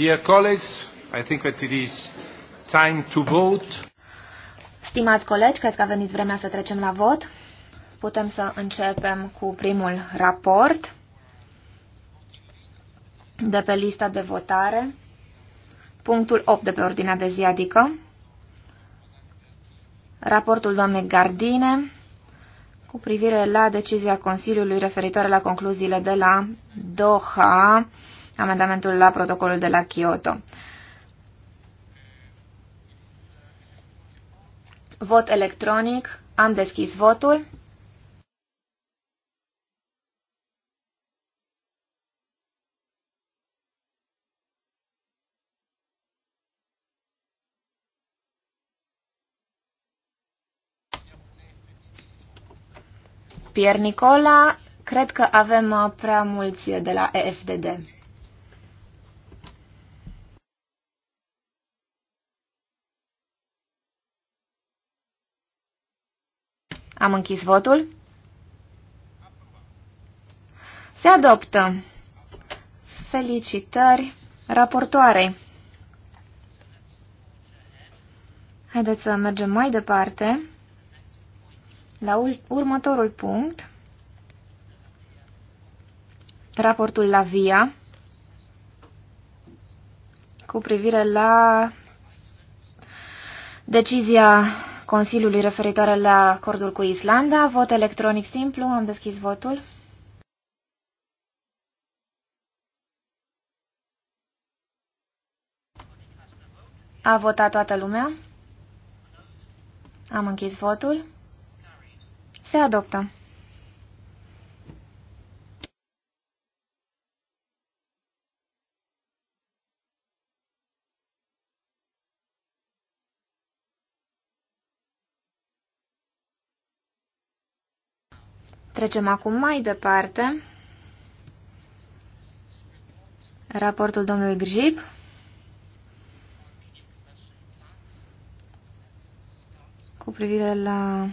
Dear colleagues, I think that it is time to vote. Stimați colegi, cred că a venit vremea să trecem la vot. Putem să începem cu primul raport de pe lista de votare, punctul 8 de pe ordinea de zi, adică raportul doamnei Gardine cu privire la decizia Consiliului referitoare la concluziile de la Doha amendamentul la protocolul de la Kyoto. Vot electronic. Am deschis votul. Pier Nicola, cred că avem uh, prea mulți de la EFDD. Am închis votul. Se adoptă. Felicitări raportoarei. Haideți să mergem mai departe la următorul punct. Raportul la VIA cu privire la decizia Consiliului referitoare la acordul cu Islanda. Vot electronic simplu. Am deschis votul. A votat toată lumea. Am închis votul. Se adoptă. Trecem acum mai departe. Raportul domnului Grjib. Cu privire la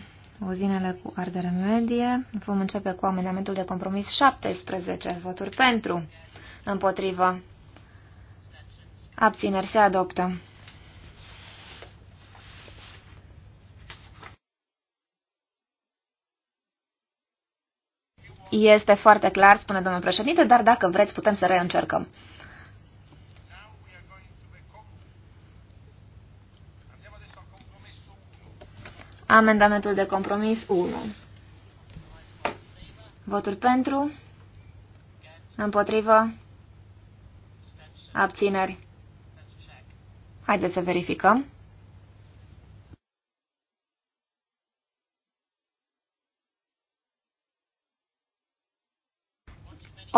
uzinele cu ardere medie, vom începe cu amendamentul de compromis 17, voturi pentru, împotrivă. Abțineri se adoptă. Este foarte clar, spune domnul președinte, dar dacă vreți putem să reîncercăm. Amendamentul de compromis 1. Votul pentru. Împotrivă. Abțineri. Haideți să verificăm.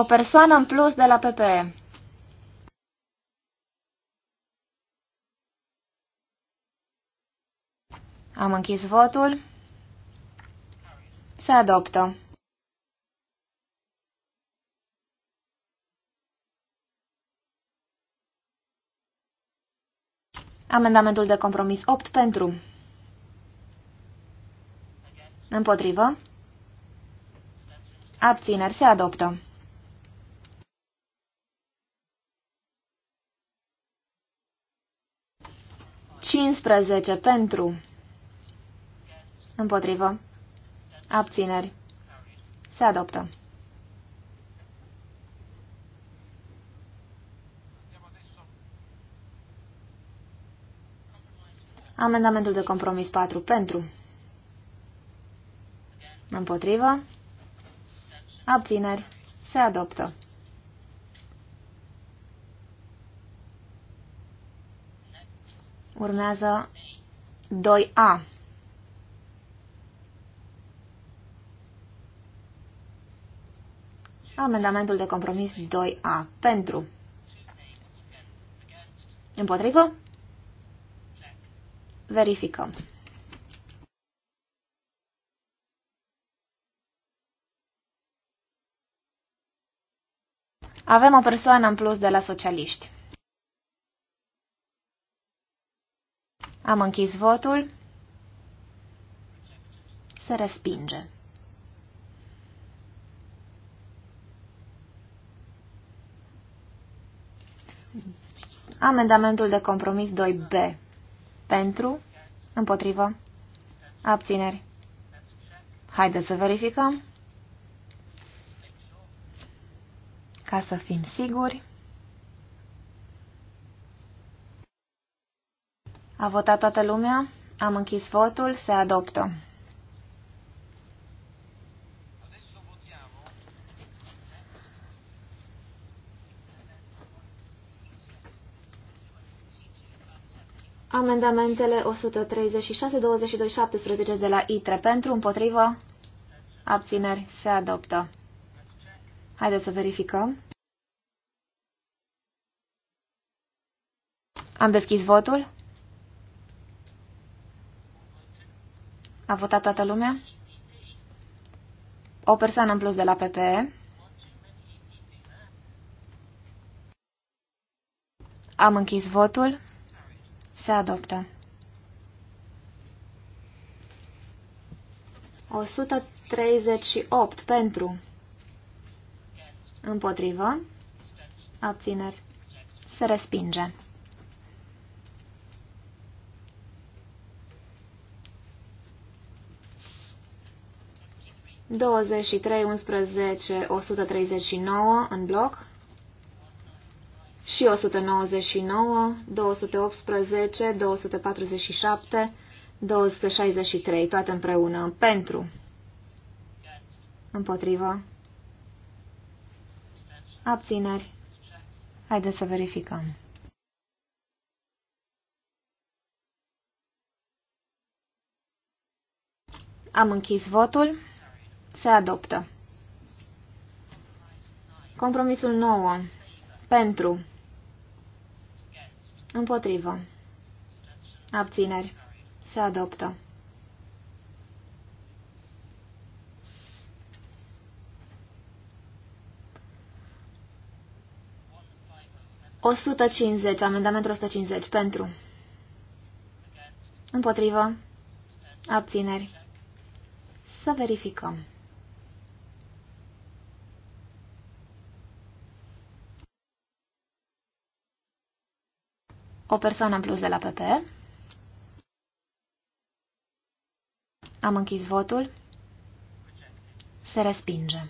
O persoană în plus de la PPE. Am închis votul. Se adoptă. Amendamentul de compromis 8 pentru. Împotrivă. Abțineri se adoptă. 15 pentru. Împotrivă. Abțineri. Se adoptă. Amendamentul de compromis 4 pentru. Împotrivă. Abțineri. Se adoptă. Urmează 2A. Amendamentul de compromis 2A. Pentru. Împotrivă? Verificăm. Avem o persoană în plus de la socialiști. Am închis votul. Se respinge. Amendamentul de compromis 2B. Pentru? Împotrivă? Abțineri? Haideți să verificăm. Ca să fim siguri. A votat toată lumea? Am închis votul. Se adoptă. Amendamentele 136, 22, 17 de la ITRE pentru, împotrivă, abțineri, se adoptă. Haideți să verificăm. Am deschis votul. A votat toată lumea? O persoană în plus de la PPE. Am închis votul. Se adoptă. 138 pentru. Împotrivă. Abțineri. Se respinge. 23, 11, 139 în bloc și 199, 218, 247, 263, toate împreună, pentru, împotrivă, abțineri. Haideți să verificăm. Am închis votul. Se adoptă. Compromisul 9. Pentru. Împotrivă. Abțineri. Se adoptă. O 150, amendamentul 150, pentru. Împotrivă. Abțineri. Să verificăm. O persoană în plus de la PP. Am închis votul. Se respinge.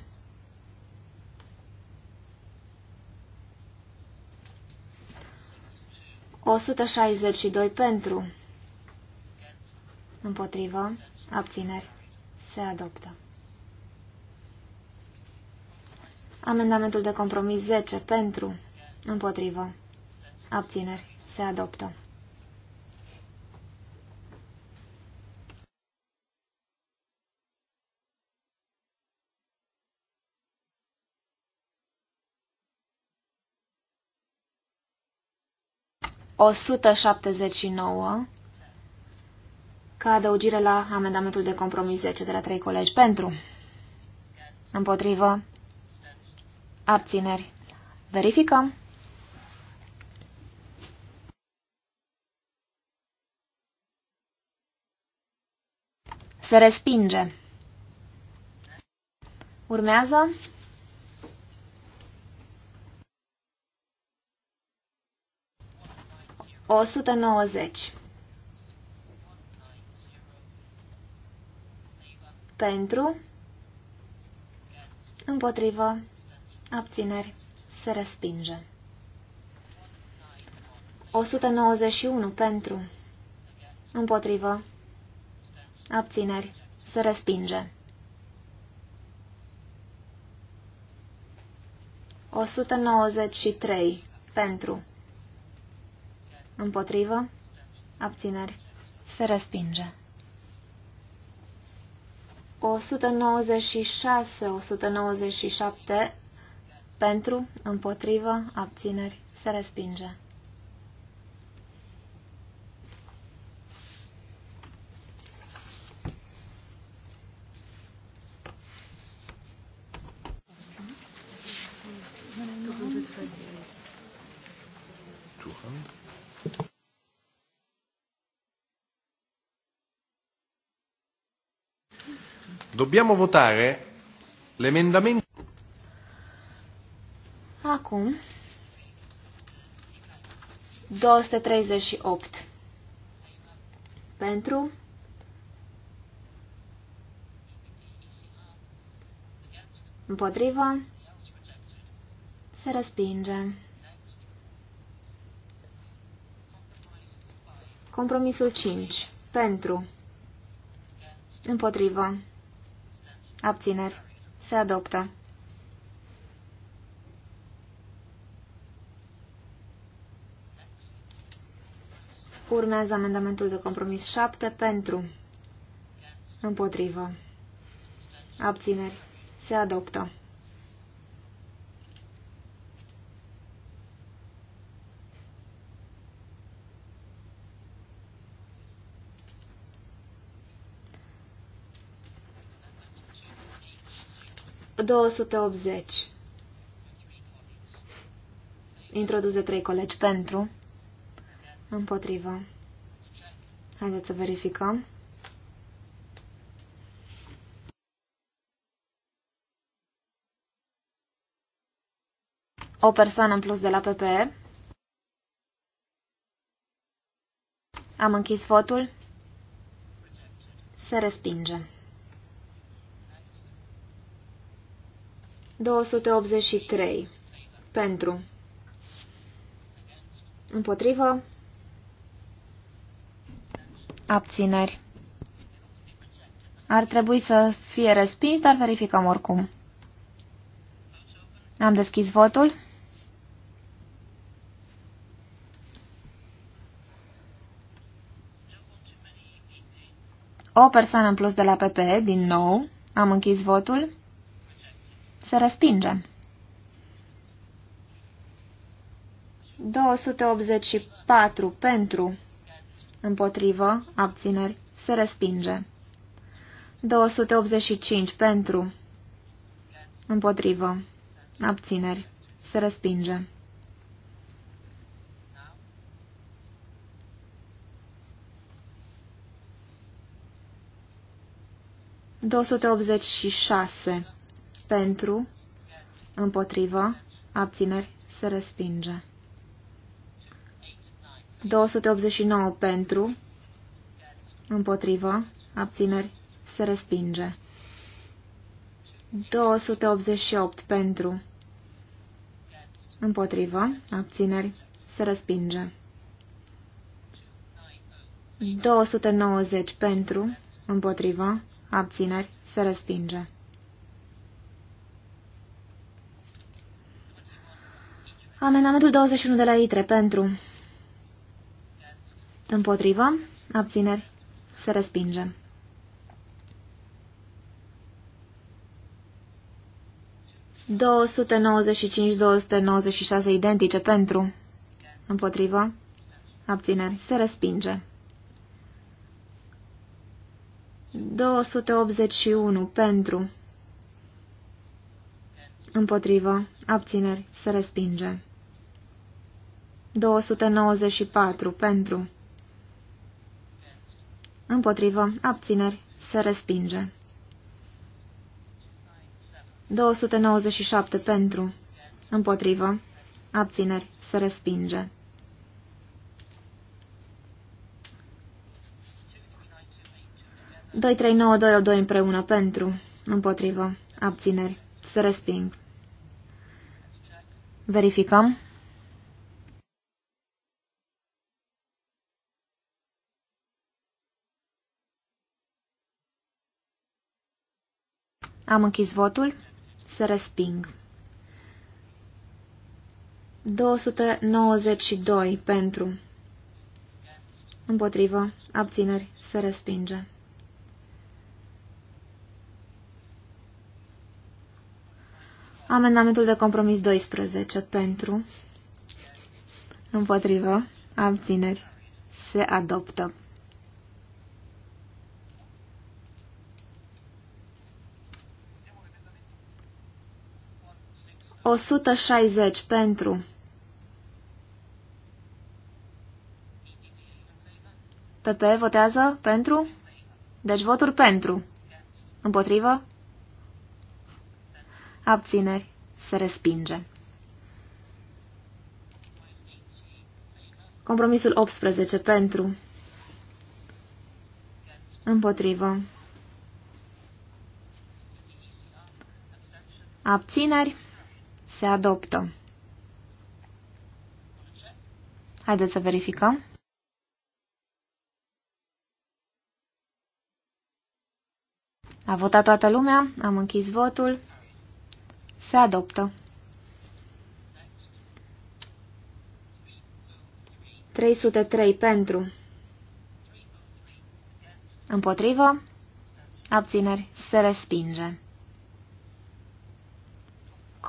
O 162 pentru. Împotrivă. Abțineri. Se adoptă. Amendamentul de compromis 10 pentru. Împotrivă. Abțineri. Se adoptă. O sută șaptezeci și nouă ca adăugire la amendamentul de compromis 10 de la trei colegi pentru, împotrivă, abțineri. Verificăm. Se respinge. Urmează. O sută nouăzeci. Pentru. Împotrivă. Abțineri. Se respinge. 191 pentru. Împotrivă. Abțineri. Se respinge. 193. Pentru. Împotrivă. Abțineri. Se respinge. 196-197. Pentru. Împotrivă. Abțineri. Se respinge. Dobbiamo votare l'emendamento. Acum. 238. Pentru. Împotriva. Se respinge. Compromisul 5. Pentru. împotriva Abțineri. Se adoptă. Urmează amendamentul de compromis 7 pentru. Împotrivă. Abțineri. Se adoptă. 280. Introduze trei colegi pentru. Împotrivă. Haideți să verificăm. O persoană în plus de la PPE. Am închis votul. Se respinge. 283. Pentru. Împotrivă. Abțineri. Ar trebui să fie respins, dar verificăm oricum. Am deschis votul. O persoană în plus de la PPE, din nou. Am închis votul. Se respinge. 284 pentru, împotrivă, abțineri, se respinge. 285 pentru, împotrivă, abțineri, se respinge. Două sute optzeci și șase pentru, împotrivă, abțineri, se respinge. 289 pentru, împotrivă, abțineri, se respinge. 288 pentru, împotrivă, abțineri, se respinge. 290 pentru, împotrivă, abțineri, se respinge. Amendamentul 21 de la ITRE pentru. Împotrivă. Abțineri. Se respinge. ...295-296 identice pentru... ...împotrivă... ...abțineri... ...se respinge... ...281 pentru... ...împotrivă... ...abțineri... ...se respinge... 294 pentru. Împotrivă. Abțineri. Se respinge. 297 pentru. Împotrivă. Abțineri. Se respinge. 23922 împreună pentru. Împotrivă. Abțineri. Se resping. Verificăm. Am închis votul. Să resping. 292 pentru. Împotrivă. Abțineri. Se respinge. Amendamentul de compromis 12 pentru. Împotrivă. Abțineri. Se adoptă. 160 pentru PP votează pentru? Deci voturi pentru. Împotrivă? Abțineri. Se respinge. Compromisul 18 pentru. Împotrivă. Abțineri. Se adoptă. Haideți să verificăm. A votat toată lumea, am închis votul. Se adoptă. 303 pentru. Împotrivă. Abțineri. Se respinge.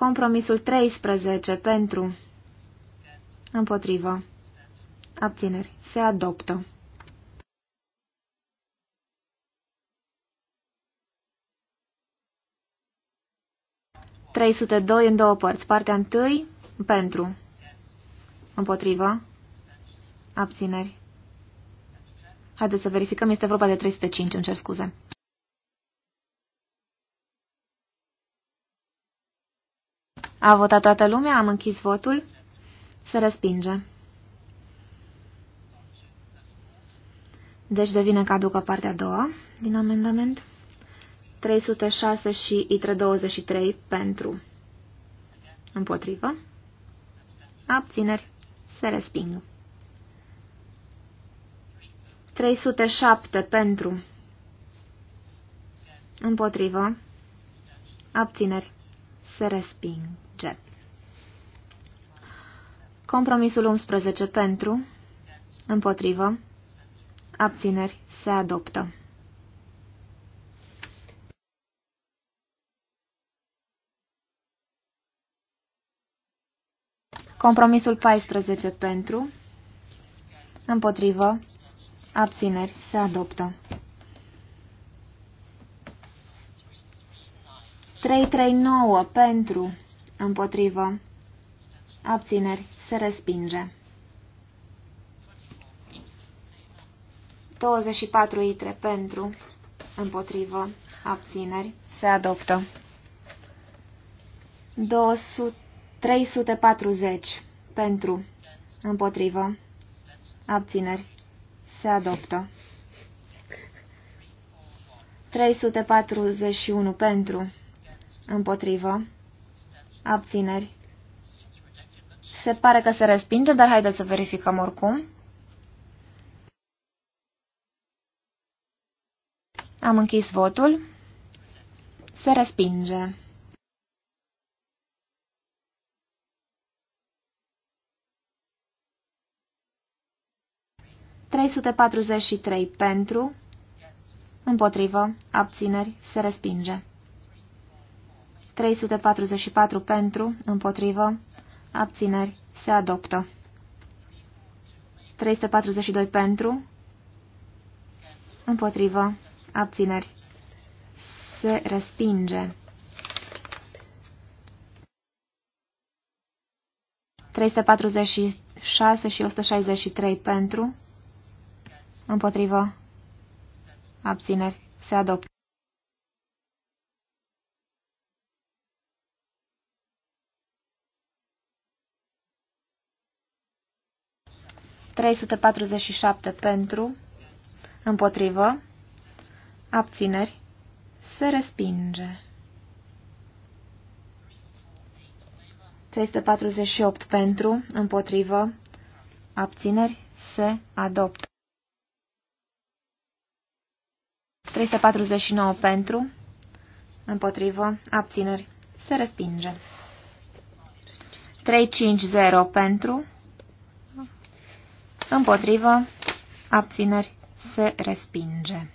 Compromisul 13 pentru împotrivă abțineri se adoptă. Trei doi în două părți. Partea întâi pentru împotrivă abțineri. Haideți să verificăm, este vorba de 305, îmi cer scuze. A votat toată lumea, am închis votul. Se respinge. Deci devine caducă partea a doua din amendament. 306 și ITRE 23 pentru. Împotrivă. Abțineri. Se resping. 307 pentru. Împotrivă. Abțineri. Se resping. 10. Compromisul 11 pentru, împotrivă, abțineri, se adoptă. Compromisul 14 pentru, împotrivă, abțineri, se adoptă. 339 pentru, Împotrivă. Abțineri. Se respinge. 24 itre pentru. Împotrivă. Abțineri. Se adoptă. 200, 340 pentru. Împotrivă. Abțineri. Se adoptă. 341 pentru. Împotrivă. Abțineri. Se pare că se respinge, dar haideți să verificăm oricum. Am închis votul. Se respinge. trei pentru, împotrivă, abțineri, se respinge. 344 pentru, împotrivă, abțineri, se adoptă. 342 pentru, împotrivă, abțineri, se respinge. 346 și 163 pentru, împotrivă, abțineri, se adoptă. 347 pentru, împotrivă, abțineri, se respinge. 348 pentru, împotrivă, abțineri, se adoptă. 349 pentru, împotrivă, abțineri, se respinge. 350 pentru, Împotrivă. Abțineri. Se respinge.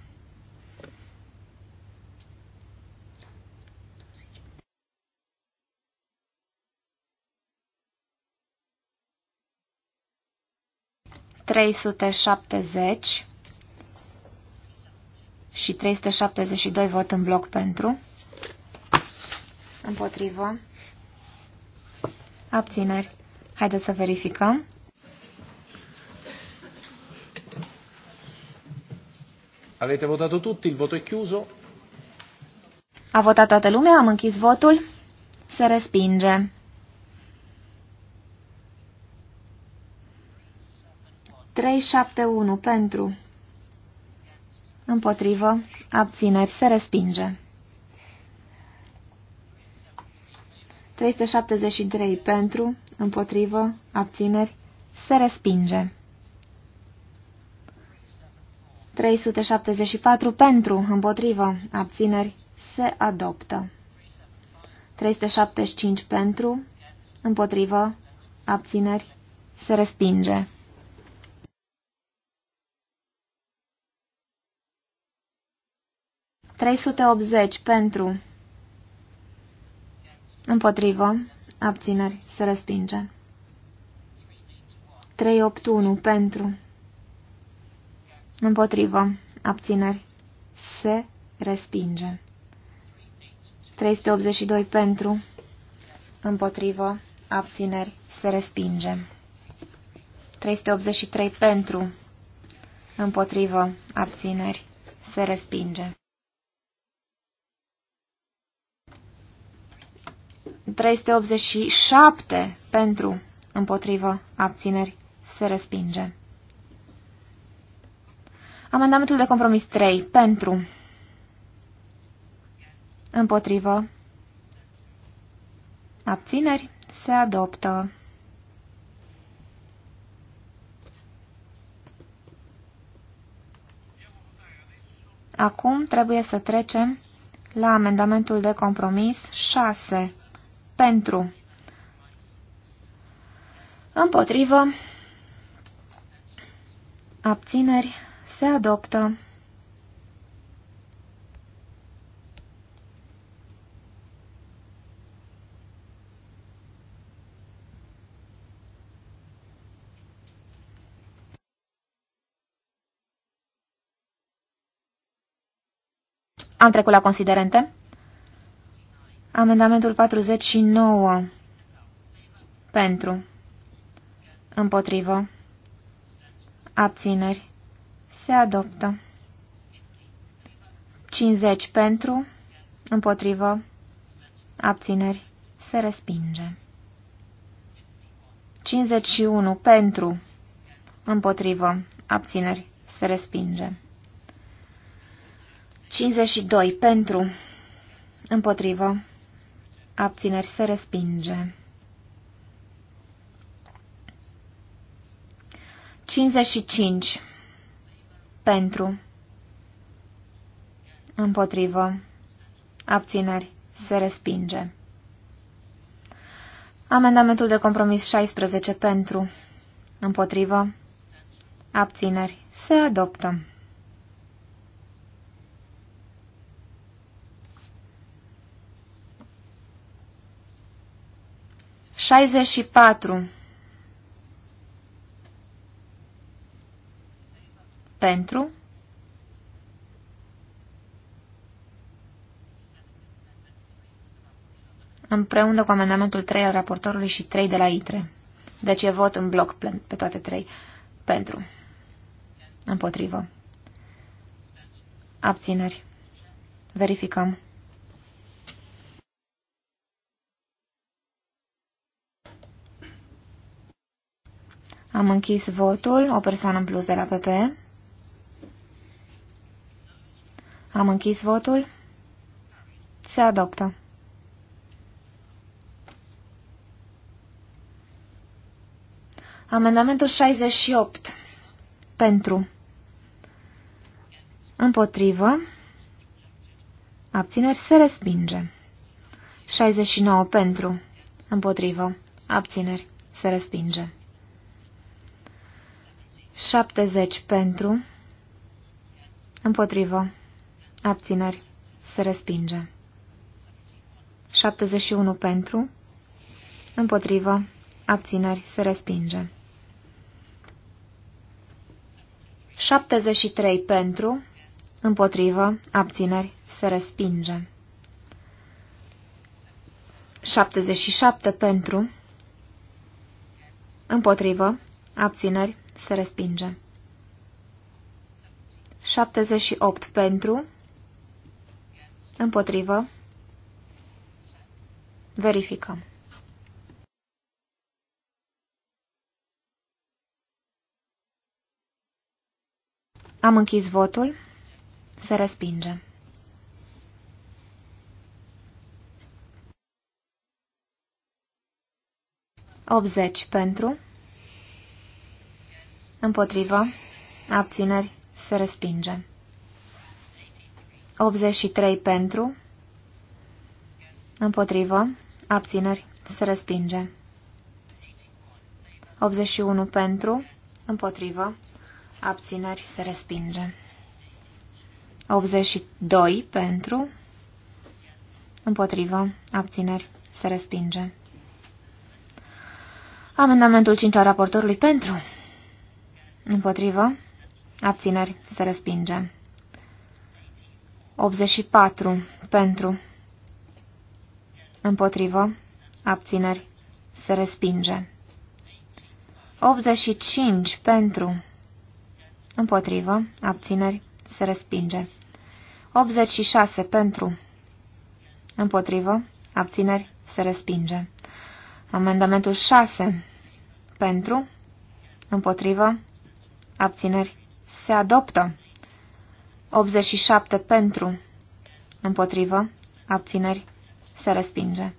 Trei sute șaptezeci și 372 vot în bloc pentru, împotrivă, abțineri. Haideți să verificăm. Avete votato tutti, il voto è chiuso. A votat toată lumea, am închis votul. Se respinge. Trei șapte unu pentru. Împotrivă. Abțineri. Se respinge. 373 pentru. Împotrivă. Abțineri. Se respinge. 374 pentru, împotrivă, abțineri, se adoptă. 375 pentru, împotrivă, abțineri, se respinge. Trei sute optzeci pentru împotrivă abțineri se respinge. 381 pentru Împotrivă. Abțineri. Se respinge. 382 pentru. Împotrivă. Abțineri. Se respinge. 383 pentru. Împotrivă. Abțineri. Se respinge. 387 pentru. Împotrivă. Abțineri. Se respinge. Amendamentul de compromis 3. Pentru. Împotrivă. Abțineri. Se adoptă. Acum trebuie să trecem la amendamentul de compromis 6. Pentru. Împotrivă. Abțineri se adoptă. Am trecut la considerente. Amendamentul 49. Pentru. Împotrivă. Abțineri. Se adoptă. 50 pentru, împotrivă, abțineri, se respinge. 51 pentru, împotrivă, abțineri, se respinge. 52 pentru, împotrivă, abțineri, se respinge. 55 pentru. Împotrivă. Abțineri. Se respinge. Amendamentul de compromis 16 pentru. Împotrivă. Abțineri. Se adoptă. Șaizeci și patru. pentru, împreună cu amendamentul 3 al raportorului și 3 de la ITRE. Deci e vot în bloc pe toate trei. Pentru. Împotrivă. Abțineri. Verificăm. Am închis votul, o persoană în plus de la PP. Am închis votul. Se adoptă. Amendamentul 68. Pentru. Împotrivă. Abțineri se respinge. 69 pentru. Împotrivă. Abțineri se respinge. 70 pentru. Împotrivă. Abțineri. Se respinge. 71 pentru. Împotrivă. Abțineri. Se respinge. 73 pentru. Împotrivă. Abțineri. Se respinge. 77 pentru. Împotrivă. Abțineri. Se respinge. 78 pentru. Împotrivă. Verificăm. Am închis votul. Se respinge. Optzeci pentru. Împotrivă. Abțineri. Se respinge. 83 pentru, împotrivă, abțineri, se respinge. 81 pentru, împotrivă, abțineri, se respinge. 82 pentru, împotrivă, abțineri, se respinge. Amendamentul 5 al raportorului pentru, împotrivă, abțineri, se respinge. 84. Pentru. Împotrivă. Abțineri. Se respinge. 85. Pentru. Împotrivă. Abțineri. Se respinge. 86. Pentru. Împotrivă. Abțineri. Se respinge. Amendamentul 6. Pentru. Împotrivă. Abțineri. Se adoptă. 87 pentru, împotrivă, abțineri, se respinge.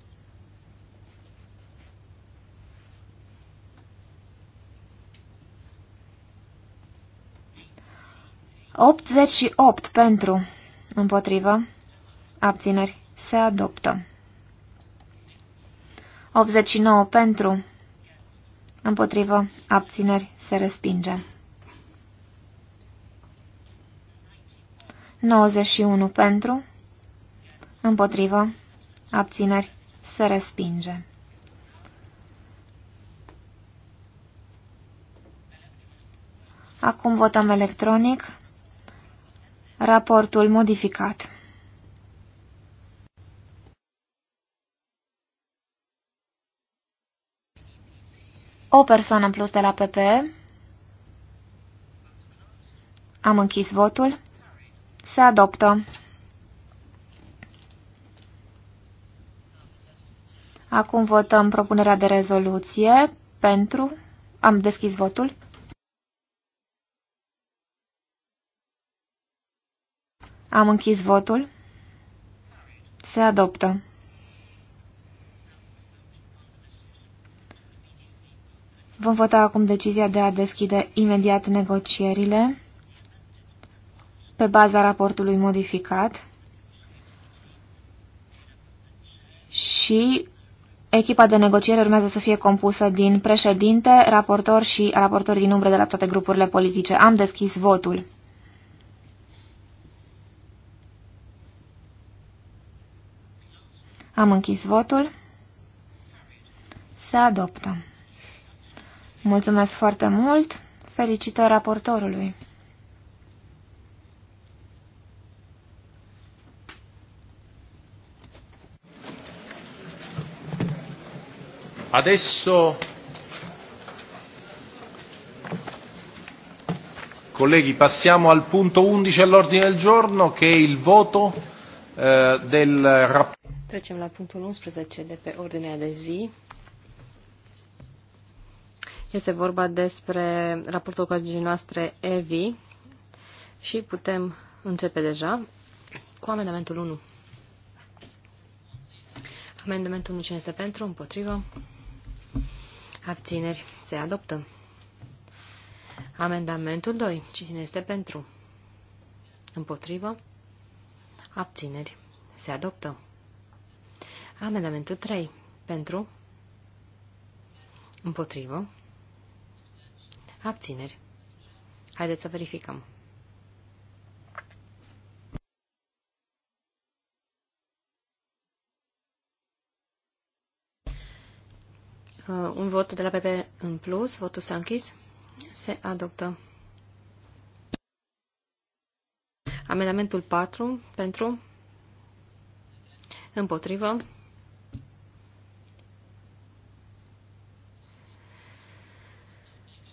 Optzeci și opt pentru, împotrivă, abțineri, se adoptă. 89 pentru, împotrivă, abțineri, se respinge. 91 pentru, împotrivă, abțineri, se respinge. Acum votăm electronic raportul modificat. O persoană plus de la PPE. Am închis votul. Se adoptă. Acum votăm propunerea de rezoluție pentru... Am deschis votul. Am închis votul. Se adoptă. Vom vota acum decizia de a deschide imediat negocierile pe baza raportului modificat și echipa de negociere urmează să fie compusă din președinte, raportor și raportori din umbră de la toate grupurile politice. Am deschis votul. Am închis votul. Se adoptă. Mulțumesc foarte mult. Felicitări raportorului. Adesso, colleghi, passiamo al punto 11 all'ordine del giorno che è il voto eh, del rapporto. Trecem la punctul 11 de pe ordinea de zi. Este vorba despre raportul colegii noastre EVI și putem începe deja cu amendamentul 1. Amendamentul 1 cine este pentru, împotrivă, Abțineri. Se adoptă. Amendamentul 2. Cine este pentru? Împotrivă. Abțineri. Se adoptă. Amendamentul 3. Pentru. Împotrivă. Abțineri. Haideți să verificăm. Uh, un vot de la PP în plus, votul s-a închis, se adoptă. Amendamentul 4 pentru, împotrivă,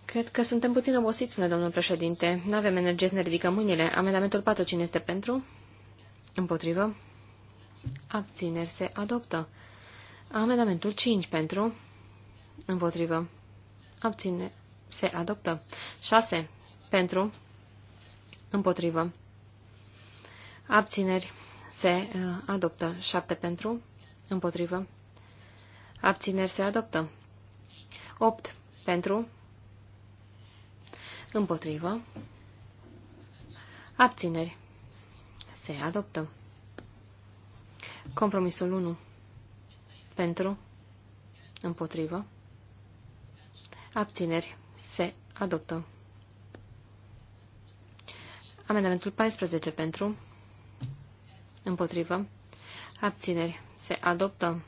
Cred că suntem puțin obosiți, spune domnul președinte. Nu avem energie să ne ridicăm mâinile. Amendamentul 4 cine este pentru? Împotrivă. Abțineri se adoptă. Amendamentul 5 pentru. Împotrivă. Abține. Se adoptă. 6. Uh, pentru. Împotrivă. Abțineri. Se adoptă. 7. Pentru. Împotrivă. Abțineri. Se adoptă. 8. Pentru. Împotrivă. Abțineri. Se adoptă. Compromisul 1. Pentru. Împotrivă. Abțineri. Se adoptă. Amendamentul 14 pentru. Împotrivă. Abțineri. Se adoptă.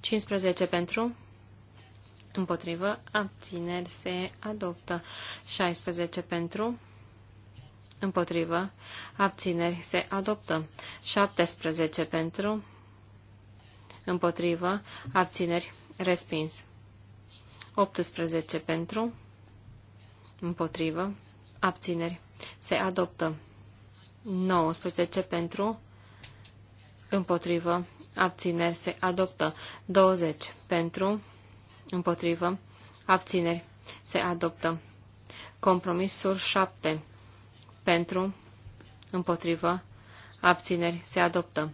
15 pentru. Împotrivă. Abțineri. Se adoptă. 16 pentru. Împotrivă. Abțineri. Se adoptă. 17 pentru împotrivă, abțineri, respins. 18 pentru, împotrivă, abțineri, se adoptă. 19 pentru, împotrivă, abțineri, se adoptă. 20 pentru, împotrivă, abțineri, se adoptă. Compromisul 7 pentru, împotrivă, abțineri, se adoptă.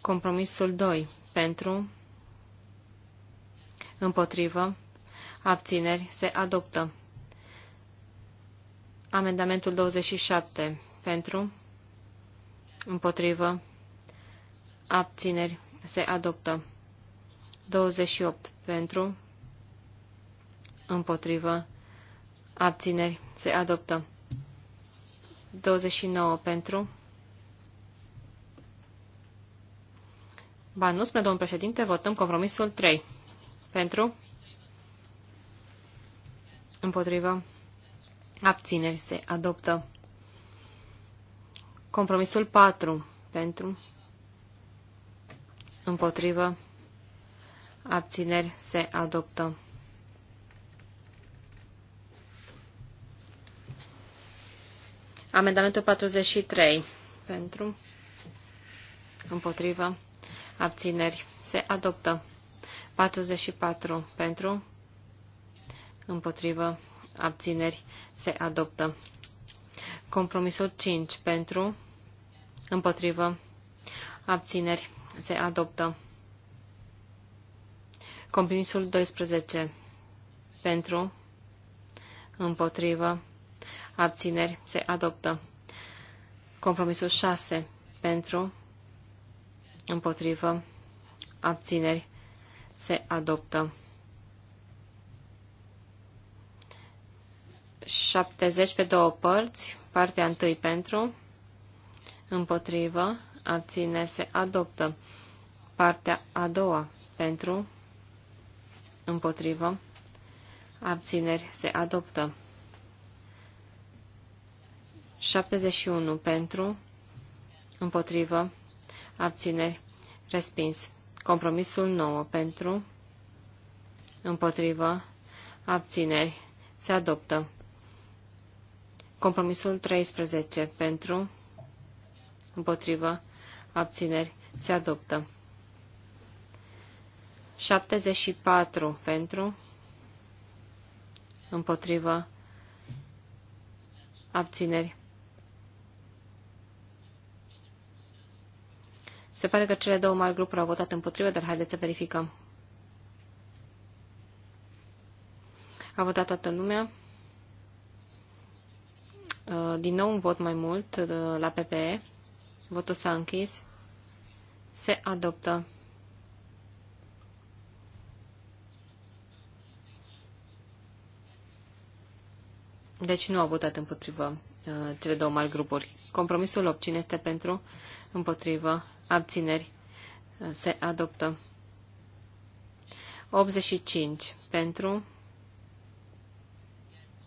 Compromisul 2. Pentru. Împotrivă. Abțineri. Se adoptă. Amendamentul 27. Pentru. Împotrivă. Abțineri. Se adoptă. 28. Pentru. Împotrivă. Abțineri. Se adoptă. 29. Pentru. Ba nu, spune domnul președinte, votăm compromisul 3. Pentru? Împotrivă? Abțineri se adoptă. Compromisul 4. Pentru? Împotrivă? Abțineri se adoptă. Amendamentul 43. Pentru? Împotrivă? abțineri, se adoptă. 44 pentru, împotrivă, abțineri, se adoptă. Compromisul 5 pentru, împotrivă, abțineri, se adoptă. Compromisul 12 pentru, împotrivă, abțineri, se adoptă. Compromisul 6 pentru, împotrivă, abțineri, se adoptă. 70 pe două părți, partea întâi pentru, împotrivă, Abține. se adoptă. Partea a doua pentru, împotrivă, abțineri, se adoptă. 71 pentru, împotrivă, abțineri, respins. Compromisul 9 pentru, împotrivă, abțineri, se adoptă. Compromisul 13 pentru, împotrivă, abțineri, se adoptă. 74 pentru, împotrivă, abțineri, Se pare că cele două mari grupuri au votat împotrivă, dar haideți să verificăm. A votat toată lumea. Uh, din nou un vot mai mult uh, la PPE. Votul s-a închis. Se adoptă. Deci nu au votat împotrivă uh, cele două mari grupuri. Compromisul 8. Cine este pentru? Împotrivă abțineri, se adoptă. 85 pentru,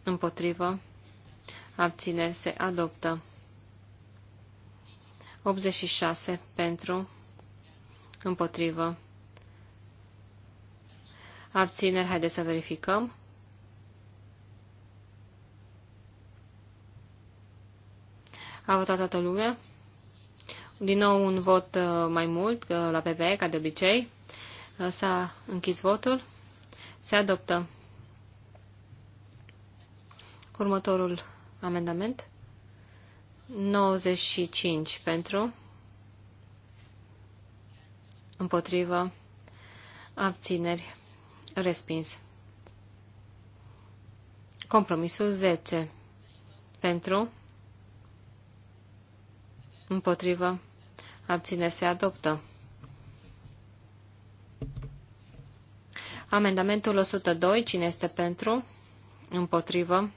împotrivă, abțineri, se adoptă. 86 pentru, împotrivă, abțineri, haideți să verificăm. A votat toată lumea? Din nou un vot uh, mai mult uh, la PPE, ca de obicei. Uh, s-a închis votul. Se adoptă următorul amendament. 95 pentru, împotrivă, abțineri, respins. Compromisul 10 pentru, Împotrivă. abține se adoptă. Amendamentul 102. Cine este pentru? Împotrivă.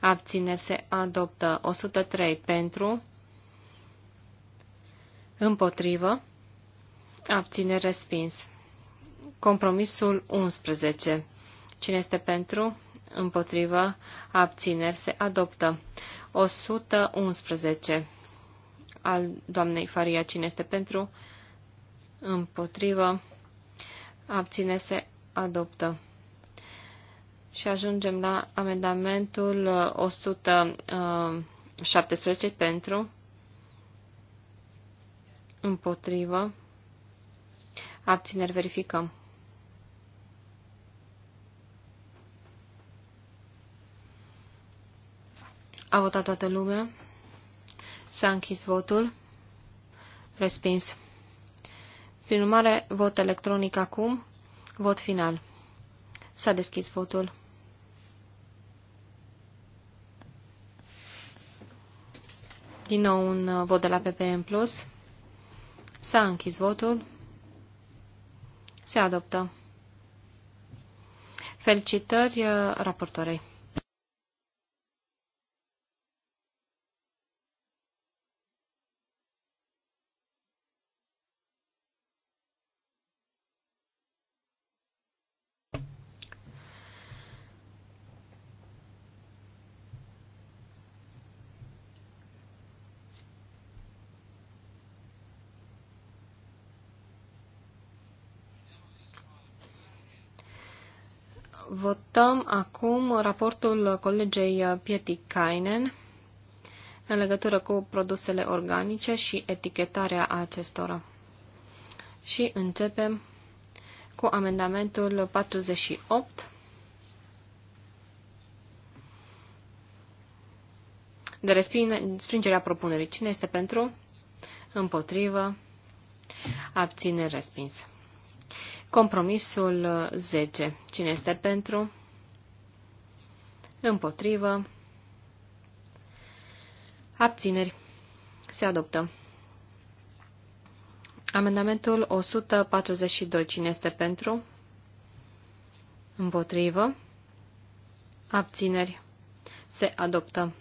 abține se adoptă. 103. Pentru. Împotrivă. abține respins. Compromisul 11. Cine este pentru? Împotrivă. Abțineri se adoptă. 111 al doamnei Faria. Cine este pentru? Împotrivă. Abține se adoptă. Și ajungem la amendamentul 117 uh, uh, pentru, împotrivă, abțineri verificăm. A votat toată lumea. S-a închis votul. Respins. Prin urmare, vot electronic acum, vot final. S-a deschis votul. Din nou un uh, vot de la PPM+. S-a închis votul. Se adoptă. Felicitări uh, raportorei. ascultăm acum raportul colegei Pieti Kainen în legătură cu produsele organice și etichetarea acestora. Și începem cu amendamentul 48 de respingerea propunerii. Cine este pentru? Împotrivă? Abține respins. Compromisul 10. Cine este pentru? Împotrivă. Abțineri. Se adoptă. Amendamentul 142. Cine este pentru? Împotrivă. Abțineri. Se adoptă.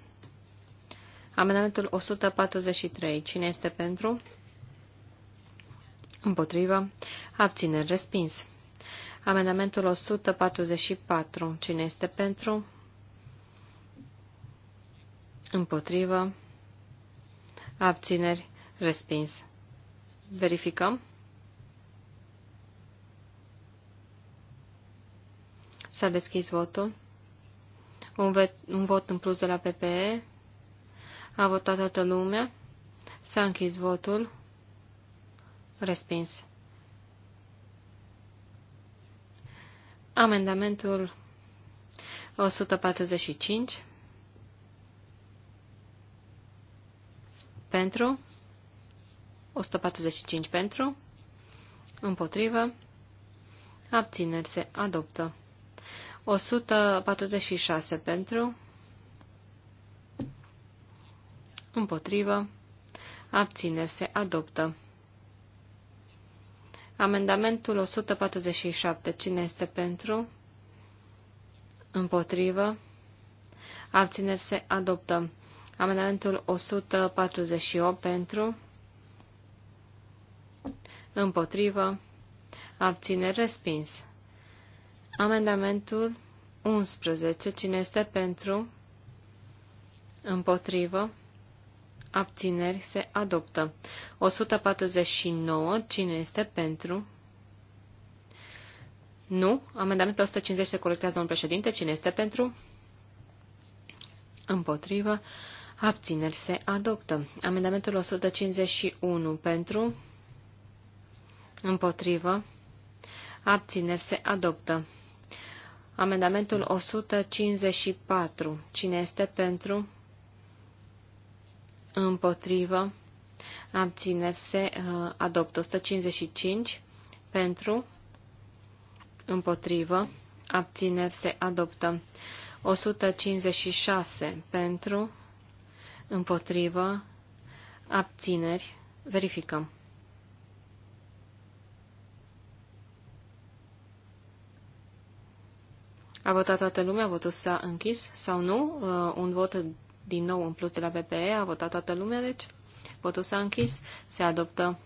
Amendamentul 143. Cine este pentru? Împotrivă. Abțineri. Respins. Amendamentul 144. Cine este pentru? Împotrivă. Abțineri. Respins. Verificăm. S-a deschis votul. Un, vet, un vot în plus de la PPE. A votat toată lumea. S-a închis votul. Respins. Amendamentul 145. pentru, 145 pentru, împotrivă, abțineri se adoptă. 146 pentru, împotrivă, abțineri se adoptă. Amendamentul 147. Cine este pentru? Împotrivă. Abțineri se adoptă. Amendamentul 148 pentru, împotrivă, abține respins. Amendamentul 11. Cine este pentru, împotrivă, abțineri se adoptă. 149. Cine este pentru? Nu. Amendamentul 150 se corectează, domnul președinte. Cine este pentru? Împotrivă. Abțineri se adoptă. Amendamentul 151 pentru. Împotrivă. Abțineri se adoptă. Amendamentul 154. Cine este pentru? Împotrivă. Abțineri se uh, adoptă. 155. Pentru. Împotrivă. Abțineri se adoptă. 156. Pentru împotrivă, abțineri, verificăm. A votat toată lumea, votul s-a închis sau nu? Uh, un vot din nou în plus de la BPE, a votat toată lumea, deci votul s-a închis, se adoptă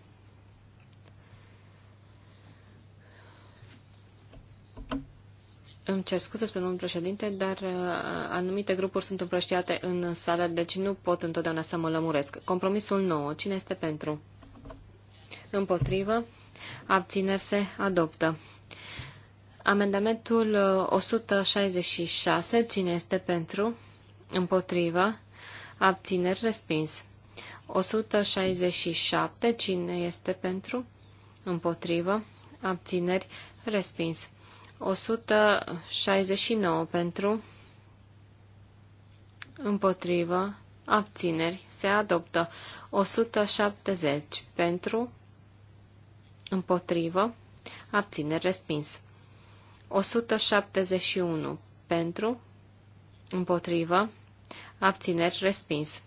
Îmi cer scuze, spune domnul președinte, dar uh, anumite grupuri sunt împrăștiate în sală, deci nu pot întotdeauna să mă lămuresc. Compromisul 9. Cine este pentru? Împotrivă. Abțineri se adoptă. Amendamentul 166. Uh, cine este pentru? Împotrivă. Abțineri respins. 167. Cine este pentru? Împotrivă. Abțineri respins. 169 pentru, împotrivă, abțineri, se adoptă. 170 pentru, împotrivă, abțineri, respins. 171 pentru, împotrivă, abțineri, respins.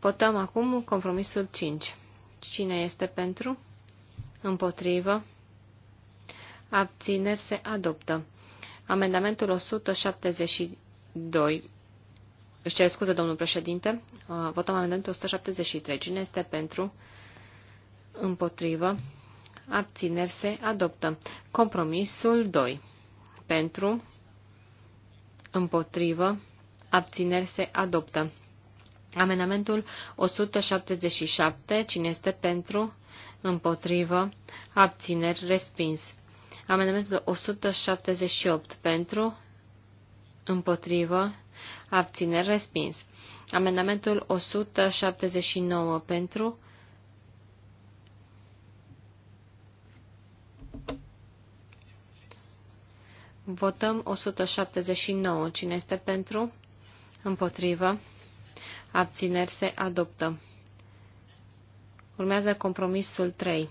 Votăm acum compromisul 5. Cine este pentru? Împotrivă, abțineri se adoptă. Amendamentul 172. Își cer scuze, domnul președinte. Uh, votăm amendamentul 173. Cine este pentru? Împotrivă. Abțineri se adoptă. Compromisul 2. Pentru. Împotrivă. Abțineri se adoptă. Amendamentul 177. Cine este pentru? Împotrivă. Abțineri respins. Amendamentul 178 pentru, împotrivă, abțineri respins. Amendamentul 179 pentru, Votăm 179. Cine este pentru? Împotrivă. Abțineri se adoptă. Urmează compromisul 3.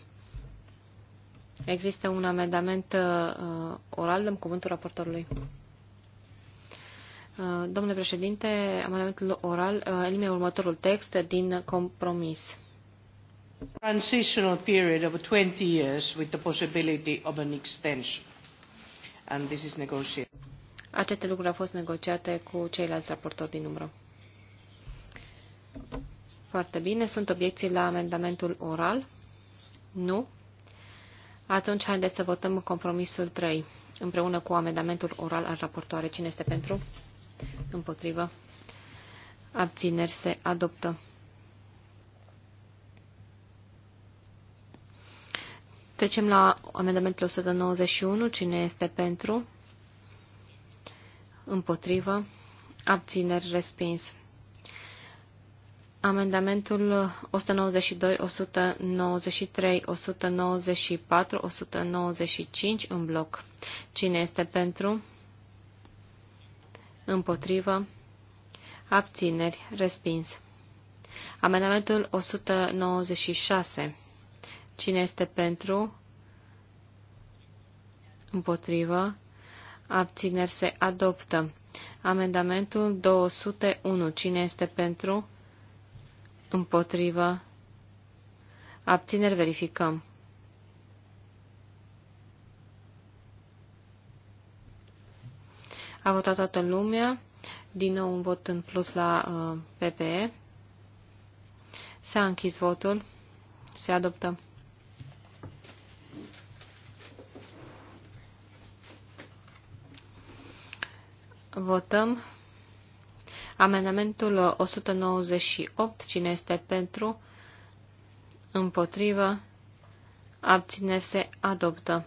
Există un amendament uh, oral, dăm cuvântul raportorului. Uh, Domnule președinte, amendamentul oral uh, elimine următorul text din compromis. Transitional period of 20 years with the possibility of an extension. And this is negotiated. Aceste lucruri au fost negociate cu ceilalți raportori din umbră. Foarte bine. Sunt obiecții la amendamentul oral? Nu. Atunci, haideți să votăm compromisul 3, împreună cu amendamentul oral al raportoare. Cine este pentru? Împotrivă. Abțineri se adoptă. Trecem la amendamentul 191. Cine este pentru? Împotrivă. Abțineri respins. Amendamentul 192, 193, 194, 195 în bloc. Cine este pentru? Împotrivă? Abțineri? Respins. Amendamentul 196. Cine este pentru? Împotrivă? Abțineri se adoptă. Amendamentul 201. Cine este pentru? împotrivă, abțineri verificăm. A votat toată lumea, din nou un vot în plus la uh, PPE. S-a închis votul, se adoptă. Votăm Amendamentul 198, cine este pentru, împotrivă, abține, se adoptă.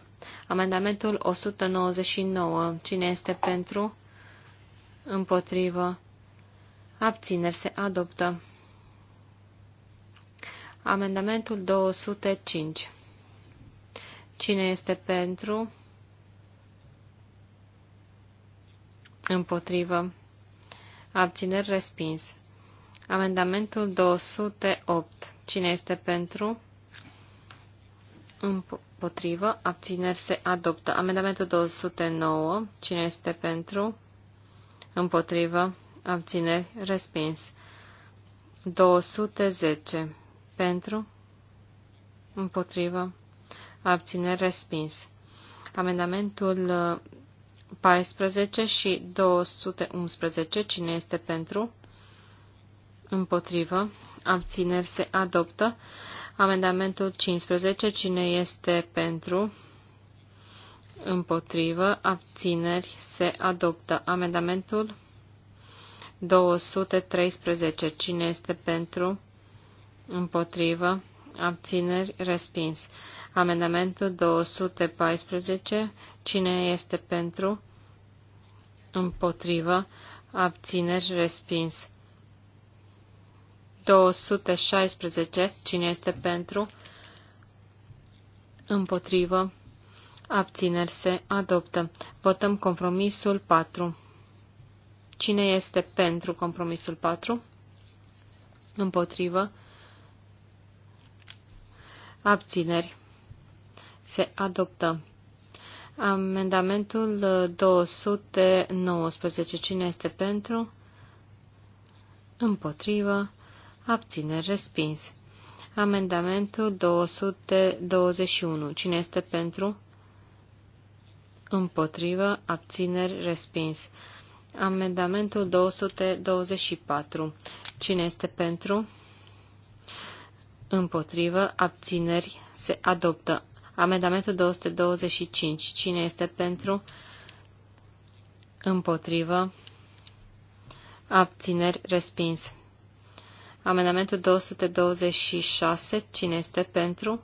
Amendamentul 199, cine este pentru, împotrivă, abține, se adoptă. Amendamentul 205. Cine este pentru? Împotrivă abțineri respins. Amendamentul 208. Cine este pentru? Împotrivă. Abțineri se adoptă. Amendamentul 209. Cine este pentru? Împotrivă. Abțineri respins. 210. Pentru? Împotrivă. Abțineri respins. Amendamentul 14 și 211. Cine este pentru? Împotrivă. Abțineri se adoptă. Amendamentul 15. Cine este pentru? Împotrivă. Abțineri se adoptă. Amendamentul 213. Cine este pentru? Împotrivă. Abțineri respins. Amendamentul 214. Cine este pentru? Împotrivă. Abțineri. Respins. 216. Cine este pentru? Împotrivă. Abțineri se adoptă. Votăm compromisul 4. Cine este pentru compromisul 4? Împotrivă. Abțineri. Se adoptă. Amendamentul 219. Uh, Cine este pentru? Împotrivă. Abțineri. Respins. Amendamentul 221. Cine este pentru? Împotrivă. Abțineri. Respins. Amendamentul 224. Cine este pentru? Împotrivă. Abțineri. Se adoptă. Amendamentul 225. Cine este pentru? Împotrivă. Abțineri respins. Amendamentul 226. Cine este pentru?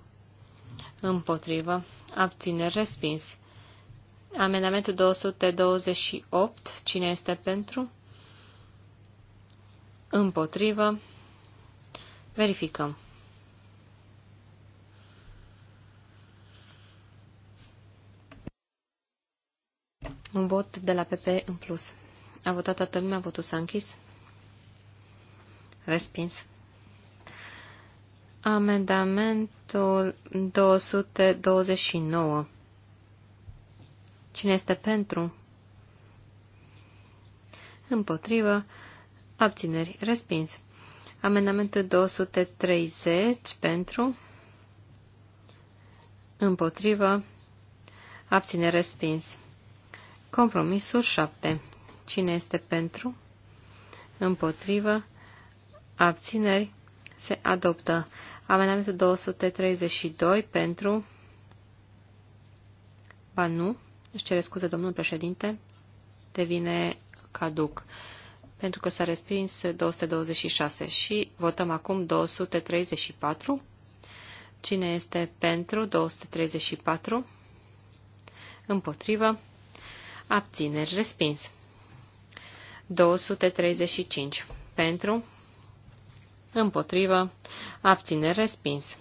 Împotrivă. Abțineri respins. Amendamentul 228. Cine este pentru? Împotrivă. Verificăm. Un vot de la PP în plus. A votat toată lumea, votul s-a închis. Respins. Amendamentul 229. Cine este pentru? Împotrivă. Abțineri. Respins. Amendamentul 230 pentru. Împotrivă. Abțineri. Respins. Compromisul 7. Cine este pentru? Împotrivă. Abțineri. Se adoptă. Amendamentul 232 pentru... Ba nu. Își cere scuze, domnul președinte. Devine caduc. Pentru că s-a respins 226. Și votăm acum 234. Cine este pentru 234? Împotrivă. Abțineri. Respins. 235. Pentru. Împotrivă. Abțineri. Respins.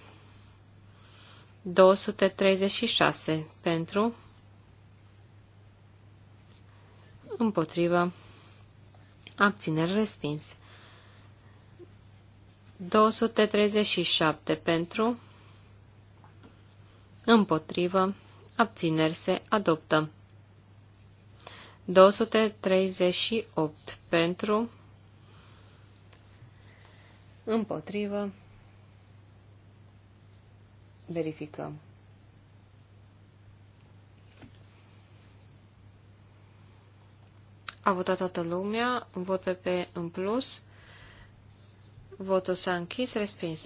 236. Pentru. Împotrivă. Abțineri. Respins. 237 pentru, împotrivă, abțineri se adoptă. 238 pentru, împotrivă, verificăm. A votat toată lumea, vot PP în plus, votul s-a închis, respins.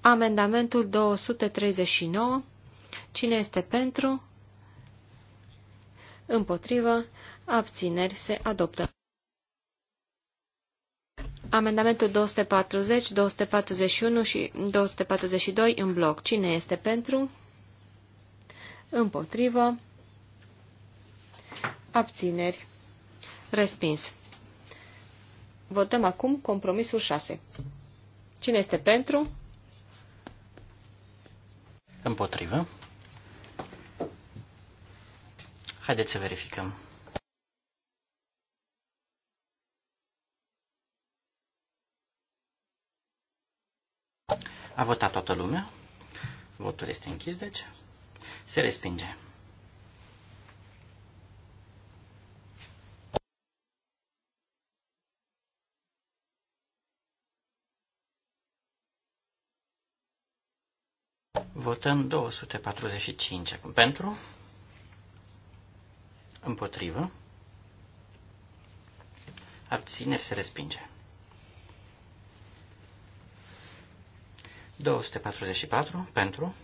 Amendamentul 239 Cine este pentru? Împotrivă. Abțineri se adoptă. Amendamentul 240, 241 și 242 în bloc. Cine este pentru? Împotrivă. Abțineri. Respins. Votăm acum compromisul 6. Cine este pentru? Împotrivă. Haideți să verificăm. A votat toată lumea. Votul este închis, deci se respinge. Votăm 245 pentru, Împotrivă. Abțineri se respinge. 244 pentru.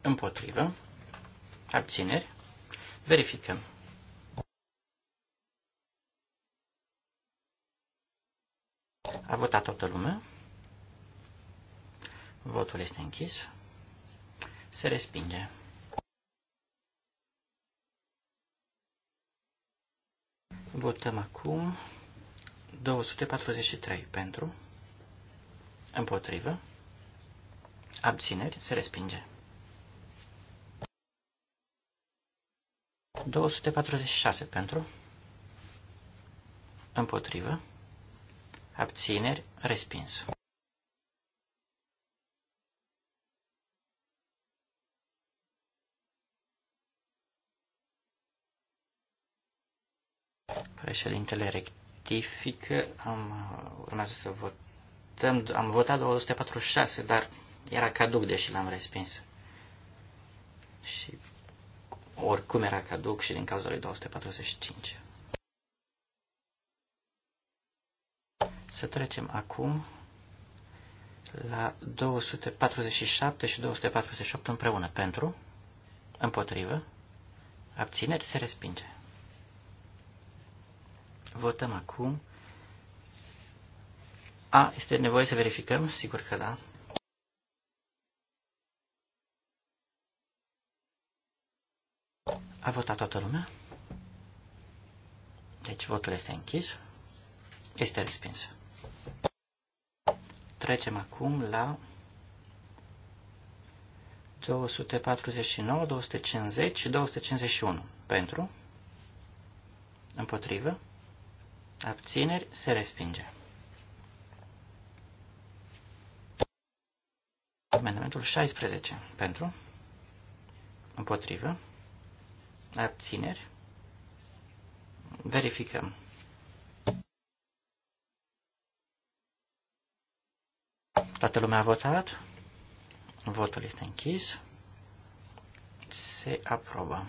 Împotrivă. Abțineri. Verificăm. A votat toată lumea. Votul este închis. Se respinge. Votăm acum 243 pentru, împotrivă, abțineri, se respinge. 246 pentru, împotrivă, abțineri, respins. Președintele rectifică. Am, uh, urmează să votăm. Am votat 246, dar era caduc, deși l-am respins. Și oricum era caduc și din cauza lui 245. Să trecem acum la 247 și 248 împreună. Pentru, împotrivă, abțineri, se respinge. Votăm acum. A, este nevoie să verificăm? Sigur că da. A votat toată lumea? Deci votul este închis. Este respins. Trecem acum la 249, 250 și 251. Pentru, împotrivă, abțineri, se respinge. Amendamentul 16 pentru, împotrivă, abțineri, verificăm. Toată lumea a votat, votul este închis, se aprobă.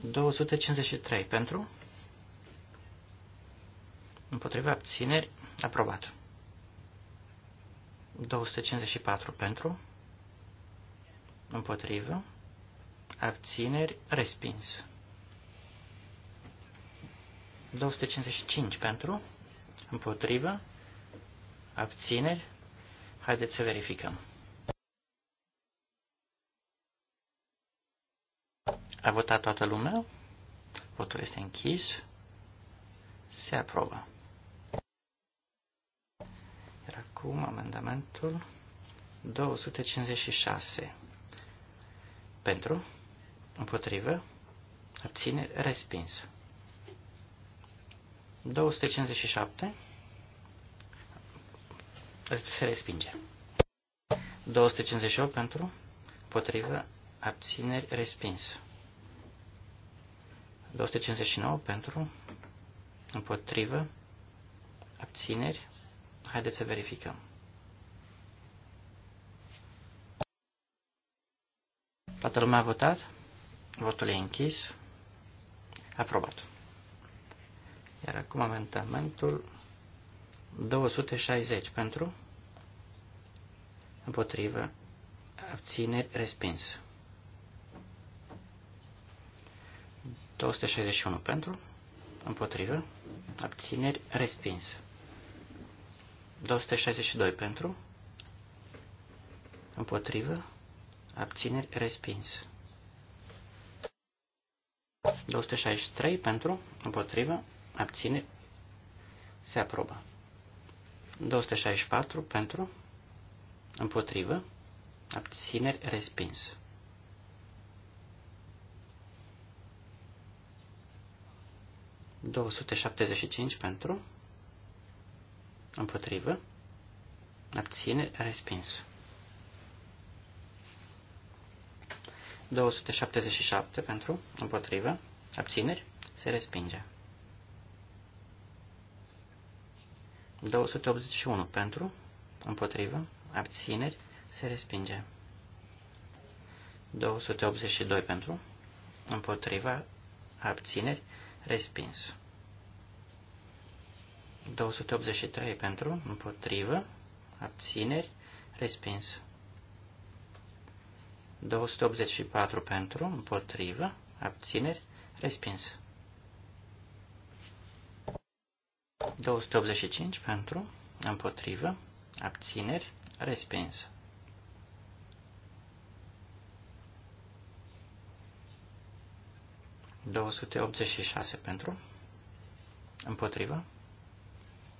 253 pentru, împotriva abțineri, aprobat. 254 pentru, împotrivă, abțineri, respins. 255 pentru, împotrivă, abțineri, haideți să verificăm. A votat toată lumea? Votul este închis. Se aprobă. Iar acum amendamentul 256. Pentru, împotrivă, abține, respins. 257 se respinge. 258 pentru, potrivă, abțineri, respins. 259 pentru, împotrivă, abțineri. Haideți să verificăm. Toată lumea a votat? Votul e închis. Aprobat. Iar acum amendamentul 260 pentru, împotrivă, abțineri, respins. 261 pentru, împotrivă, abțineri, respins. 262 pentru, împotrivă, abțineri, respins. 263 pentru, împotrivă, abțineri, se aprobă. 264 pentru, împotrivă, abțineri, respins. 275 pentru, împotrivă, abțineri, respins. 277 pentru, împotrivă, abțineri, se respinge. 281 pentru, împotrivă, abțineri, se respinge. 282 pentru, împotriva, abțineri, Respins. 283 pentru, împotrivă, abțineri, respins. 284 pentru, împotrivă, abțineri, respins. 285 pentru, împotrivă, abțineri, respins. 286 pentru, împotrivă,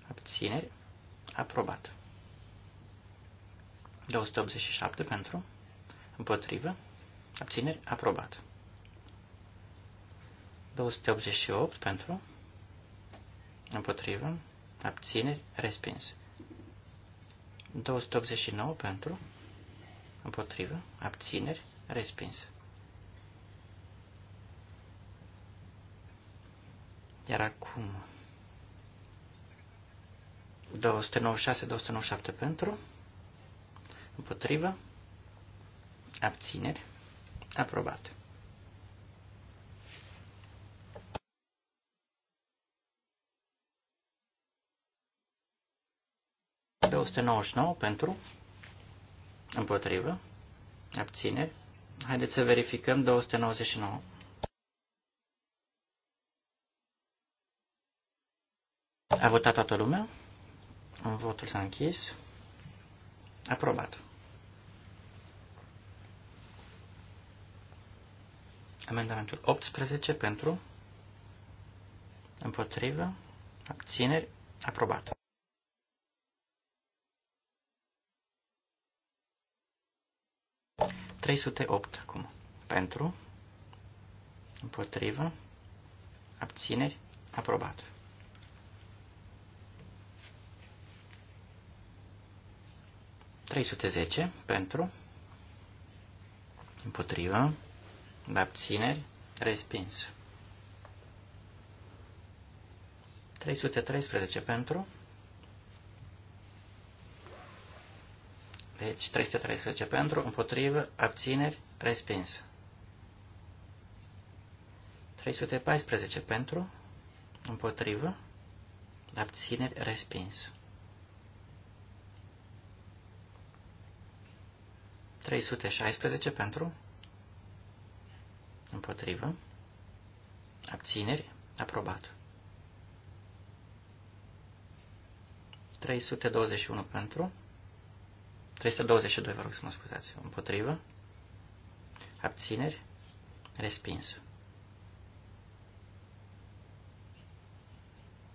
abțineri, aprobat. 287 pentru, împotrivă, abțineri, aprobat. 288 pentru, împotrivă, abțineri, respins. 289 pentru, împotrivă, abțineri, respins. Iar acum 296-297 pentru, împotrivă, abțineri, aprobat. pentru, împotrivă, abțineri. Haideți să verificăm 299. A votat toată lumea. Votul s-a închis. Aprobat. Amendamentul 18 pentru, împotrivă, abțineri, aprobat. opt acum. Pentru, împotrivă, abțineri, aprobat. 310 pentru, împotriva, abțineri, respins. 313 pentru, deci 313 pentru, împotrivă, abțineri, respins. 314 deci pentru, împotrivă, abțineri, respins. 316 pentru, împotrivă, abțineri, aprobat. 321 pentru, 322, vă rog să mă scuzați, împotrivă, abțineri, respins.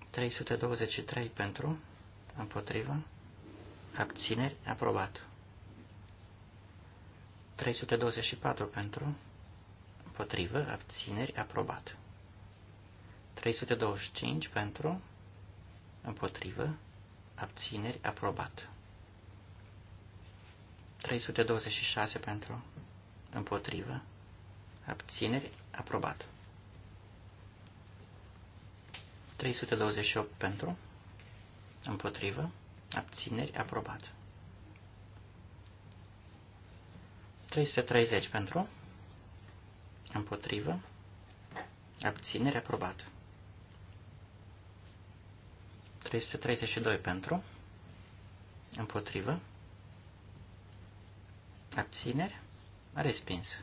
323 pentru, împotrivă, abțineri, aprobat. 324 pentru, împotrivă, abțineri, aprobat. 325 pentru, împotrivă, abțineri, aprobat. 326 pentru, împotrivă, abțineri, aprobat. 328 pentru, împotrivă, abțineri, aprobat. 330 pentru, împotrivă, abținere, aprobat. 332 pentru, împotrivă, abțineri, respins.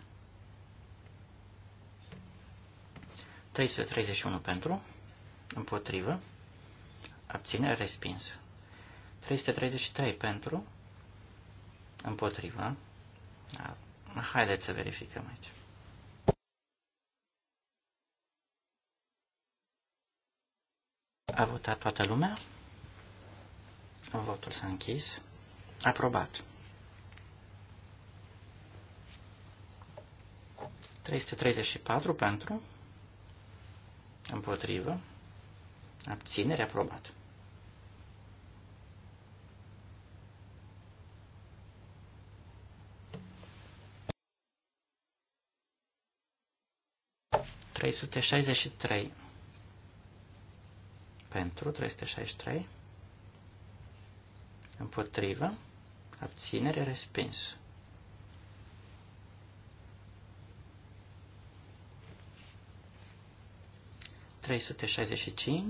331 pentru, împotrivă, abținere, respins. 333 pentru, împotrivă, da. Haideți să verificăm aici. A votat toată lumea? Votul s-a închis. Aprobat. 334 pentru, împotrivă, abținere, aprobat. 363 pentru 363 împotrivă abținere respins.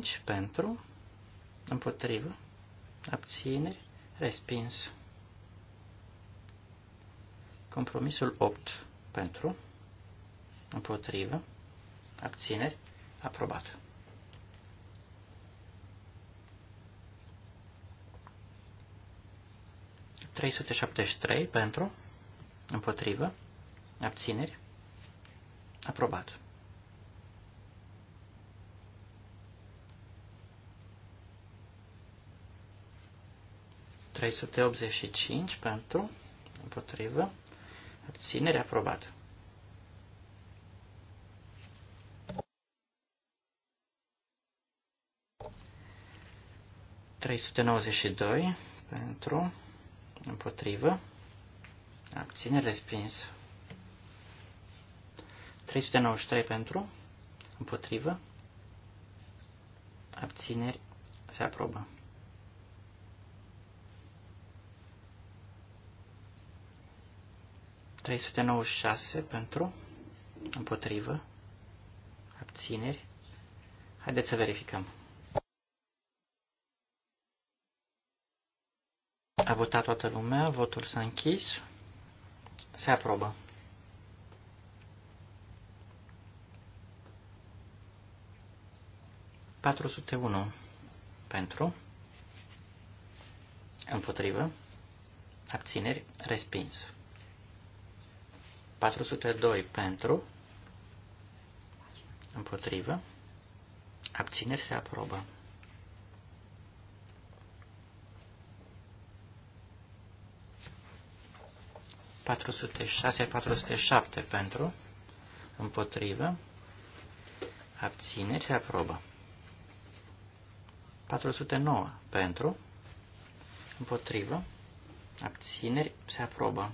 ...365 pentru, împotrivă, abțineri, respins. Compromisul 8 pentru, împotrivă, abțineri, aprobat. trei pentru, împotrivă, abțineri, aprobat. 385 pentru, împotrivă, abțineri, aprobat. 392 pentru, împotrivă, abține, respins. 393 pentru, împotrivă, abțineri, se aprobă. ...396 pentru, împotrivă, abțineri. Haideți să verificăm. A votat toată lumea, votul s-a închis, se aprobă. unu pentru, împotrivă, abțineri, respins. 402 pentru, împotrivă, abțineri se aprobă. 406, 407 pentru, împotrivă, abțineri, se aprobă. 409 pentru, împotrivă, abțineri, se aprobă.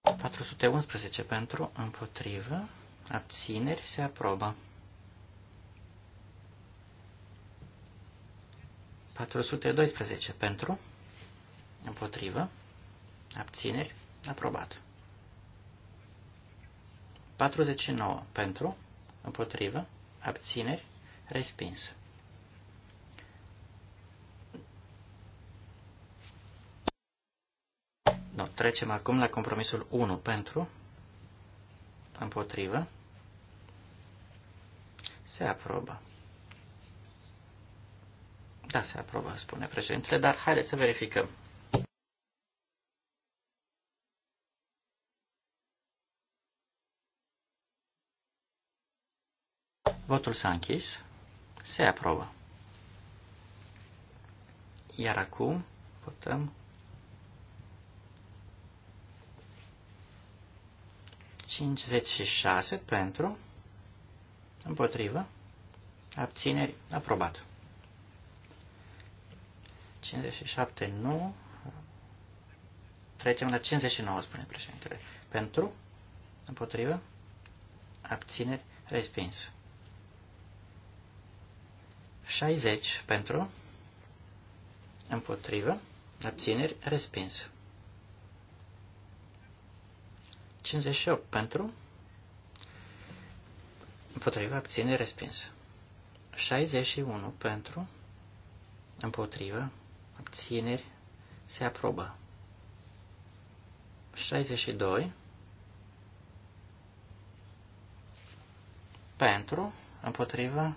411 pentru, împotrivă, abțineri, se aprobă. 412 pentru, Împotrivă. Abțineri. Aprobat. 49 pentru. Împotrivă. Abțineri. Respins. No, trecem acum la compromisul 1 pentru. Împotrivă. Se aprobă. Da, se aprobă, spune președintele, dar haideți să verificăm. Votul s-a închis. Se aprobă. Iar acum votăm cincizeci și șase pentru, împotrivă, abțineri, aprobat. 57 nu. Trecem la 59, spune președintele. Pentru, împotrivă, abțineri, respins. 60 pentru, împotrivă, abțineri, respins. 58 pentru, împotrivă, abțineri, respins. 61 pentru, împotrivă, abțineri, se aprobă. 62 pentru, împotrivă,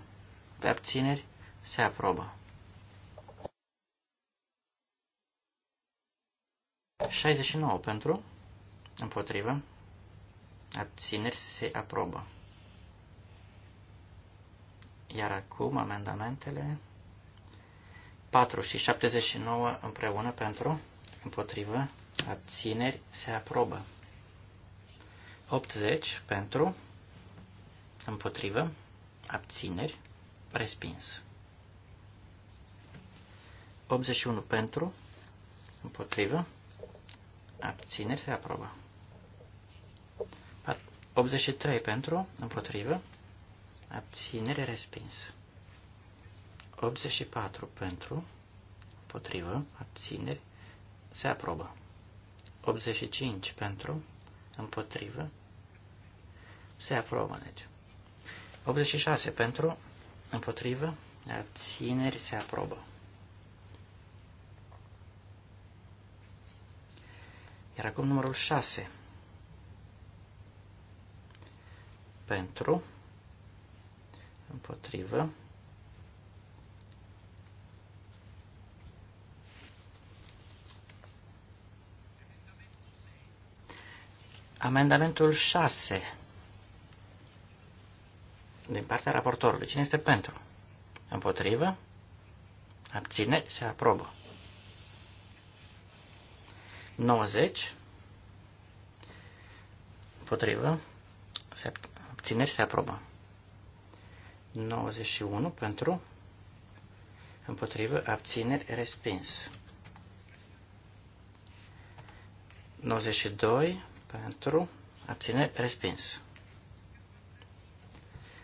pe abțineri, se aprobă. 69 pentru, împotrivă, abțineri se aprobă. Iar acum amendamentele 4 și 79 împreună pentru, împotrivă, abțineri se aprobă. 80 pentru, împotrivă, abțineri, respins. 81 pentru, împotrivă, abține, se aprobă. 83 pentru, împotrivă, abținere, respins. 84 pentru, împotrivă, abțineri, se aprobă. 85 pentru, împotrivă, se aprobă, deci. 86 pentru, împotrivă, abțineri, se aprobă. Iar acum numărul 6. Pentru, împotrivă, Amendamentul 6 din partea raportorului. Cine este pentru? Împotrivă? Abține? Se aprobă. 90. Împotrivă. Se abțineri se aprobă. 91 pentru. Împotrivă. Abțineri respins. 92 pentru. Abțineri respins.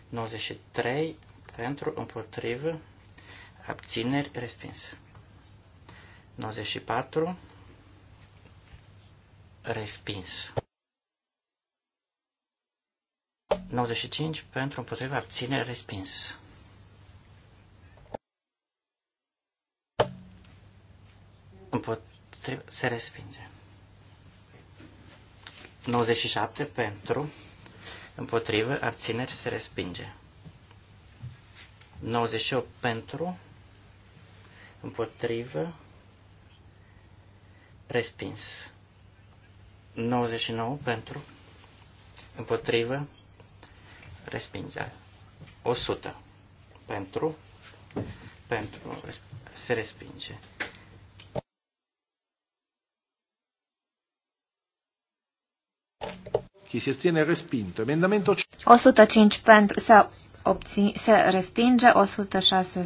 93 pentru. Împotrivă. Abțineri respins. 94 Respins. 95 pentru împotriva abține respins. Împotriva, se respinge. 97 pentru împotrivă abțineri se respinge. 98 pentru împotrivă respins. 99 pentru, împotrivă, respinge. 100 pentru, pentru, se respinge. Chi si astiene respinto. Emendamento 105 pentru se, obține, se respinge, 106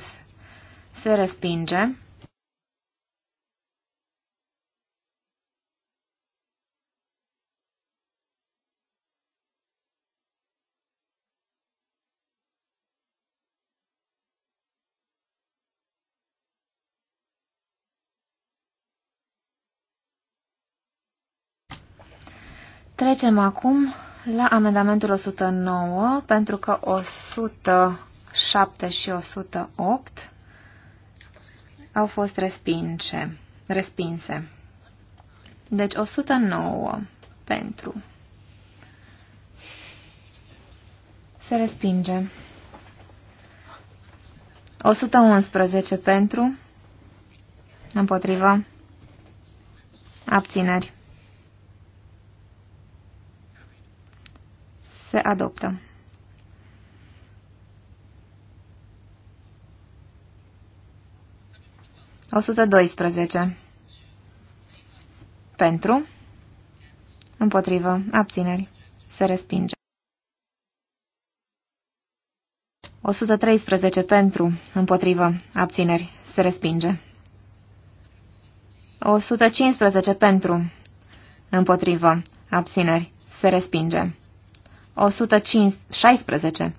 se respinge. Trecem acum la amendamentul 109, pentru că 107 și 108 au fost respinse. respinse. Deci 109 pentru. Se respinge. 111 pentru. Împotrivă. Abțineri. se adoptă. O sută doisprezece. Pentru. Împotrivă. Abțineri. Se respinge. 113 pentru, împotrivă, abțineri, se respinge. 115 pentru, împotrivă, abțineri, se respinge. 116.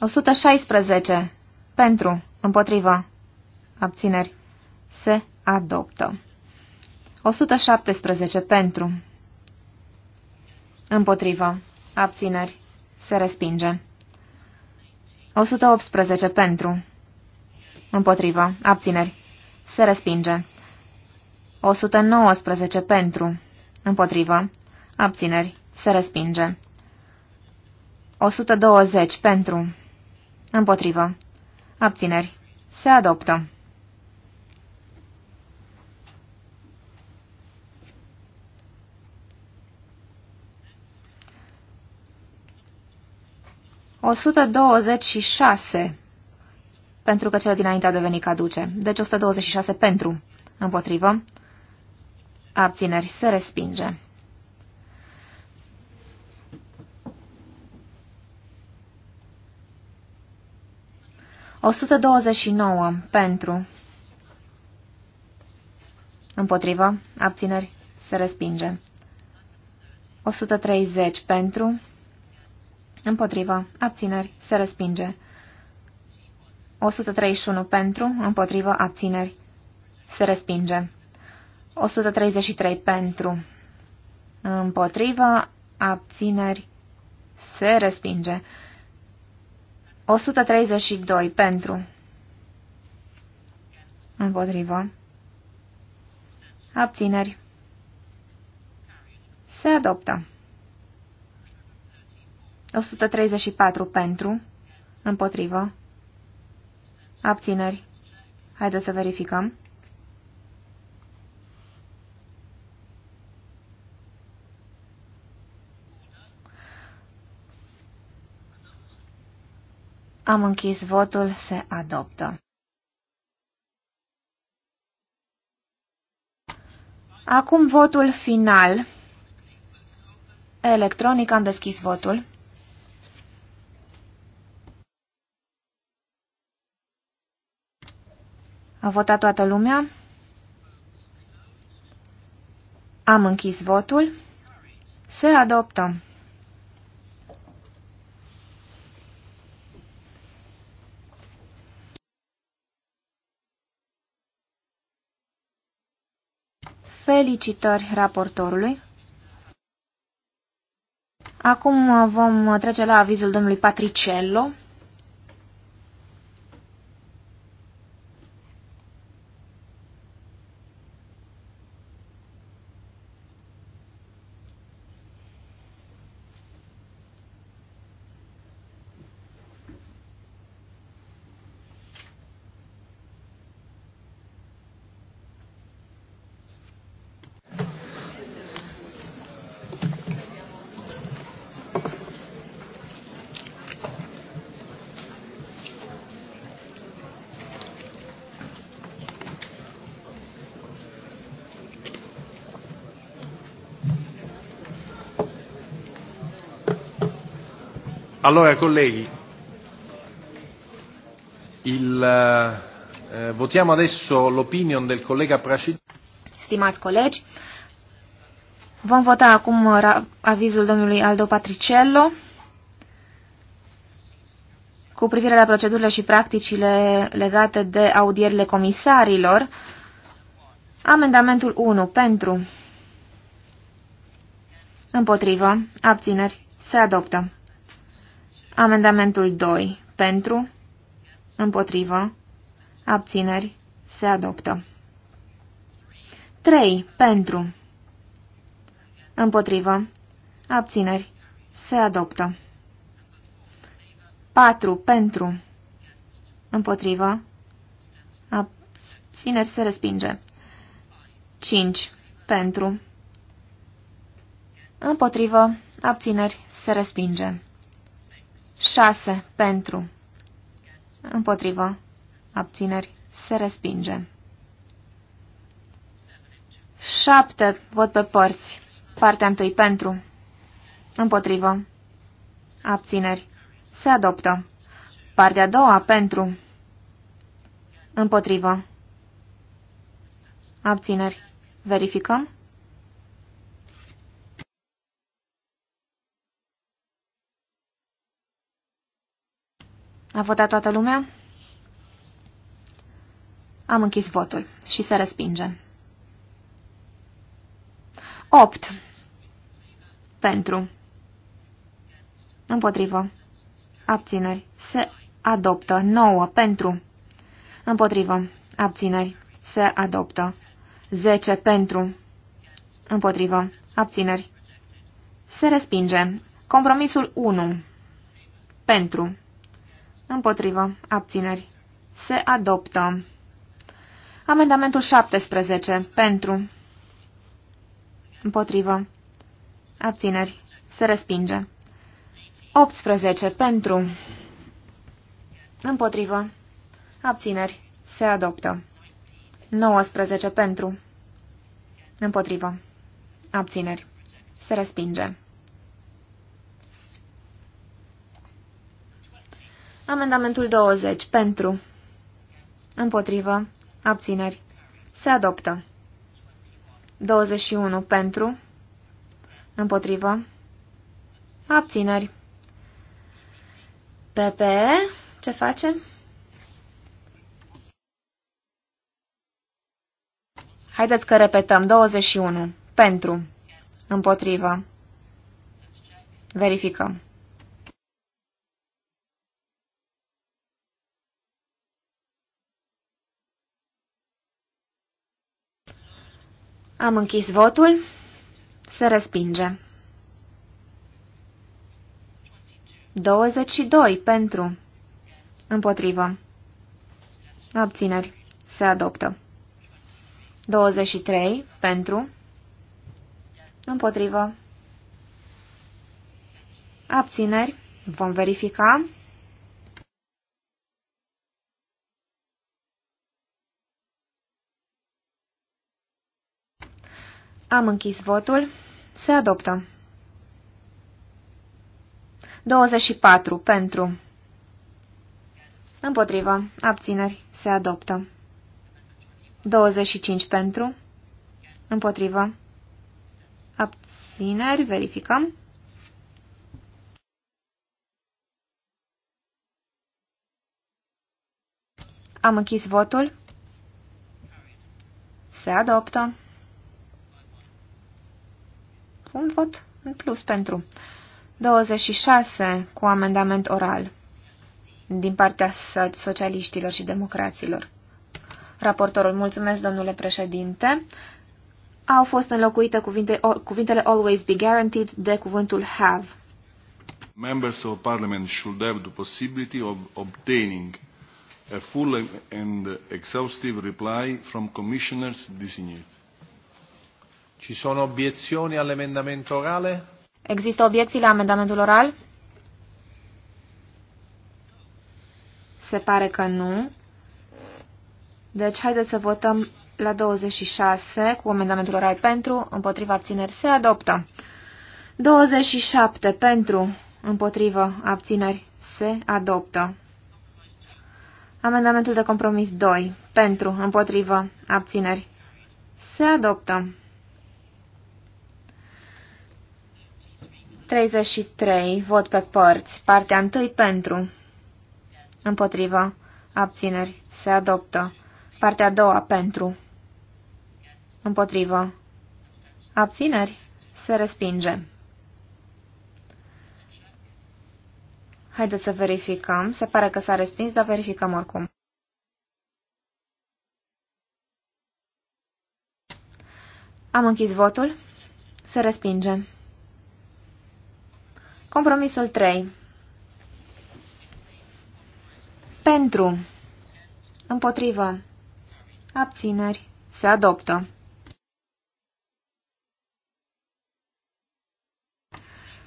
116. Pentru, împotriva, abțineri, se adoptă. 117. Pentru, împotriva, abțineri, se respinge. 118. Pentru, împotriva, abțineri, se respinge. 119 pentru. Împotrivă. Abțineri. Se respinge. 120 pentru. Împotrivă. Abțineri. Se adoptă. O 126 pentru că cele dinainte au devenit caduce. Deci 126 pentru. Împotrivă abțineri, se respinge. O pentru Împotrivă, abțineri, se respinge. 130 pentru, împotrivă, abțineri, se respinge. 131 pentru, împotrivă, abțineri, se respinge. 133 pentru. Împotriva abțineri, se respinge. 132 pentru. Împotriva. Abțineri. Se adoptă. 134 pentru. Împotrivă. Abțineri. Haideți să verificăm. Am închis votul, se adoptă. Acum votul final. Electronic am deschis votul. A votat toată lumea. Am închis votul. Se adoptă. Felicitări raportorului. Acum uh, vom uh, trece la avizul domnului Patricello. Allora, colleghi, il, eh, eh, votiamo adesso l'opinion del collega Pracid. Stimați colegi, vom vota acum avizul domnului Aldo Patricello cu privire la procedurile și practicile legate de audierile comisarilor. Amendamentul 1 pentru. Împotrivă. Abțineri. Se adoptă. Amendamentul 2. Pentru, împotrivă, abțineri, se adoptă. 3. Pentru, împotrivă, abțineri, se adoptă. 4. Pentru, împotrivă, abțineri, se respinge. 5. Pentru, împotrivă, abțineri, se respinge. 6 pentru. Împotrivă. Abțineri. Se respinge. 7. Vot pe părți. Partea întâi. pentru. Împotrivă. Abțineri. Se adoptă. Partea a doua pentru. Împotrivă. Abțineri. Verificăm? A votat toată lumea? Am închis votul și se respinge. 8. Pentru. Împotrivă. Abțineri. Se adoptă. 9. Pentru. Împotrivă. Abțineri. Se adoptă. 10. Pentru. Împotrivă. Abțineri. Se respinge. Compromisul 1. Pentru. Împotrivă. Abțineri. Se adoptă. Amendamentul 17. Pentru. Împotrivă. Abțineri. Se respinge. 18. Pentru. Împotrivă. Abțineri. Se adoptă. 19. Pentru. Împotrivă. Abțineri. Se respinge. Amendamentul 20. Pentru. Împotrivă. Abțineri. Se adoptă. 21. Pentru. Împotrivă. Abțineri. PPE. Ce face? Haideți că repetăm. 21. Pentru. Împotrivă. Verificăm. Am închis votul. Se respinge. 22 pentru. Împotrivă. Abțineri. Se adoptă. 23 pentru. Împotrivă. Abțineri. Vom verifica. Am închis votul. Se adoptă. 24. Pentru. Împotrivă. Abțineri. Se adoptă. 25 pentru. Împotrivă. Abțineri. Verificăm. Am închis votul. Se adoptă un vot în plus pentru. 26 cu amendament oral din partea socialiștilor și democraților. Raportorul, mulțumesc, domnule președinte. Au fost înlocuite cuvinte, cuvintele always be guaranteed de cuvântul have. Members of Parliament should have the possibility of obtaining a full and exhaustive reply from commissioners designated. Ci sono obiezioni all'emendamento orale? Există obiecții la amendamentul oral? Se pare că nu. Deci, haideți să votăm la 26 cu amendamentul oral pentru, împotriva abțineri se adoptă. 27 pentru, împotriva abțineri se adoptă. Amendamentul de compromis 2 pentru, împotriva abțineri se adoptă. 33. Vot pe părți. Partea întâi pentru. Împotrivă. Abțineri. Se adoptă. Partea a doua pentru. Împotrivă. Abțineri. Se respinge. Haideți să verificăm. Se pare că s-a respins, dar verificăm oricum. Am închis votul. Se respinge. Compromisul 3. Pentru. Împotrivă. Abțineri. Se adoptă.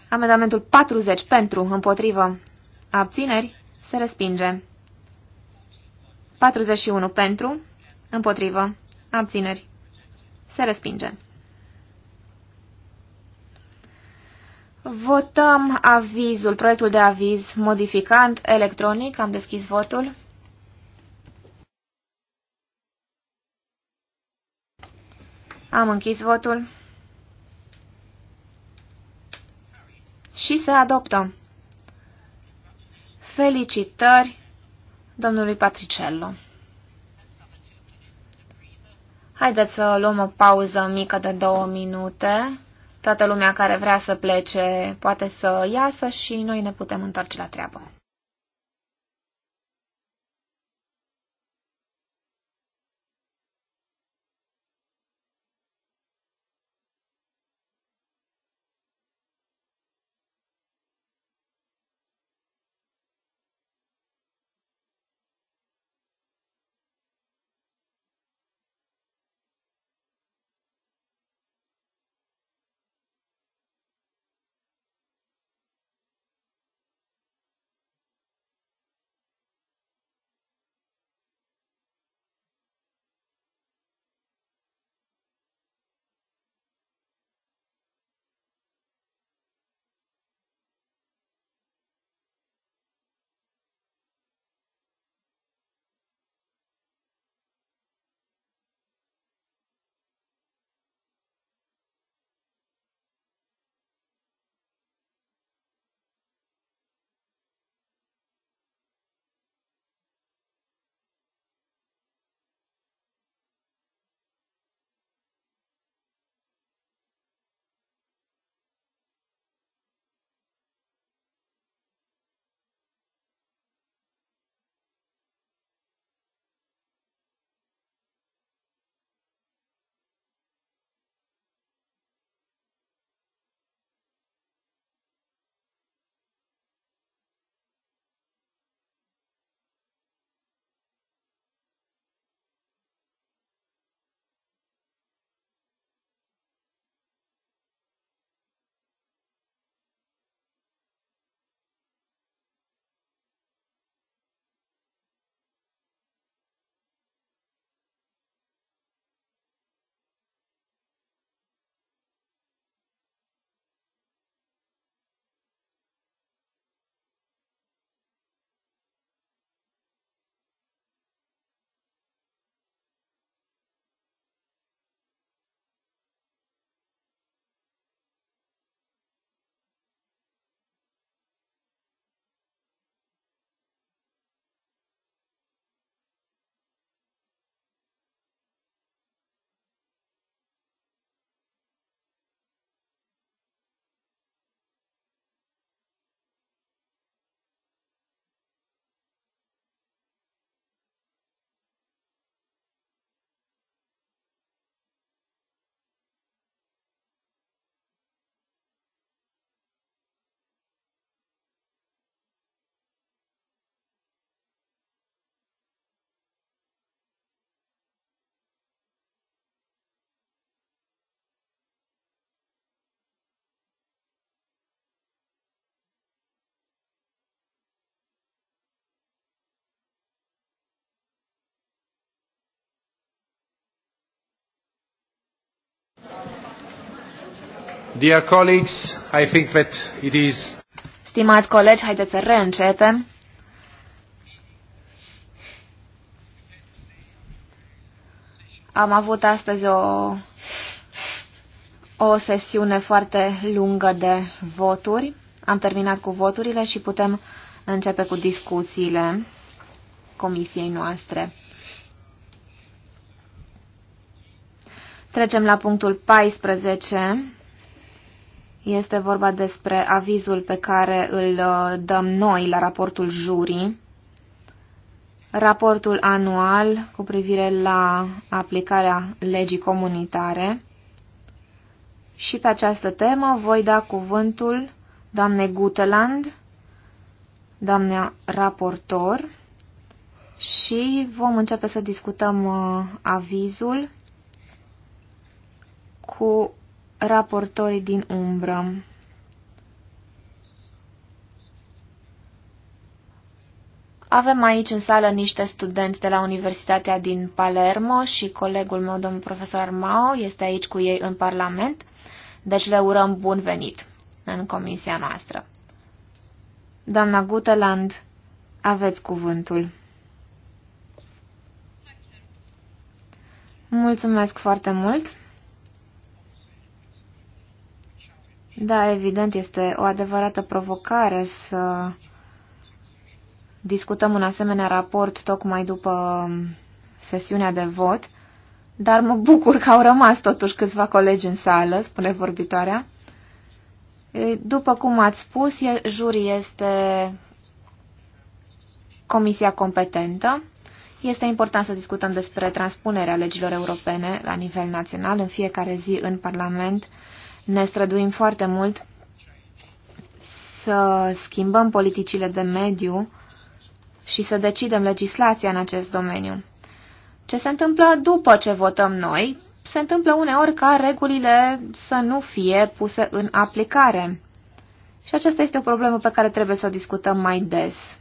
Amendamentul 40. Pentru. Împotrivă. Abțineri. Se respinge. 41. Pentru. Împotrivă. Abțineri. Se respinge. Votăm avizul, proiectul de aviz modificant electronic. Am deschis votul. Am închis votul. Și se adoptă. Felicitări domnului Patricello. Haideți să luăm o pauză mică de două minute. Toată lumea care vrea să plece poate să iasă și noi ne putem întoarce la treabă. Dear colleagues, I think that it is... Stimați colegi, haideți să reîncepem. Am avut astăzi o, o sesiune foarte lungă de voturi. Am terminat cu voturile și putem începe cu discuțiile comisiei noastre. Trecem la punctul 14 este vorba despre avizul pe care îl uh, dăm noi la raportul jurii, raportul anual cu privire la aplicarea legii comunitare. Și pe această temă voi da cuvântul doamnei Guteland, doamna raportor, și vom începe să discutăm uh, avizul cu raportorii din umbră. Avem aici în sală niște studenți de la Universitatea din Palermo și colegul meu, domnul profesor Mao, este aici cu ei în Parlament, deci le urăm bun venit în comisia noastră. Doamna Guteland, aveți cuvântul. Mulțumesc foarte mult! Da, evident, este o adevărată provocare să discutăm un asemenea raport tocmai după sesiunea de vot, dar mă bucur că au rămas totuși câțiva colegi în sală, spune vorbitoarea. După cum ați spus, jurii este comisia competentă. Este important să discutăm despre transpunerea legilor europene la nivel național în fiecare zi în Parlament ne străduim foarte mult să schimbăm politicile de mediu și să decidem legislația în acest domeniu. Ce se întâmplă după ce votăm noi, se întâmplă uneori ca regulile să nu fie puse în aplicare. Și aceasta este o problemă pe care trebuie să o discutăm mai des.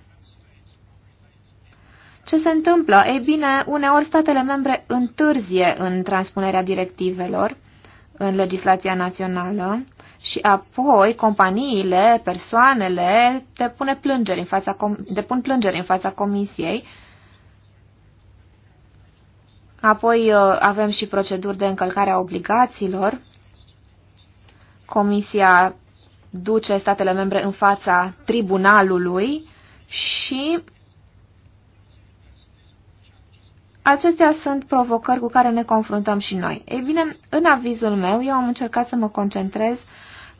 Ce se întâmplă? Ei bine, uneori statele membre întârzie în transpunerea directivelor în legislația națională și apoi companiile, persoanele depune plângeri în fața depun plângeri în fața comisiei. Apoi uh, avem și proceduri de încălcare a obligațiilor. Comisia duce statele membre în fața tribunalului și Acestea sunt provocări cu care ne confruntăm și noi. Ei bine, în avizul meu eu am încercat să mă concentrez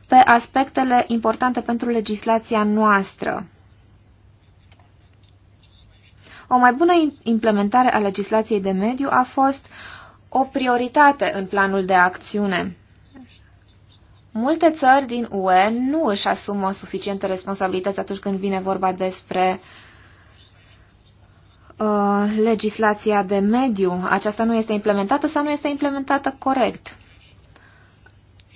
pe aspectele importante pentru legislația noastră. O mai bună implementare a legislației de mediu a fost o prioritate în planul de acțiune. Multe țări din UE nu își asumă suficiente responsabilități atunci când vine vorba despre uh, Uh, legislația de mediu, aceasta nu este implementată sau nu este implementată corect.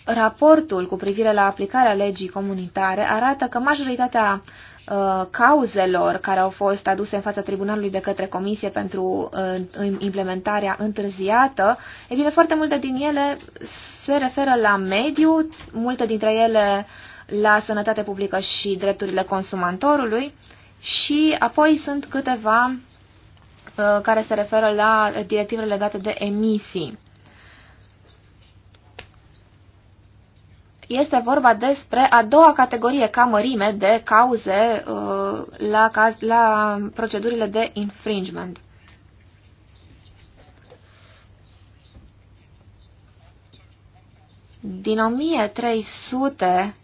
Raportul cu privire la aplicarea legii comunitare arată că majoritatea uh, cauzelor care au fost aduse în fața tribunalului de către Comisie pentru uh, implementarea întârziată, e bine, foarte multe din ele se referă la mediu, multe dintre ele la sănătate publică și drepturile consumatorului și apoi sunt câteva Uh, care se referă la directivele legate de emisii. Este vorba despre a doua categorie ca mărime de cauze uh, la, caz, la procedurile de infringement. Din 1300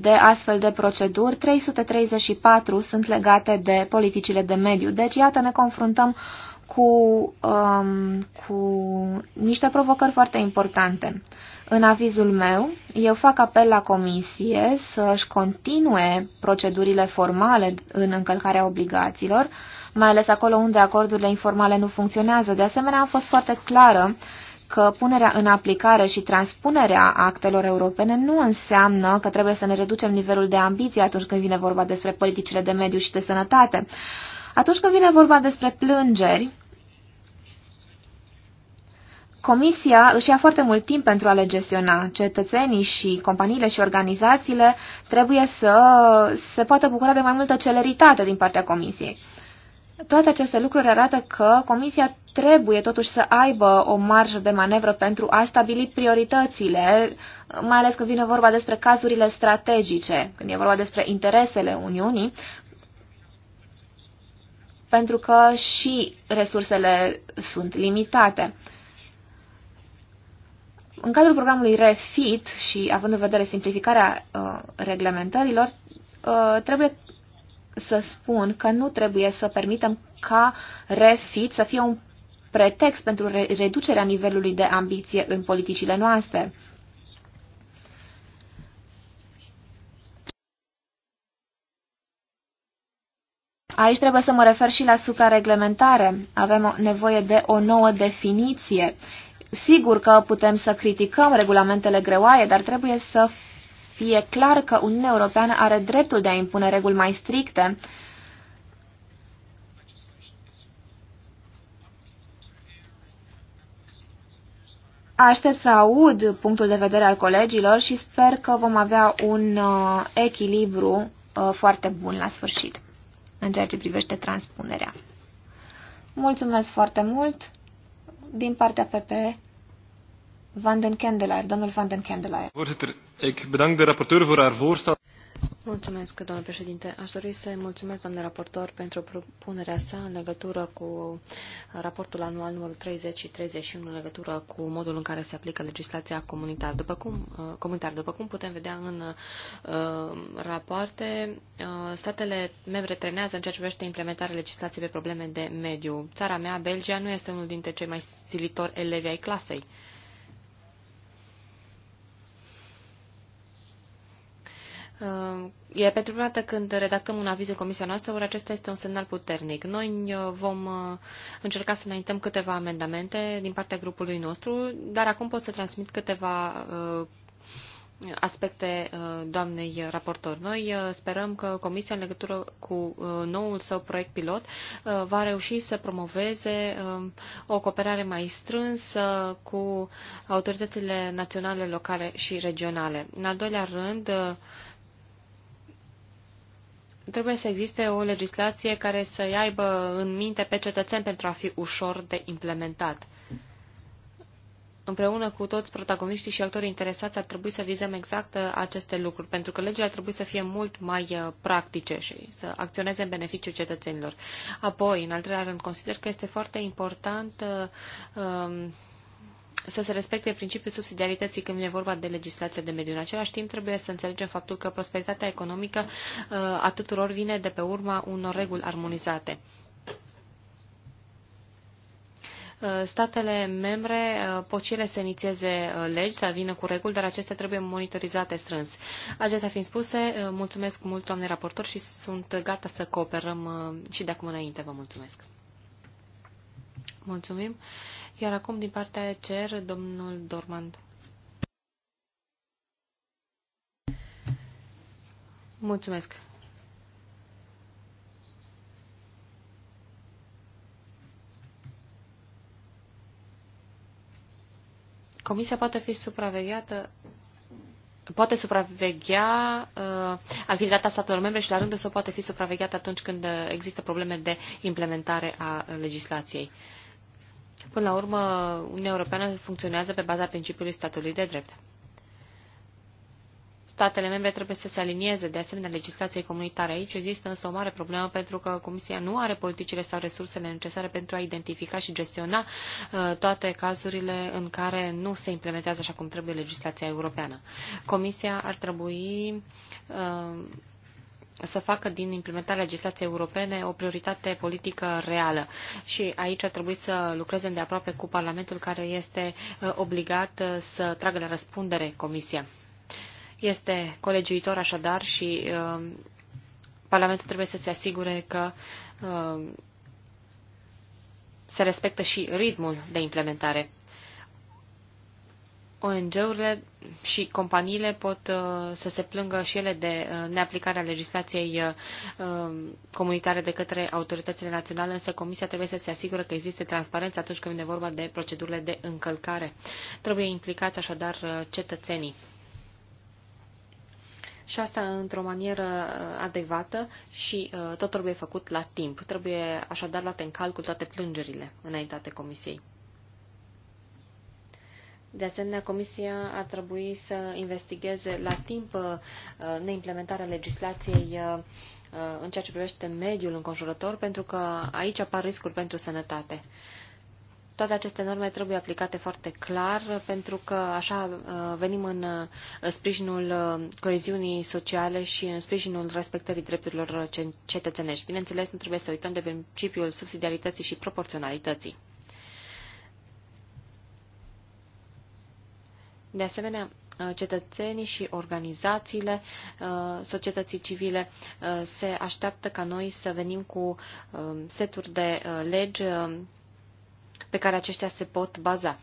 de astfel de proceduri, 334 sunt legate de politicile de mediu. Deci, iată, ne confruntăm cu, um, cu niște provocări foarte importante. În avizul meu, eu fac apel la comisie să-și continue procedurile formale în încălcarea obligațiilor, mai ales acolo unde acordurile informale nu funcționează. De asemenea, am fost foarte clară că punerea în aplicare și transpunerea actelor europene nu înseamnă că trebuie să ne reducem nivelul de ambiție atunci când vine vorba despre politicile de mediu și de sănătate. Atunci când vine vorba despre plângeri, Comisia își ia foarte mult timp pentru a le gestiona. Cetățenii și companiile și organizațiile trebuie să se poată bucura de mai multă celeritate din partea Comisiei toate aceste lucruri arată că Comisia trebuie totuși să aibă o marjă de manevră pentru a stabili prioritățile, mai ales când vine vorba despre cazurile strategice, când e vorba despre interesele Uniunii, pentru că și resursele sunt limitate. În cadrul programului REFIT și având în vedere simplificarea uh, reglementărilor, uh, trebuie să spun că nu trebuie să permitem ca refit să fie un pretext pentru reducerea nivelului de ambiție în politicile noastre. Aici trebuie să mă refer și la suprareglementare. Avem nevoie de o nouă definiție. Sigur că putem să criticăm regulamentele greoaie, dar trebuie să fie clar că Uniunea Europeană are dreptul de a impune reguli mai stricte Aștept să aud punctul de vedere al colegilor și sper că vom avea un uh, echilibru uh, foarte bun la sfârșit în ceea ce privește transpunerea. Mulțumesc foarte mult din partea PP Van den Kendelaer, domnul Van den Kendelaer. Mulțumesc, domnule președinte. Aș dori să mulțumesc, doamnă raportor, pentru propunerea sa în legătură cu uh, raportul anual numărul 30 și 31 în legătură cu modul în care se aplică legislația comunitară. După cum, uh, comunitar, după cum putem vedea în uh, rapoarte, uh, statele membre trenează în ceea ce privește implementarea legislației pe probleme de mediu. Țara mea, Belgia, nu este unul dintre cei mai silitori elevi ai clasei. Uh, Uh, e pentru prima dată când redactăm un aviz în comisia noastră, ori acesta este un semnal puternic. Noi uh, vom uh, încerca să înaintăm câteva amendamente din partea grupului nostru, dar acum pot să transmit câteva aspecte doamnei raportor. Noi sperăm că Comisia, în legătură cu noul său proiect pilot, va reuși să promoveze o cooperare mai strânsă cu autoritățile naționale, locale și regionale. În al doilea rând, trebuie să existe o legislație care să aibă în minte pe cetățeni pentru a fi ușor de implementat. Împreună cu toți protagoniștii și actorii interesați ar trebui să vizăm exact uh, aceste lucruri, pentru că legile ar trebui să fie mult mai uh, practice și să acționeze în beneficiul cetățenilor. Apoi, în al treilea rând, consider că este foarte important uh, um, să se respecte principiul subsidiarității când vine vorba de legislația de mediu. În același timp, trebuie să înțelegem faptul că prosperitatea economică uh, a tuturor vine de pe urma unor reguli armonizate uh, statele membre uh, pot și ele să inițieze legi, să vină cu reguli, dar acestea trebuie monitorizate strâns. Acestea fiind spuse, mulțumesc mult, doamne raportor, și sunt gata să cooperăm și de acum înainte. Vă mulțumesc. Mulțumim. Iar acum, din partea CER, domnul Dormand. Mulțumesc. Comisia poate fi supravegheată poate supraveghea uh, activitatea statelor membre și la rândul său poate fi supravegheată atunci când există probleme de implementare a legislației. Uh, Până la urmă, Uniunea Europeană funcționează pe baza principiului statului de drept. Statele membre trebuie să se alinieze de asemenea legislației comunitare. Aici există însă o mare problemă pentru că Comisia nu are politicile sau resursele necesare pentru a identifica și gestiona uh, toate cazurile în care nu se implementează așa cum trebuie legislația europeană. Comisia ar trebui uh, să facă din implementarea legislației europene o prioritate politică reală. Și aici ar trebui să lucreze de aproape cu Parlamentul care este uh, obligat uh, să tragă la răspundere Comisia. Este colegiuitor așadar și uh, Parlamentul trebuie să se asigure că se respectă și ritmul de implementare. ONG-urile și companiile pot uh, să se plângă și ele de uh, neaplicarea legislației uh, um, comunitare de către autoritățile naționale, însă Comisia trebuie să se asigure că există transparență atunci când vine vorba de procedurile de încălcare. Trebuie implicați așadar cetățenii și asta într-o manieră adecvată și tot trebuie făcut la timp. Trebuie așadar luate în calcul toate plângerile înaintate comisiei. De asemenea, Comisia ar trebui să investigheze la timp uh, neimplementarea legislației uh, uh, în ceea ce privește mediul înconjurător, pentru că aici apar riscuri pentru sănătate. Toate aceste norme trebuie aplicate foarte clar, pentru că așa venim în sprijinul coeziunii sociale și în sprijinul respectării drepturilor cetățenești. Bineînțeles, nu trebuie să uităm de principiul subsidiarității și proporționalității. De asemenea, uh, cetățenii și organizațiile uh, societății civile uh, se așteaptă ca noi să venim cu seturi de legi pe care aceștia se pot baza.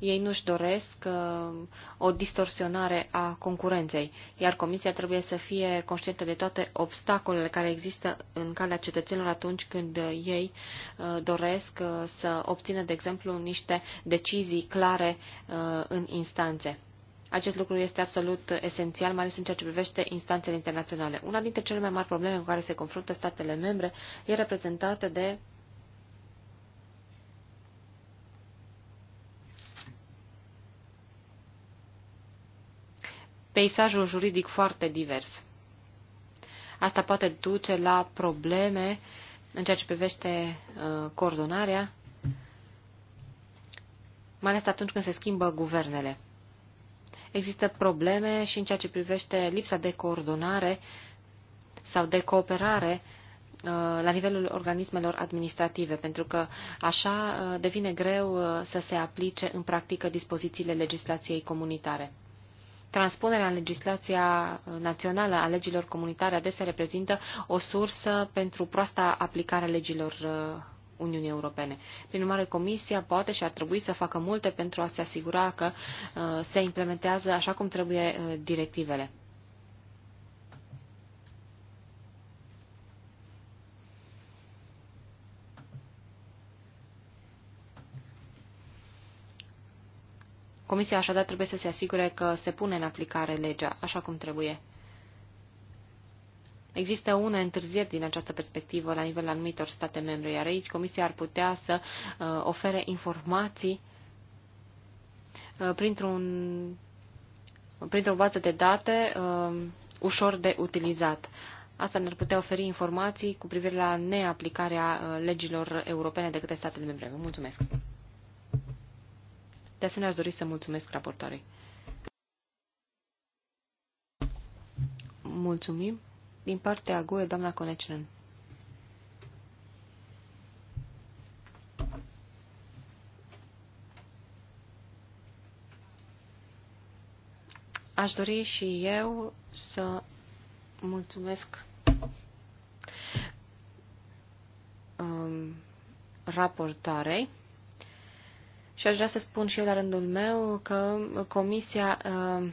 Ei nu-și doresc uh, o distorsionare a concurenței, iar Comisia trebuie să fie conștientă de toate obstacolele care există în calea cetățenilor atunci când ei uh, doresc uh, să obțină, de exemplu, niște decizii clare în instanțe. Acest lucru este absolut esențial, mai ales în ceea ce privește instanțele internaționale. Una dintre cele mai mari probleme cu care se confruntă statele membre e reprezentată de peisajul juridic foarte divers. Asta poate duce la probleme în ceea ce privește uh, coordonarea, mai ales atunci când se schimbă guvernele. Există probleme și în ceea ce privește lipsa de coordonare sau de cooperare uh, la nivelul organismelor administrative, pentru că așa uh, devine greu uh, să se aplice în practică dispozițiile legislației comunitare. Transpunerea în legislația națională a legilor comunitare adesea reprezintă o sursă pentru proasta aplicare a legilor uh, Uniunii Europene. Prin urmare, Comisia poate și ar trebui să facă multe pentru a se asigura că uh, se implementează așa cum trebuie uh, directivele. Comisia așadar trebuie să se asigure că se pune în aplicare legea așa cum trebuie. Există une întârzieri din această perspectivă la nivelul anumitor state membre, iar aici Comisia ar putea să uh, ofere informații uh, printr o printr-o bază de date uh, ușor de utilizat. Asta ne-ar putea oferi informații cu privire la neaplicarea uh, legilor europene de către statele membre. Vă mulțumesc! De asemenea, aș dori să mulțumesc raportoarei. Mulțumim. Din partea GUE, doamna Conecinen. Aș dori și eu să mulțumesc um, raportarei și aș vrea să spun și eu la rândul meu că Comisia uh,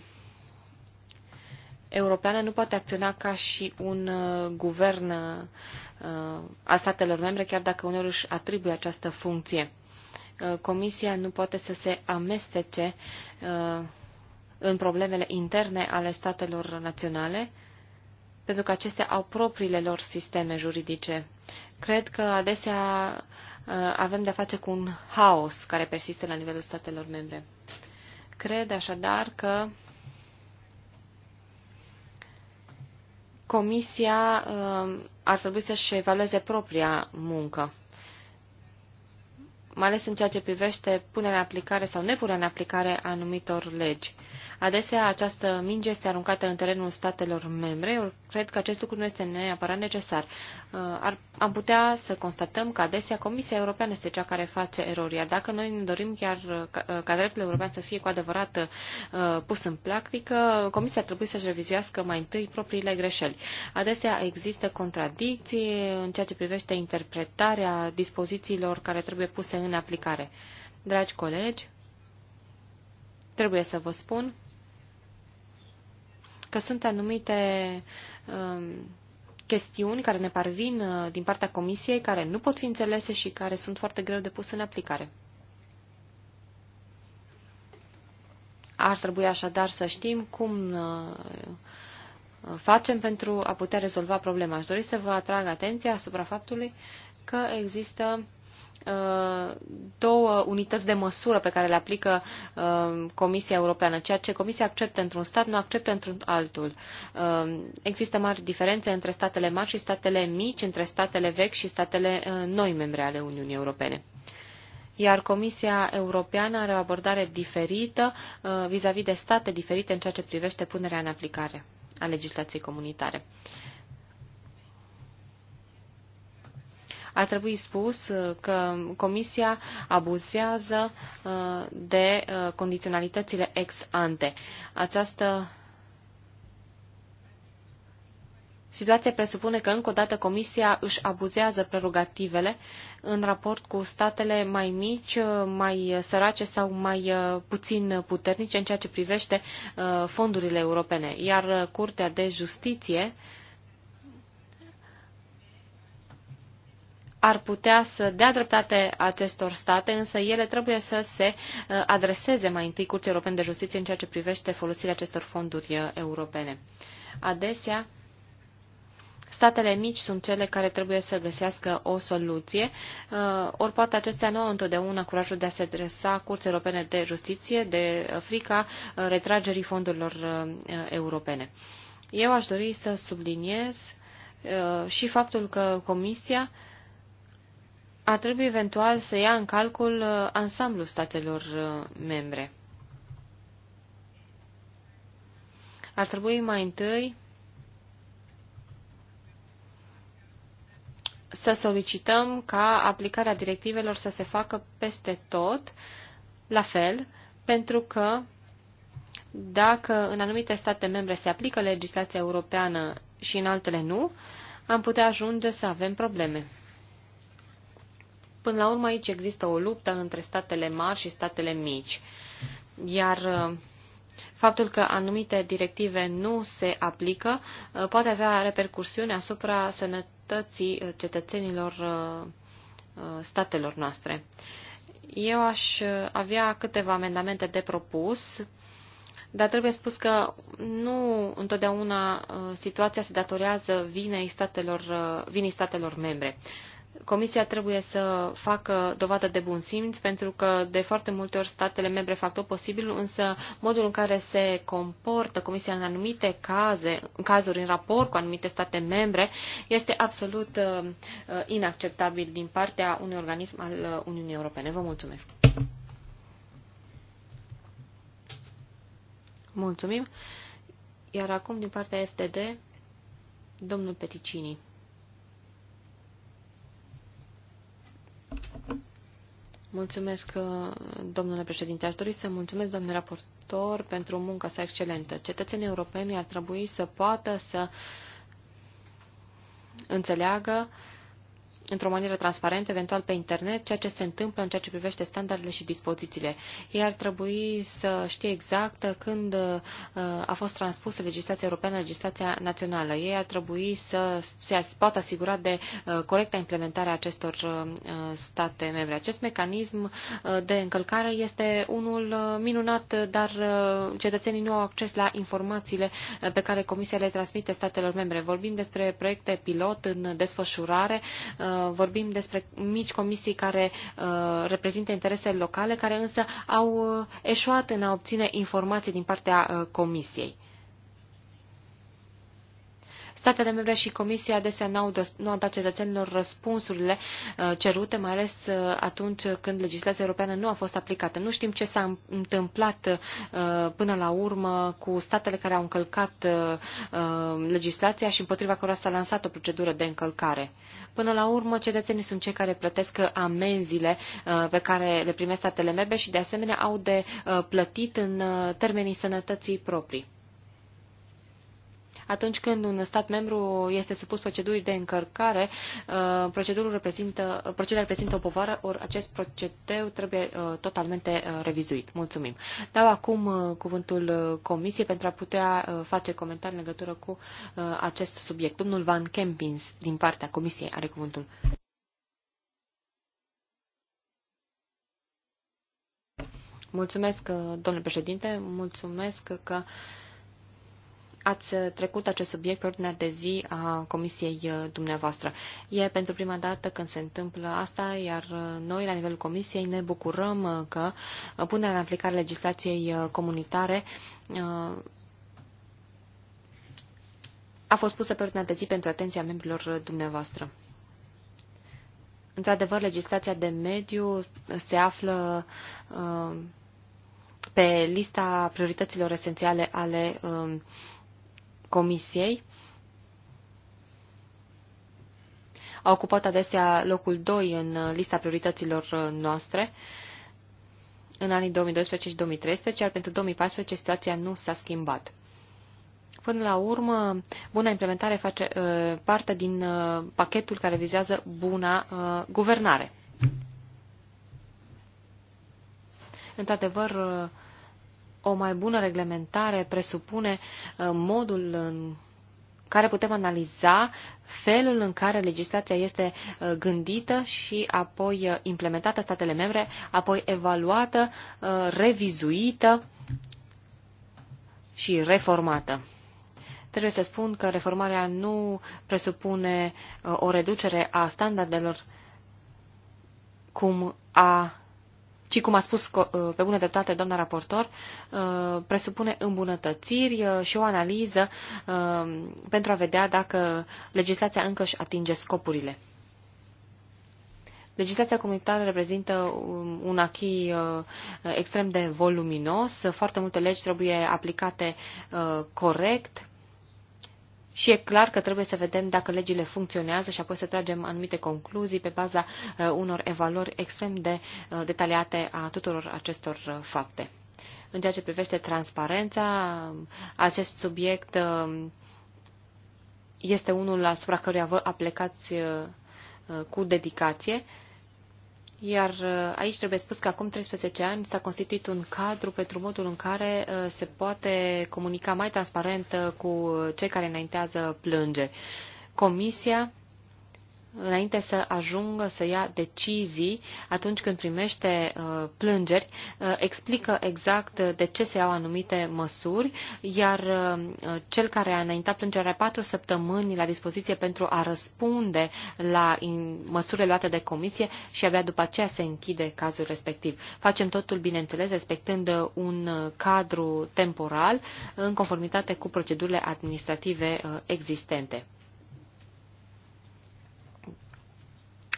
Europeană nu poate acționa ca și un uh, guvern uh, a statelor membre, chiar dacă uneori își atribuie această funcție. Uh, comisia nu poate să se amestece uh, în problemele interne ale statelor naționale pentru că acestea au propriile lor sisteme juridice. Cred că adesea uh, avem de-a face cu un haos care persistă la nivelul statelor membre. Cred așadar că Comisia uh, ar trebui să-și evalueze propria muncă, mai ales în ceea ce privește punerea în aplicare sau nepunerea în aplicare a anumitor legi. Adesea această minge este aruncată în terenul statelor membre. Eu cred că acest lucru nu este neapărat necesar. Uh, ar, am putea să constatăm că adesea Comisia Europeană este cea care face erori, iar dacă noi ne dorim chiar uh, ca, uh, ca dreptul european să fie cu adevărat uh, pus în practică, Comisia trebuie să-și revizuiască mai întâi propriile greșeli. Adesea există contradicții în ceea ce privește interpretarea dispozițiilor care trebuie puse în aplicare. Dragi colegi, Trebuie să vă spun că sunt anumite um, chestiuni care ne parvin uh, din partea Comisiei, care nu pot fi înțelese și care sunt foarte greu de pus în aplicare. Ar trebui așadar să știm cum uh, facem pentru a putea rezolva problema. Aș dori să vă atrag atenția asupra faptului că există Uh, două unități de măsură pe care le aplică uh, Comisia Europeană. Ceea ce Comisia acceptă într-un stat, nu acceptă într-un altul. Uh, există mari diferențe între statele mari și statele mici, între statele vechi și statele noi membre ale Uniunii Europene iar Comisia Europeană are o abordare diferită vis-a-vis -vis de state diferite în ceea ce privește punerea în aplicare a legislației comunitare. Ar trebui spus uh, că Comisia abuzează uh, de uh, condiționalitățile ex ante. Această Situația presupune că încă o dată Comisia își abuzează prerogativele în raport cu statele mai mici, mai sărace sau mai puțin puternice în ceea ce privește fondurile europene. Iar Curtea de Justiție ar putea să dea dreptate acestor state, însă ele trebuie să se uh, adreseze mai întâi Curții Europene de Justiție în ceea ce privește folosirea acestor fonduri uh, europene. Adesea, Statele mici sunt cele care trebuie să găsească o soluție, uh, ori poate acestea nu au întotdeauna curajul de a se adresa Curții Europene de Justiție de frica retragerii fondurilor europene. Eu aș dori să subliniez și faptul că Comisia ar trebui eventual să ia în calcul uh, ansamblul statelor uh, membre. Ar trebui mai întâi să solicităm ca aplicarea directivelor să se facă peste tot, la fel, pentru că dacă în anumite state membre se aplică legislația europeană și în altele nu, am putea ajunge să avem probleme. Până la urmă aici există o luptă între statele mari și statele mici. Iar uh, faptul că anumite directive nu se aplică uh, poate avea repercursiuni asupra sănătății uh, cetățenilor statelor noastre. Eu aș avea câteva amendamente de propus, dar trebuie spus că nu întotdeauna situația se datorează vinei statelor, vinii statelor membre. Comisia trebuie să facă dovadă de bun simț, pentru că de foarte multe ori statele membre fac tot posibilul, însă modul în care se comportă Comisia în anumite caze, în cazuri în raport cu anumite state membre, este absolut uh, uh inacceptabil din partea unui organism al uh, Uniunii Europene. Vă mulțumesc! Mulțumim! Iar acum, din partea FTD, domnul Peticini. Mulțumesc, uh, domnule președinte. Aș dori să mulțumesc, domnule raportor, pentru munca sa excelentă. Cetățenii europeni ar trebui să poată să înțeleagă uh, într-o manieră transparentă, eventual pe internet, ceea ce se întâmplă în ceea ce privește standardele și dispozițiile. Ei ar trebui să știe exact când uh, a fost transpusă legislația europeană, legislația națională. Ei ar trebui să se poată asigura de uh, corecta implementare a acestor uh, state membre. Acest mecanism de încălcare este unul minunat, dar cetățenii nu au acces la informațiile pe care Comisia le transmite statelor membre. Vorbim despre proiecte pilot în desfășurare, vorbim despre mici comisii care uh, reprezintă interese locale, care însă au uh, eșuat în a obține informații din partea uh, comisiei. Statele membre și Comisia adesea nu au nu au dat cetățenilor răspunsurile uh, cerute, mai ales uh, atunci când legislația europeană nu a fost aplicată. Nu știm ce s-a întâmplat uh, până la urmă cu statele care au încălcat legislația și împotriva cărora s-a lansat o procedură de încălcare. Până la urmă, cetățenii sunt cei care plătesc amenziile pe care le primesc statele membre și, de asemenea, au de plătit în termenii sănătății proprii. Atunci când un stat membru este supus procedurii de încărcare, uh, procedurul reprezintă, procedura reprezintă o povară, ori acest procedeu trebuie uh, totalmente uh, revizuit. Mulțumim. Dau acum cuvântul Comisiei pentru a putea face comentarii în legătură cu acest subiect. Domnul Van Kempins, din partea Comisiei, are cuvântul. Mulțumesc, domnule președinte, mulțumesc că ați trecut acest subiect pe ordinea de zi a comisiei uh, dumneavoastră. E pentru prima dată când se întâmplă asta, iar uh, noi, la nivelul comisiei, ne bucurăm uh, că punerea în aplicare legislației comunitare a fost pusă pe ordinea de zi pentru atenția membrilor dumneavoastră. Într-adevăr, legislația de mediu se află pe lista priorităților esențiale ale um, comisiei a ocupat adesea locul 2 în uh, lista priorităților uh, noastre în anii 2012 și 2013, iar pentru 2014 situația nu s-a schimbat. Până la urmă, buna implementare face uh, parte din uh, pachetul care vizează buna uh, guvernare. Într-adevăr, uh, o mai bună reglementare presupune uh, modul în care putem analiza felul în care legislația este uh, gândită și apoi uh, implementată statele membre, apoi evaluată, revizuită și reformată. Trebuie să spun că reformarea nu presupune o reducere a standardelor cum a ci, cum a spus uh, pe bună dreptate doamna raportor, uh, presupune îmbunătățiri uh, și o analiză pentru a vedea dacă legislația încă își atinge scopurile. Legislația comunitară reprezintă un achii extrem de voluminos, foarte multe legi trebuie aplicate corect, și e clar că trebuie să vedem dacă legile funcționează și apoi să tragem anumite concluzii pe baza uh, unor evaluări extrem de uh, detaliate a tuturor acestor uh, fapte. În ceea ce privește transparența, acest subiect este unul asupra căruia vă aplicați cu dedicație iar uh, aici trebuie spus că acum 13 ani s-a constituit un cadru pentru modul în care uh, se poate comunica mai transparent uh, cu cei care înaintează plângeri. Comisia înainte să ajungă să ia decizii atunci când primește uh, plângeri, uh, explică exact uh, de ce se iau anumite măsuri, iar cel care a înaintat plângerea patru săptămâni la dispoziție pentru a răspunde la măsurile luate de comisie și abia după aceea se închide cazul respectiv. Facem totul, bineînțeles, respectând un cadru temporal în conformitate cu procedurile administrative existente.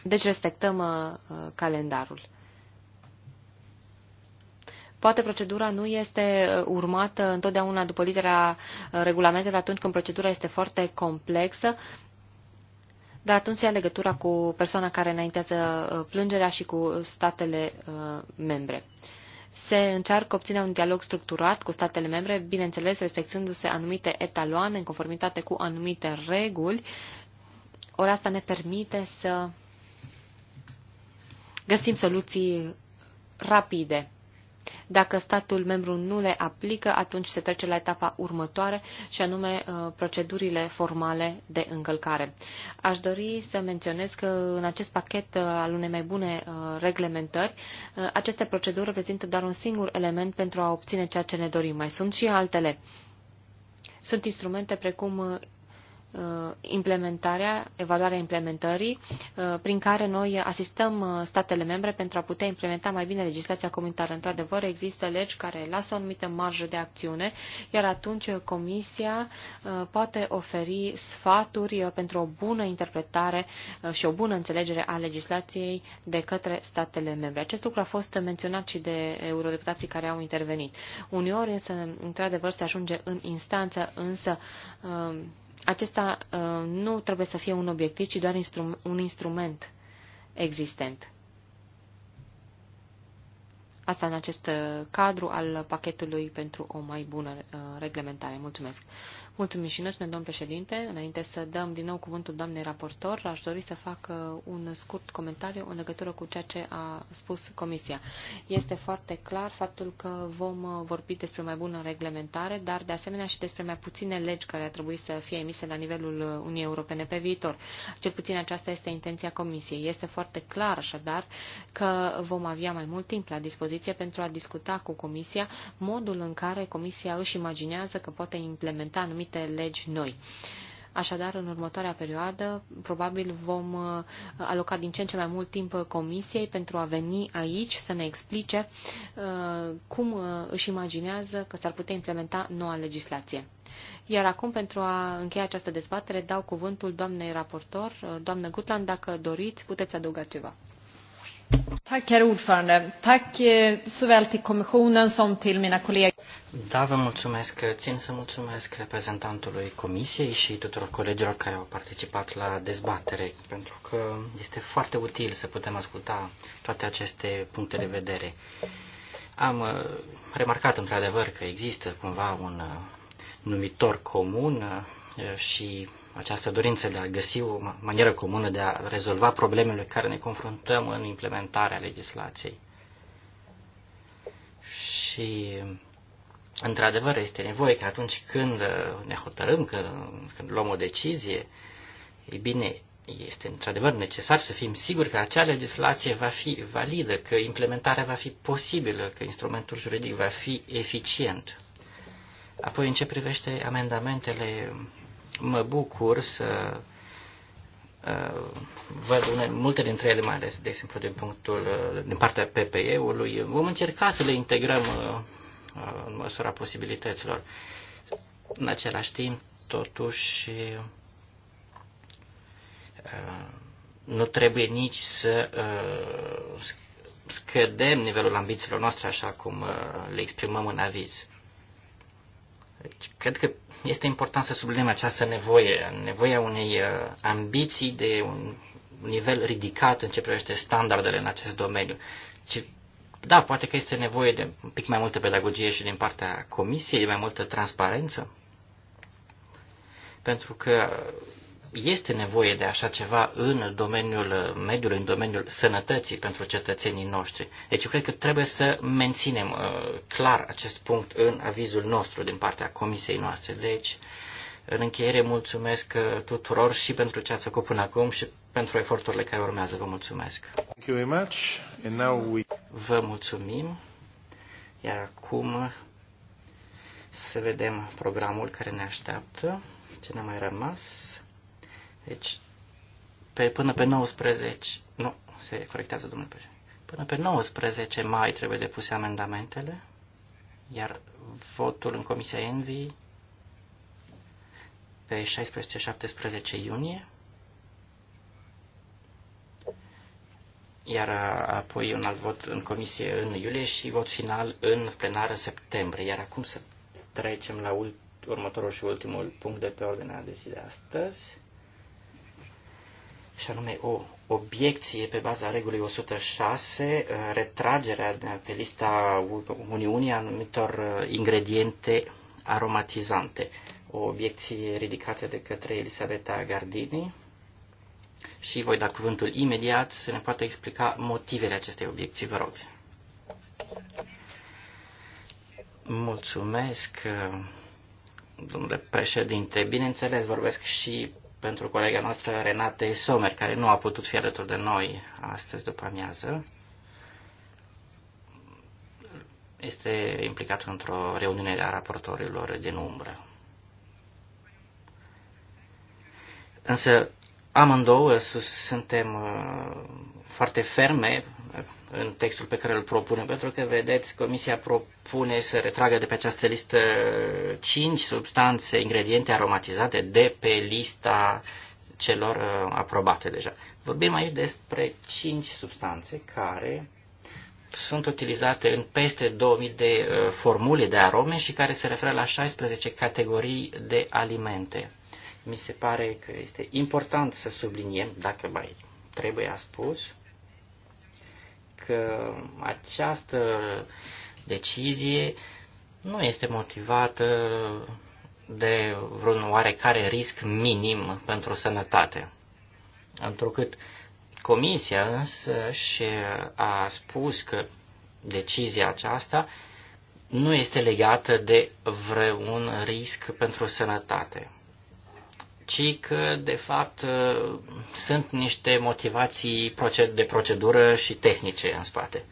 Deci respectăm uh, uh, calendarul. Poate procedura nu este uh, urmată întotdeauna după litera uh, regulamentului atunci când procedura este foarte complexă, dar atunci ia legătura cu persoana care înaintează plângerea și cu statele membre. Se încearcă obținerea un dialog structurat cu statele membre, bineînțeles respectându-se anumite etaloane în conformitate cu anumite reguli, ori asta ne permite să găsim soluții rapide. Dacă statul membru nu le aplică, atunci se trece la etapa următoare, și anume uh, procedurile formale de încălcare. Aș dori să menționez că în acest pachet uh, al unei mai bune uh, reglementări, aceste proceduri reprezintă doar un singur element pentru a obține ceea ce ne dorim. Mai sunt și altele. Sunt instrumente precum Uh, implementarea, evaluarea implementării, uh, prin care noi asistăm uh, statele membre pentru a putea implementa mai bine legislația comunitară. Într-adevăr, există legi care lasă o anumită marjă de acțiune, iar atunci Comisia poate oferi sfaturi pentru o bună interpretare și o bună înțelegere a legislației de către statele membre. Acest lucru a fost menționat și de eurodeputații care au intervenit. Uneori, însă, într-adevăr, se ajunge în instanță, însă acesta uh, nu trebuie să fie un obiectiv, ci doar un instrument existent. Asta în acest uh, cadru al pachetului pentru o mai bună uh, reglementare. Mulțumesc. Mulțumim și noi, domn președinte. Înainte să dăm din nou cuvântul doamnei raportor, aș dori să fac uh, un scurt comentariu în legătură cu ceea ce a spus Comisia. Este foarte clar faptul că vom uh, vorbi despre mai bună reglementare, dar de asemenea și despre mai puține legi care ar trebui să fie emise la nivelul uh, Uniunii Europene pe viitor. Cel puțin aceasta este intenția Comisiei. Este foarte clar așadar că vom avea mai mult timp la dispoziție pentru a discuta cu Comisia modul în care Comisia își imaginează că poate implementa anumite anumite legi noi. Așadar, în următoarea perioadă, probabil vom uh, aloca din ce în ce mai mult timp comisiei pentru a veni aici să ne explice uh, cum uh, își imaginează că s-ar putea implementa noua legislație. Iar acum, pentru a încheia această dezbatere, dau cuvântul doamnei raportor, doamnă Gutland, dacă doriți, puteți adăuga ceva herr ordförande. Tack eh, såväl till kommissionen som till mina kollegor. Da, vă mulțumesc. Țin să mulțumesc reprezentantului comisiei și tuturor colegilor care au participat la dezbatere, pentru că este foarte util să putem asculta toate aceste puncte de vedere. Am eh, remarcat într-adevăr că există cumva un eh, numitor comun și această dorință de a găsi o manieră comună de a rezolva problemele care ne confruntăm în implementarea legislației. Și, într-adevăr, este nevoie că atunci când uh, ne hotărâm, când, când luăm o decizie, e bine, este într-adevăr necesar să fim siguri că acea legislație va fi validă, că implementarea va fi posibilă, că instrumentul juridic va fi eficient. Apoi, în ce privește amendamentele mă bucur să uh, văd une, multe dintre ele, mai ales, de exemplu, din, punctul, uh, din partea PPE-ului. Vom încerca să le integrăm uh, uh, în măsura posibilităților. În același timp, totuși, uh, nu trebuie nici să uh, scădem nivelul ambițiilor noastre așa cum le exprimăm în aviz. Deci, cred că este important să subliniem această nevoie, nevoia unei uh, ambiții de un nivel ridicat în ce privește standardele în acest domeniu. Ci, da, poate că este nevoie de un pic mai multă pedagogie și din partea comisiei, de mai multă transparență, pentru că este nevoie de așa ceva în domeniul mediului, în domeniul sănătății pentru cetățenii noștri. Deci eu cred că trebuie să menținem uh, clar acest punct în avizul nostru din partea comisiei noastre. Deci, în încheiere, mulțumesc uh, tuturor și pentru ce ați făcut până acum și pentru eforturile care urmează. Vă mulțumesc. Thank you very much. And now we... Vă mulțumim. Iar acum să vedem programul care ne așteaptă. Ce ne-a mai rămas? Deci, pe, până pe 19, nu, se corectează domnul președinte, până pe 19 mai trebuie depuse amendamentele, iar votul în Comisia Envi pe 16-17 iunie, iar apoi un alt vot în comisie în iulie și vot final în plenară în septembrie. Iar acum să trecem la următorul și ultimul punct de pe ordinea de zi de astăzi și anume o obiecție pe baza regulii 106, uh, retragerea pe lista Uniunii anumitor uh, ingrediente aromatizante. O obiecție ridicată de către Elisabeta Gardini și voi da cuvântul imediat să ne poată explica motivele acestei obiecții, vă rog. Mulțumesc, uh, domnule președinte. Bineînțeles, vorbesc și pentru colega noastră Renate Sommer, care nu a putut fi alături de noi astăzi după amiază. Este implicat într-o reuniune a raportorilor din umbră. Însă amândouă suntem uh, foarte ferme în textul pe care îl propune, pentru că, vedeți, Comisia propune să retragă de pe această listă 5 substanțe, ingrediente aromatizate de pe lista celor uh, aprobate deja. Vorbim aici despre 5 substanțe care sunt utilizate în peste 2000 de uh, formule de arome și care se referă la 16 categorii de alimente. Mi se pare că este important să subliniem, dacă mai trebuie a spus, că această decizie nu este motivată de vreun oarecare risc minim pentru sănătate. Întrucât comisia însă și a spus că decizia aceasta nu este legată de vreun risc pentru sănătate ci că, de fapt, ă, sunt niște motivații de procedură și tehnice în spate.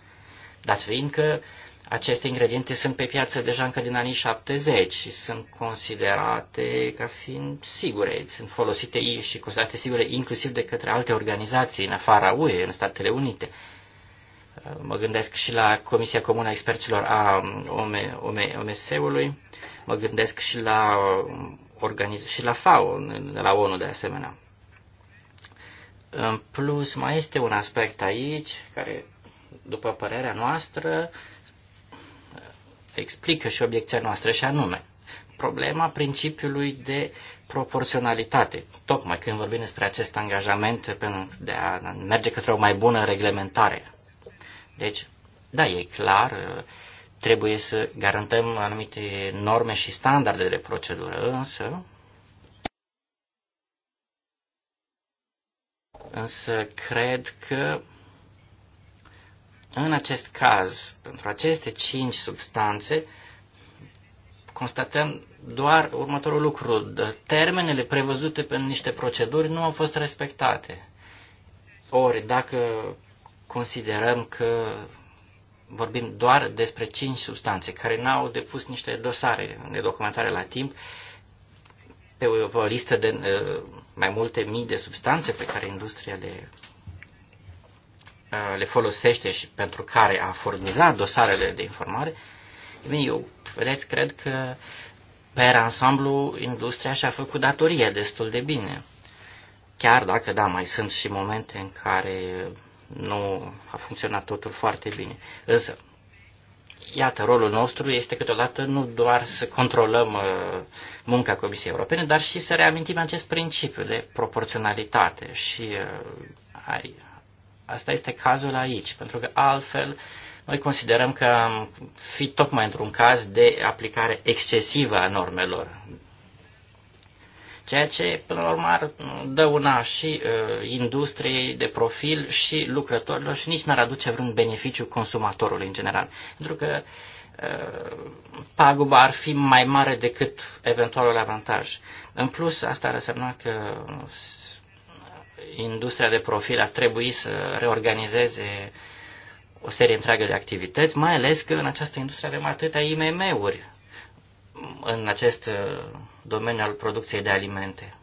Dat fiind că aceste ingrediente sunt pe piață deja încă din anii 70 și sunt considerate ca fiind sigure, sunt folosite și considerate sigure inclusiv de către alte organizații în afara UE, în Statele Unite. Mă gândesc și la Comisia Comună a Experților a OMS-ului, mă gândesc și la organiz- și la FAO, la ONU de asemenea. În plus, mai este un aspect aici care, după părerea noastră, explică și obiecția noastră, și anume problema principiului de proporționalitate. Tocmai când vorbim despre acest angajament de a merge către o mai bună reglementare. Deci, da, e clar, Trebuie să garantăm anumite norme și standarde de procedură, însă însă cred că în acest caz, pentru aceste cinci substanțe, constatăm doar următorul lucru. Termenele prevăzute pentru niște proceduri nu au fost respectate. Ori, dacă considerăm că vorbim doar despre cinci substanțe care n-au depus niște dosare de documentare la timp pe o, pe o listă de uh, mai multe mii de substanțe pe care industria le, uh, le folosește și pentru care a furnizat dosarele de informare, bine, eu, vedeți, cred că pe ansamblu industria și-a făcut datoria destul de bine. Chiar dacă, da, mai sunt și momente în care nu a funcționat totul foarte bine. Însă, iată, rolul nostru este câteodată nu doar să controlăm uh, munca Comisiei Europene, dar și să reamintim acest principiu de proporționalitate. Și uh, asta este cazul aici, pentru că altfel noi considerăm că am fi tocmai într-un caz de aplicare excesivă a normelor ceea ce până la urmă dă una și uh, industriei de profil și lucrătorilor și nici n-ar aduce vreun beneficiu consumatorului în general. Pentru că ă, paguba ar fi mai mare decât eventualul avantaj. În plus, asta ar însemna că industria de profil ar trebui să reorganizeze o serie întreagă de activități, mai ales că în această industrie avem atâtea IMM-uri în acest ă, domeniu al producției de alimente.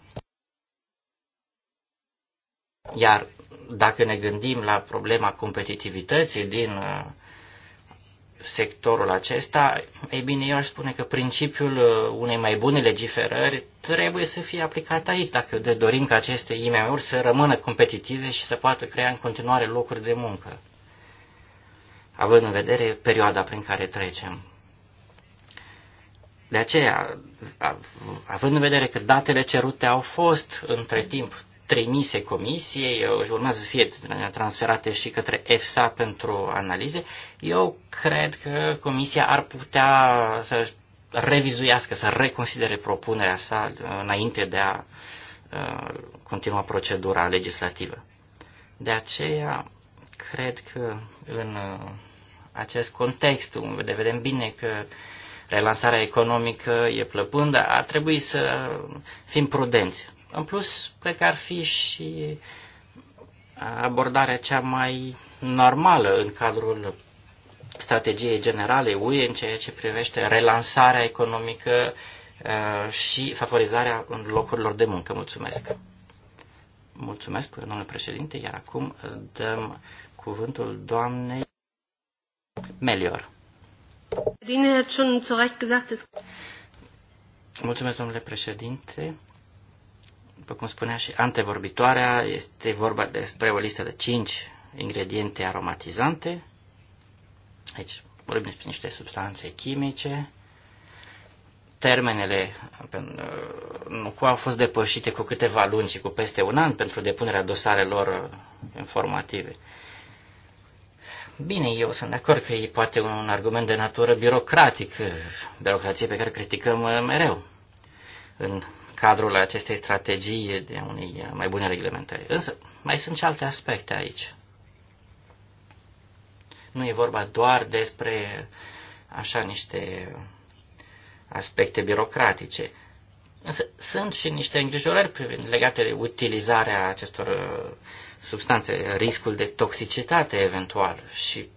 Iar dacă ne gândim la problema competitivității din uh, sectorul acesta, ei bine, eu aș spune că principiul uh, unei mai bune legiferări trebuie să fie aplicat aici, dacă dorim ca aceste IMM-uri să rămână competitive și să poată crea în continuare locuri de muncă, având în vedere perioada prin care trecem. De aceea, având în vedere că datele cerute au fost între timp trimise comisiei, uh, urmează să fie transferate și către EFSA pentru analize, eu cred că comisia ar putea să revizuiască, să reconsidere propunerea sa uh, înainte de a uh, continua procedura legislativă. De aceea, cred că în acest context, unde vedem bine că uh, relansarea economică e plăpândă, ar trebui să fim prudenți. În plus, cred că ar fi și abordarea cea mai normală în cadrul strategiei generale UE în ceea ce privește relansarea economică uh, și favorizarea locurilor de muncă. Mulțumesc! Mulțumesc, domnule președinte, iar acum dăm cuvântul doamnei Melior. Mulțumesc, domnule președinte. După cum spunea și antevorbitoarea, este vorba despre o listă de 5 ingrediente aromatizante. Aici vorbim despre niște substanțe chimice. Termenele uh, nu au fost depășite cu câteva luni și cu peste un an pentru depunerea dosarelor uh, informative. Bine, eu sunt de acord că e poate un, un argument de natură birocratic, eh, birocrație pe care criticăm eh, mereu în cadrul acestei strategii de unei eh, mai bune reglementări. Însă, mai sunt și alte aspecte aici. Nu e vorba doar despre așa niște aspecte birocratice. Însă sunt și niște îngrijorări legate de utilizarea acestor substanțe, riscul de toxicitate eventual și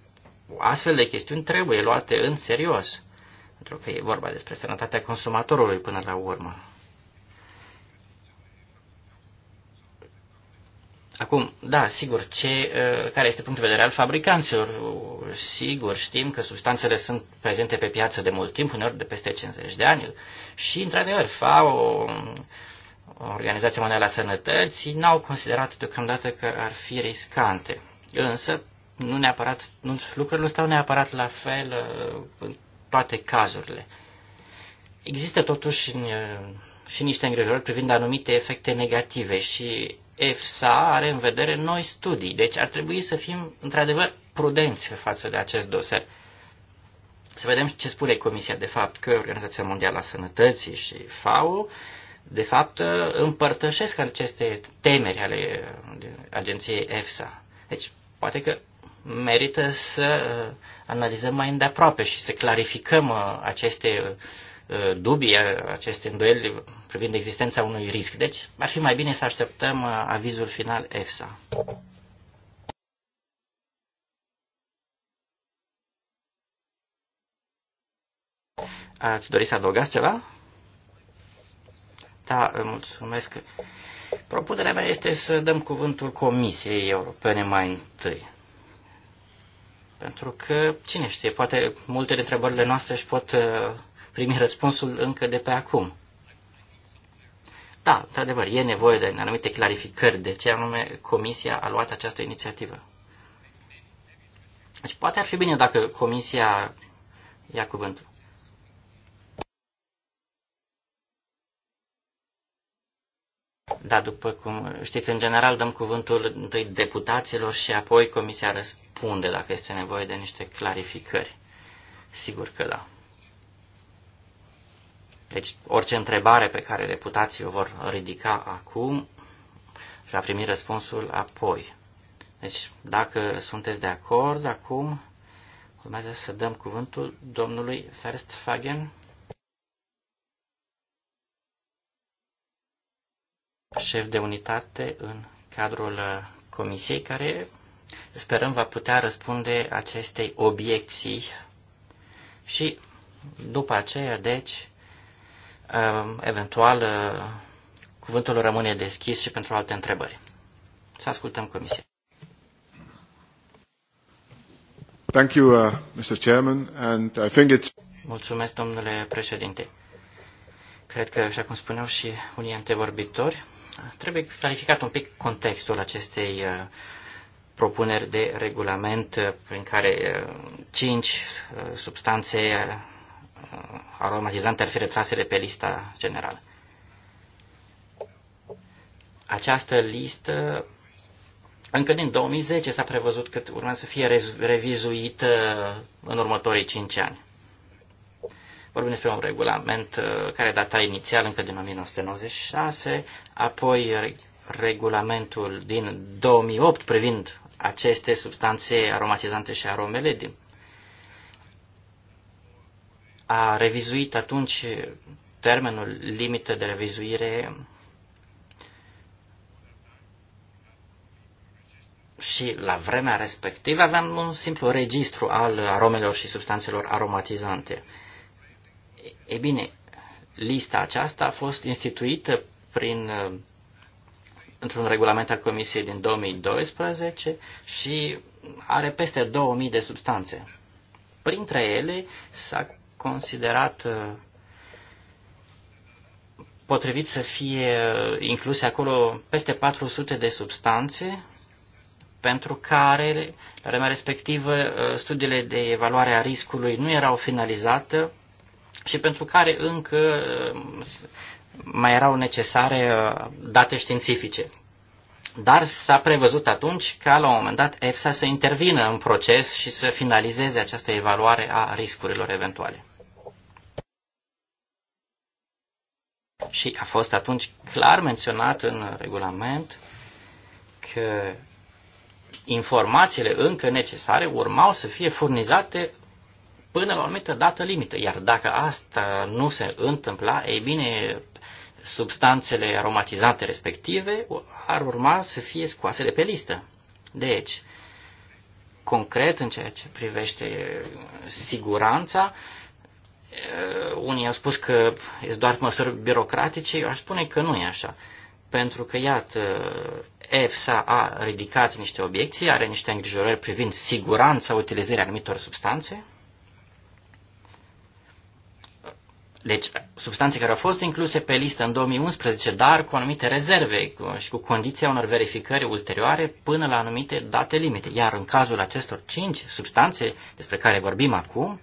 astfel de chestiuni trebuie luate în serios, pentru că e vorba despre sănătatea consumatorului până la urmă. Acum, da, sigur, ce, uh, care este punctul de vedere al fabricanților? Sigur, știm că substanțele sunt prezente pe piață de mult timp, uneori de peste 50 de ani și, într-adevăr, FAO Organizația Mondială a Sănătății n-au considerat deocamdată că ar fi riscante. Însă, nu neapărat, nu, lucrurile nu stau neapărat la fel uh, în toate cazurile. Există totuși uh, și niște îngrijorări privind anumite efecte negative și EFSA are în vedere noi studii, deci ar trebui să fim într-adevăr prudenți față de acest dosar. Să vedem ce spune Comisia, de fapt, că Organizația Mondială a Sănătății și FAO de fapt, împărtășesc aceste temeri ale agenției EFSA. Deci, poate că merită să uh, analizăm mai îndeaproape și să clarificăm uh, aceste uh, dubii, aceste îndoieli privind existența unui risc. Deci, ar fi mai bine să așteptăm avizul final EFSA. Ați dori să adăugați ceva? Da, mulțumesc. Propunerea mea este să dăm cuvântul Comisiei Europene mai întâi. Pentru că, cine știe, poate multe de întrebările noastre își pot uh, primi răspunsul încă de pe acum. Da, într-adevăr, e nevoie de anumite clarificări de ce anume Comisia a luat această inițiativă. Deci poate ar fi bine dacă Comisia ia cuvântul. Da, după cum știți, în general dăm cuvântul întâi deputaților și apoi comisia răspunde dacă este nevoie de niște clarificări. Sigur că da. Deci, orice întrebare pe care deputații o vor ridica acum, va primi răspunsul apoi. Deci, dacă sunteți de acord acum, urmează să dăm cuvântul domnului Verstfagen șef de unitate în cadrul uh, comisiei care sperăm va putea răspunde acestei obiecții și după aceea, deci, um, eventual, uh, cuvântul rămâne deschis și pentru alte întrebări. Să ascultăm comisia. Thank you, uh, Mr. Chairman, and I think it's... Mulțumesc, domnule președinte. Cred că, așa cum spuneau și unii antevorbitori, Trebuie clarificat un pic contextul acestei uh, propuneri de regulament uh, prin care uh, cinci substanțe aromatizante ar fi retrase de pe lista generală. Această listă încă din 2010 s-a prevăzut că urma să fie revizuită în următorii 5 ani. Vorbim despre un regulament uh, care data inițial încă din 1996, apoi regulamentul din 2008 privind aceste substanțe aromatizante și aromele din a revizuit atunci termenul limită de revizuire și la vremea respectivă aveam un simplu registru al aromelor și substanțelor aromatizante. E bine, lista aceasta a fost instituită prin, uh, într-un regulament al Comisiei din 2012 și are peste 2000 de substanțe. Printre ele s-a considerat uh, potrivit să fie uh, incluse acolo peste 400 de substanțe pentru care, la vremea respectivă, studiile de evaluare a riscului nu erau finalizate și pentru care încă um, mai erau necesare uh, date științifice. Dar s-a prevăzut atunci ca la un moment dat EFSA să intervină în proces și să finalizeze această evaluare a riscurilor eventuale. Și a fost atunci clar menționat în regulament că informațiile încă necesare urmau să fie furnizate până la o anumită dată limită. Iar dacă asta nu se întâmpla, ei bine, substanțele aromatizante respective ar urma să fie scoase de pe listă. Deci, concret în ceea ce privește siguranța, eh, unii au spus că este doar măsuri birocratice, eu aș spune că nu e așa. Pentru că, iată, EFSA a ridicat niște obiecții, are niște îngrijorări privind siguranța utilizării anumitor substanțe, Deci, substanțe care au fost incluse pe listă în 2011, dar cu anumite rezerve și cu condiția unor verificări ulterioare până la anumite date limite. Iar în cazul acestor cinci substanțe despre care vorbim acum,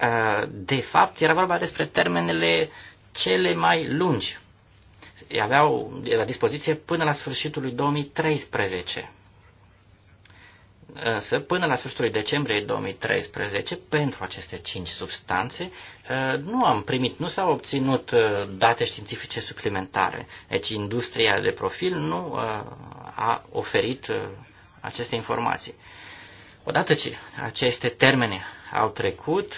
ă, de fapt, era vorba despre termenele cele mai lungi. Aveau la dispoziție până la sfârșitul lui 2013. Însă, până la sfârșitul decembrie 2013, pentru aceste cinci substanțe, uh, nu am primit, nu s-au obținut uh, date științifice suplimentare. Deci, industria de profil nu uh, a oferit aceste informații. Odată ce aceste termene au trecut,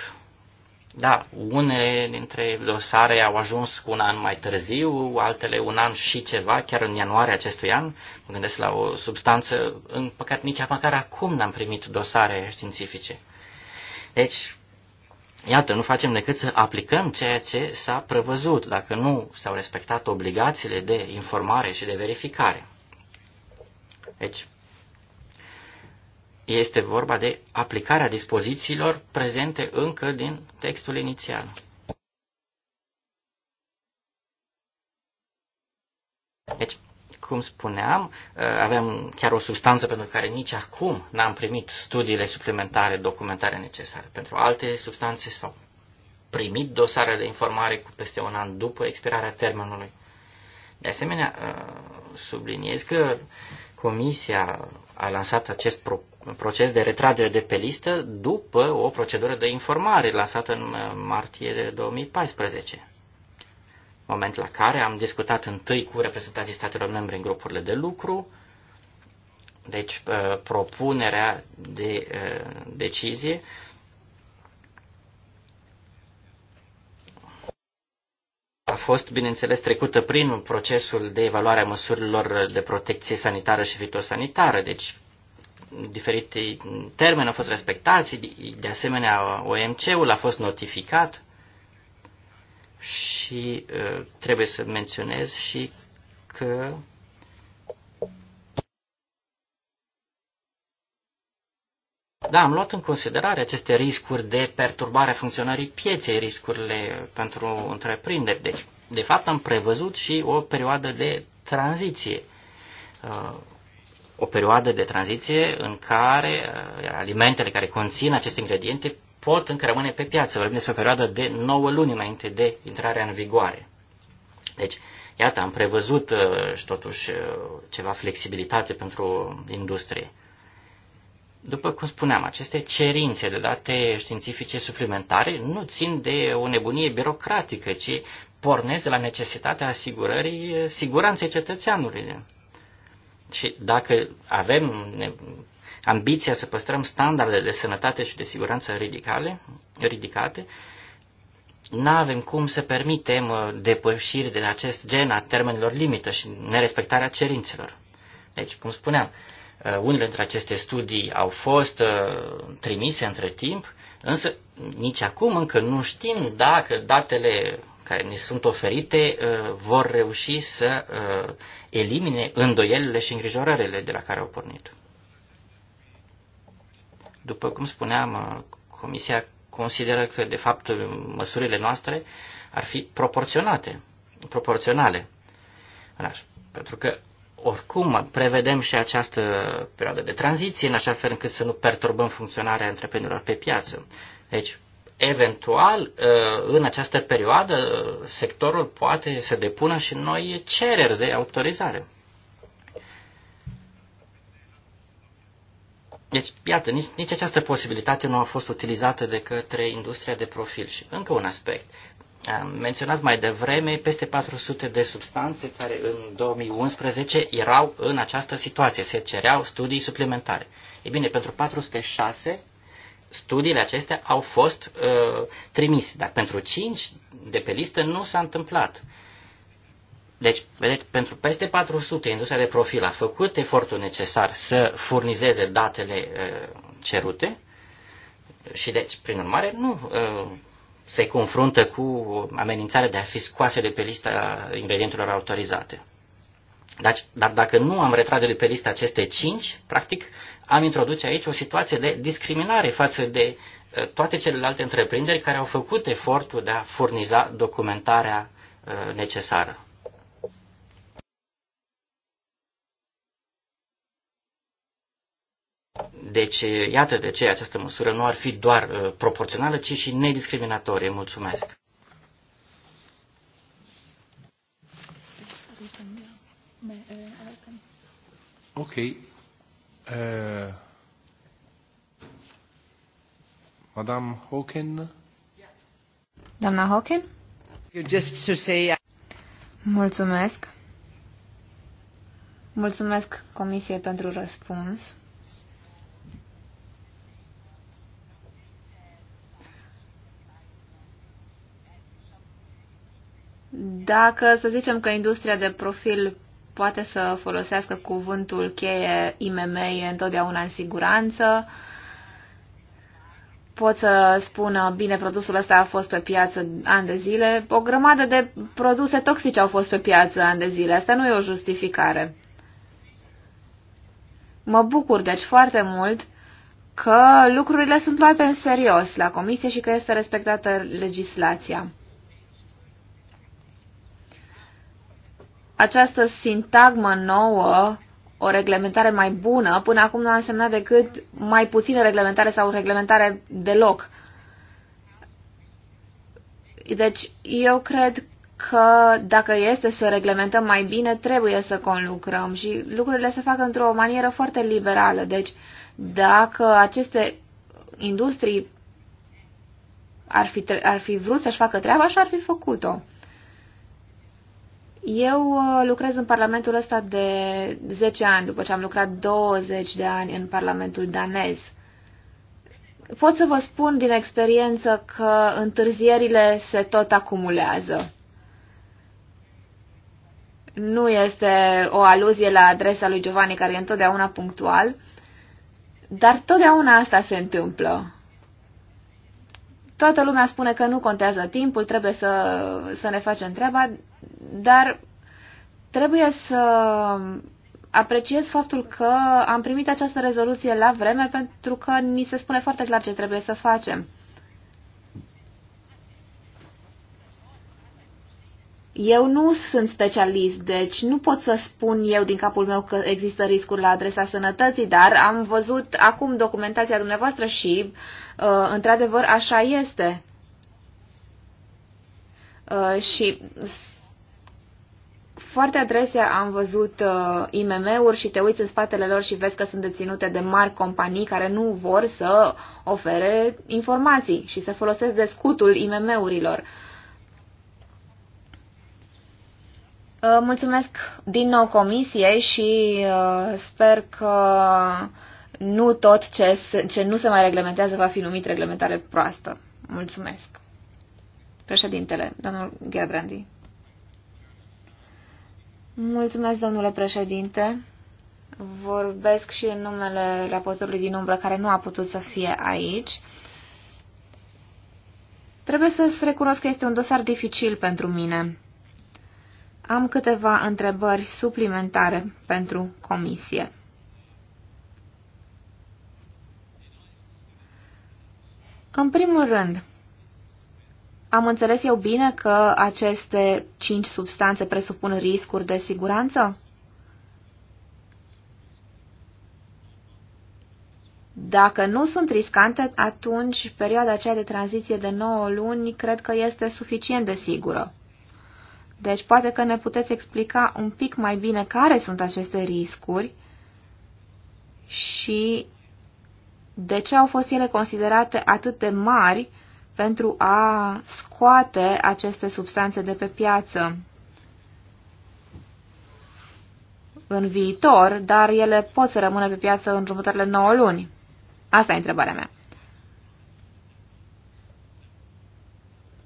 da, unele dintre dosare au ajuns cu un an mai târziu, altele un an și ceva, chiar în ianuarie acestui an. Mă gândesc la o substanță, în păcat nici măcar acum n-am primit dosare științifice. Deci, iată, nu facem decât să aplicăm ceea ce s-a prevăzut, dacă nu s-au respectat obligațiile de informare și de verificare. Deci, este vorba de aplicarea dispozițiilor prezente încă din textul inițial. Deci, cum spuneam, uh, avem chiar o substanță pentru care nici acum n-am primit studiile suplimentare, documentare necesare. Pentru alte substanțe s-au primit dosare de informare cu peste un an după expirarea termenului. De asemenea, uh, subliniez că Comisia a lansat acest pro proces de retragere de pe listă după o procedură de informare lansată în uh, martie de 2014. Moment la care am discutat întâi cu reprezentanții statelor membre în grupurile de lucru, deci uh, propunerea de uh, decizie a fost, bineînțeles, trecută prin procesul de evaluare a măsurilor de protecție sanitară și fitosanitară, deci diferite termeni au fost respectați, de asemenea OMC-ul a fost notificat și uh, trebuie să menționez și că Da, am luat în considerare aceste riscuri de perturbare a funcționării pieței, riscurile pentru întreprinderi. Deci, de fapt, am prevăzut și o perioadă de tranziție uh, o perioadă de tranziție în care uh, alimentele care conțin aceste ingrediente pot încă rămâne pe piață. Vorbim despre o perioadă de 9 luni înainte de intrarea în vigoare. Deci, iată, am prevăzut uh, și totuși uh, ceva flexibilitate pentru industrie. După cum spuneam, aceste cerințe de date științifice suplimentare nu țin de o nebunie birocratică, ci pornesc de la necesitatea asigurării siguranței cetățeanului. Și dacă avem ambiția să păstrăm standardele de sănătate și de siguranță ridicale, ridicate, nu avem cum să permitem uh, depășiri de acest gen a termenilor limită și nerespectarea cerințelor. Deci, cum spuneam, uh, unele dintre aceste studii au fost uh, trimise între timp, însă nici acum încă nu știm dacă datele care ne sunt oferite uh, vor reuși să uh, elimine îndoielile și îngrijorările de la care au pornit. După cum spuneam, uh, Comisia consideră că, de fapt, măsurile noastre ar fi proporționate, proporționale. Pentru că, oricum, prevedem și această perioadă de tranziție, în așa fel încât să nu perturbăm funcționarea întreprinderilor pe piață. Deci, eventual, uh, în această perioadă, sectorul poate să depună și noi cereri de autorizare. Deci, iată, nici, nici această posibilitate nu a fost utilizată de către industria de profil. Și încă un aspect. Am menționat mai devreme peste 400 de substanțe care în 2011 erau în această situație, se cereau studii suplimentare. E bine, pentru 406 studiile acestea au fost uh, trimise, dar pentru cinci de pe listă nu s-a întâmplat. Deci, vedeți, pentru peste 400, industria de profil a făcut efortul necesar să furnizeze datele uh, cerute și, deci, prin urmare, nu uh, se confruntă cu amenințarea de a fi scoase de pe lista ingredientelor autorizate. Deci, dar dacă nu am retrage de pe lista aceste 5, practic, uh, am introduce aici o situație de discriminare față de uh, toate celelalte întreprinderi care au făcut efortul de a furniza documentarea uh, necesară. Deci, iată de ce această măsură nu ar fi doar uh, proporțională, ci și nediscriminatorie. Mulțumesc. Ok. Madame Hawken? Doamna Hawken? just to say... Uh, Mulțumesc. Mulțumesc Comisiei pentru răspuns. Dacă să zicem că industria de profil poate să folosească cuvântul cheie IMM e întotdeauna în siguranță, pot să spună, bine, produsul ăsta a fost pe piață ani de zile, o grămadă de produse toxice au fost pe piață ani de zile, asta nu e o justificare. Mă bucur, deci, foarte mult că lucrurile sunt luate în serios la comisie și că este respectată legislația. această sintagmă nouă, o reglementare mai bună, până acum nu a însemnat decât mai puțină reglementare sau reglementare deloc. Deci, eu cred că dacă este să reglementăm mai bine, trebuie să conlucrăm și lucrurile se fac într-o manieră foarte liberală. Deci, dacă aceste industrii ar fi, ar fi vrut să-și facă treaba așa ar fi făcut-o. Eu uh, lucrez în Parlamentul ăsta de 10 ani, după ce am lucrat 20 de ani în Parlamentul danez. Pot să vă spun din experiență că întârzierile se tot acumulează. Nu este o aluzie la adresa lui Giovanni, care e întotdeauna punctual, dar totdeauna asta se întâmplă. Toată lumea spune că nu contează timpul, trebuie să, să ne facem treaba, dar trebuie să apreciez faptul că am primit această rezoluție la vreme pentru că ni se spune foarte clar ce trebuie să facem. Eu nu sunt specialist, deci nu pot să spun eu din capul meu că există riscuri la adresa sănătății, dar am văzut acum documentația dumneavoastră și, uh, într-adevăr, așa este. Uh, și foarte adresea am văzut uh, IMM-uri și te uiți în spatele lor și vezi că sunt deținute de mari companii care nu vor să ofere informații și să folosesc de scutul IMM-urilor. Uh, Uh, mulțumesc din nou comisiei și uh, sper că nu tot ce, ce nu se mai reglementează va fi numit reglementare proastă. Mulțumesc. Președintele, domnul Gerbrandi. Mulțumesc, domnule președinte. Vorbesc și în numele raportorului din umbră care nu a putut să fie aici. Trebuie să-ți recunosc că este un dosar dificil pentru mine. Am câteva întrebări suplimentare pentru comisie. În primul rând, am înțeles eu bine că aceste cinci substanțe presupun riscuri de siguranță? Dacă nu sunt riscante, atunci perioada aceea de tranziție de 9 luni cred că este suficient de sigură. Deci poate că ne puteți explica un pic mai bine care sunt aceste riscuri și de ce au fost ele considerate atât de mari pentru a scoate aceste substanțe de pe piață în viitor, dar ele pot să rămână pe piață în următoarele 9 luni. Asta e întrebarea mea.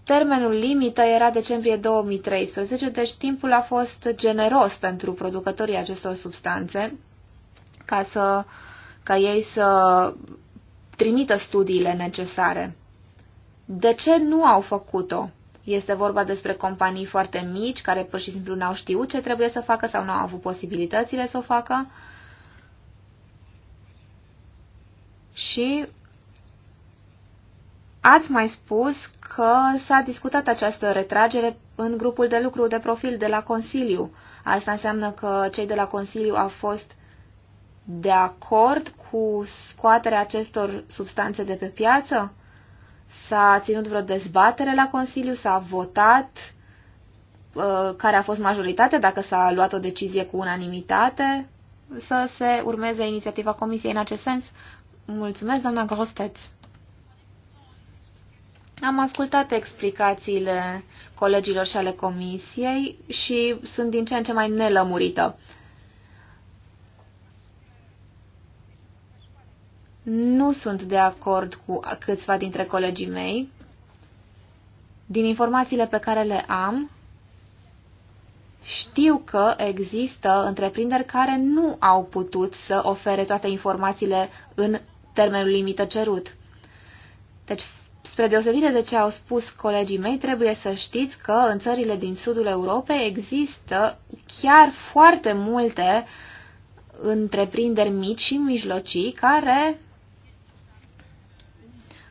Termenul limită era decembrie 2013, deci timpul a fost generos pentru producătorii acestor substanțe ca, să, ca ei să trimită studiile necesare. De ce nu au făcut-o? Este vorba despre companii foarte mici care pur și simplu n-au știut ce trebuie să facă sau nu au avut posibilitățile să o facă. Și ați mai spus că s-a discutat această retragere în grupul de lucru de profil de la Consiliu. Asta înseamnă că cei de la Consiliu au fost de acord cu scoaterea acestor substanțe de pe piață? S-a ținut vreo dezbatere la Consiliu? S-a votat? Uh, care a fost majoritatea? Dacă s-a luat o decizie cu unanimitate? Să se urmeze inițiativa Comisiei în acest sens? Mulțumesc, doamna Grosteț. Am ascultat explicațiile colegilor și ale comisiei și sunt din ce în ce mai nelămurită. Nu sunt de acord cu câțiva dintre colegii mei. Din informațiile pe care le am, știu că există întreprinderi care nu au putut să ofere toate informațiile în termenul limită cerut. Deci Spre deosebire de ce au spus colegii mei, trebuie să știți că în țările din sudul Europei există chiar foarte multe întreprinderi mici și mijlocii care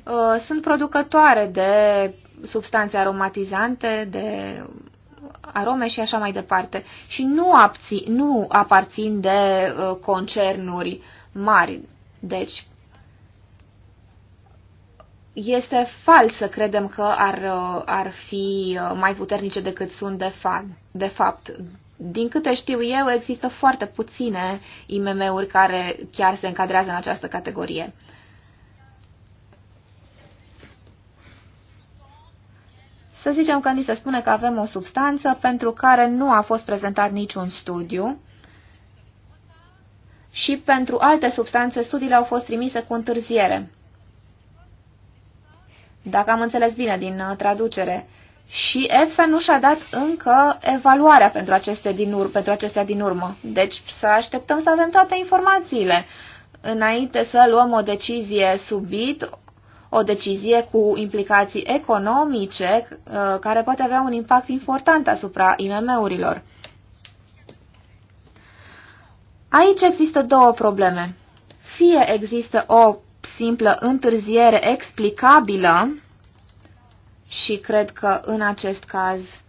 uh, sunt producătoare de substanțe aromatizante, de arome și așa mai departe. Și nu, abții, nu aparțin de uh, concernuri mari. Deci, este fals să credem că ar, ar fi mai puternice decât sunt de, fa- de fapt. Din câte știu eu, există foarte puține IMM-uri care chiar se încadrează în această categorie. Să zicem că ni se spune că avem o substanță pentru care nu a fost prezentat niciun studiu și pentru alte substanțe studiile au fost trimise cu întârziere dacă am înțeles bine din uh, traducere. Și EFSA nu și-a dat încă evaluarea pentru, aceste din ur- pentru acestea din urmă. Deci să așteptăm să avem toate informațiile înainte să luăm o decizie subit, o decizie cu implicații economice uh, care poate avea un impact important asupra IMM-urilor. Aici există două probleme. Fie există o simplă întârziere explicabilă și cred că în acest caz,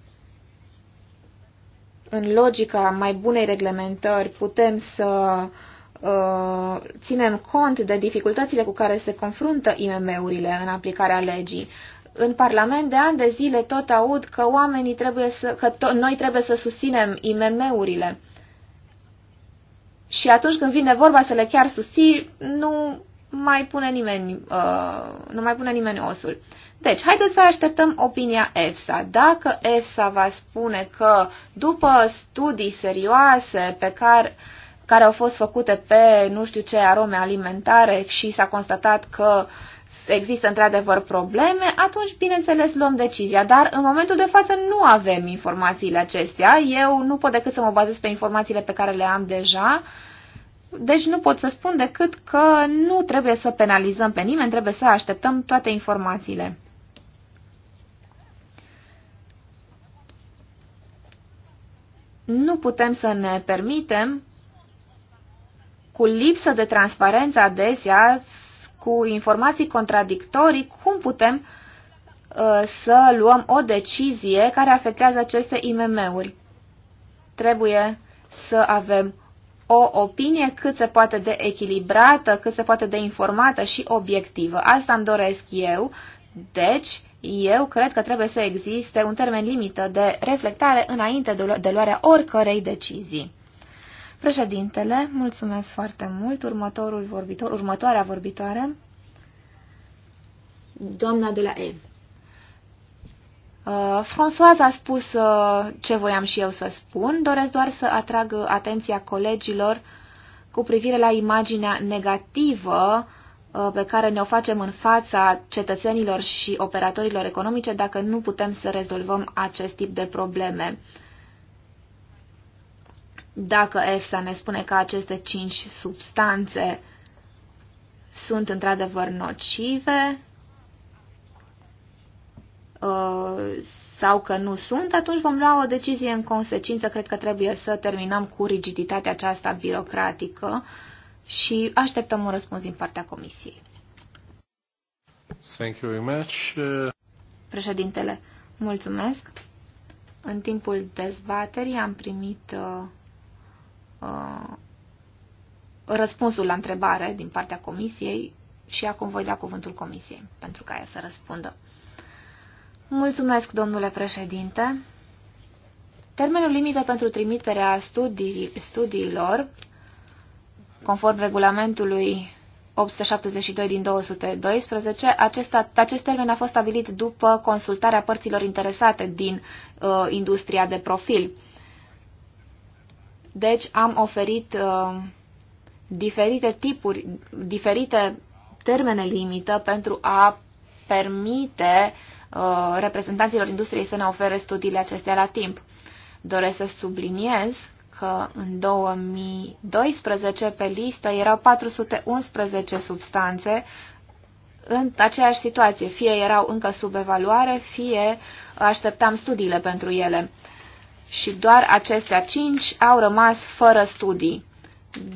în logica mai bunei reglementări, putem să uh, ținem cont de dificultățile cu care se confruntă IMM-urile în aplicarea legii. În Parlament de ani de zile tot aud că oamenii trebuie să, că to- noi trebuie să susținem IMM-urile. Și atunci când vine vorba să le chiar susții, nu mai pune nimeni, uh, nu mai pune nimeni osul. Deci, haideți să așteptăm opinia EFSA. Dacă EFSA va spune că după studii serioase pe care, care au fost făcute pe nu știu ce arome alimentare și s-a constatat că există într-adevăr probleme, atunci, bineînțeles, luăm decizia. Dar, în momentul de față, nu avem informațiile acestea. Eu nu pot decât să mă bazez pe informațiile pe care le am deja. Uh, deci nu pot să spun decât că nu trebuie să penalizăm pe nimeni, trebuie să așteptăm toate informațiile. Nu putem să ne permitem cu lipsă de transparență adesea, cu informații contradictorii, cum putem uh, să luăm o decizie care afectează aceste IMM-uri. Trebuie să avem o opinie cât se poate de echilibrată, cât se poate de informată și obiectivă. Asta îmi doresc eu. Deci, eu cred că trebuie să existe un termen limită de reflectare înainte de, luarea oricărei decizii. Președintele, mulțumesc foarte mult. Următorul vorbitor, următoarea vorbitoare, doamna de la E. Uh, Françoise a spus uh, ce voiam și eu să spun. Doresc doar să atrag atenția colegilor cu privire la imaginea negativă uh, pe care ne-o facem în fața cetățenilor și operatorilor economice dacă nu putem să rezolvăm acest tip de probleme. Dacă EFSA ne spune că aceste cinci substanțe sunt într-adevăr nocive, Uh, sau că nu sunt, atunci vom lua o decizie în consecință. Cred că trebuie să terminăm cu rigiditatea aceasta birocratică și așteptăm un răspuns din partea Comisiei. Thank you very much. Președintele, mulțumesc. În timpul dezbaterii am primit uh, uh, răspunsul la întrebare din partea Comisiei și acum voi da cuvântul Comisiei pentru ca ea să răspundă. Mulțumesc, domnule președinte. Termenul limită pentru trimiterea studii, studiilor, conform regulamentului 872 din 212, acesta, acest termen a fost stabilit după consultarea părților interesate din uh, industria de profil. Deci am oferit uh, diferite tipuri, diferite termene limită pentru a permite uh, Uh, reprezentanților industriei să ne ofere studiile acestea la timp. Doresc să subliniez că în 2012 pe listă erau 411 substanțe în aceeași situație. Fie erau încă sub evaluare, fie așteptam studiile pentru ele. Și doar acestea cinci au rămas fără studii.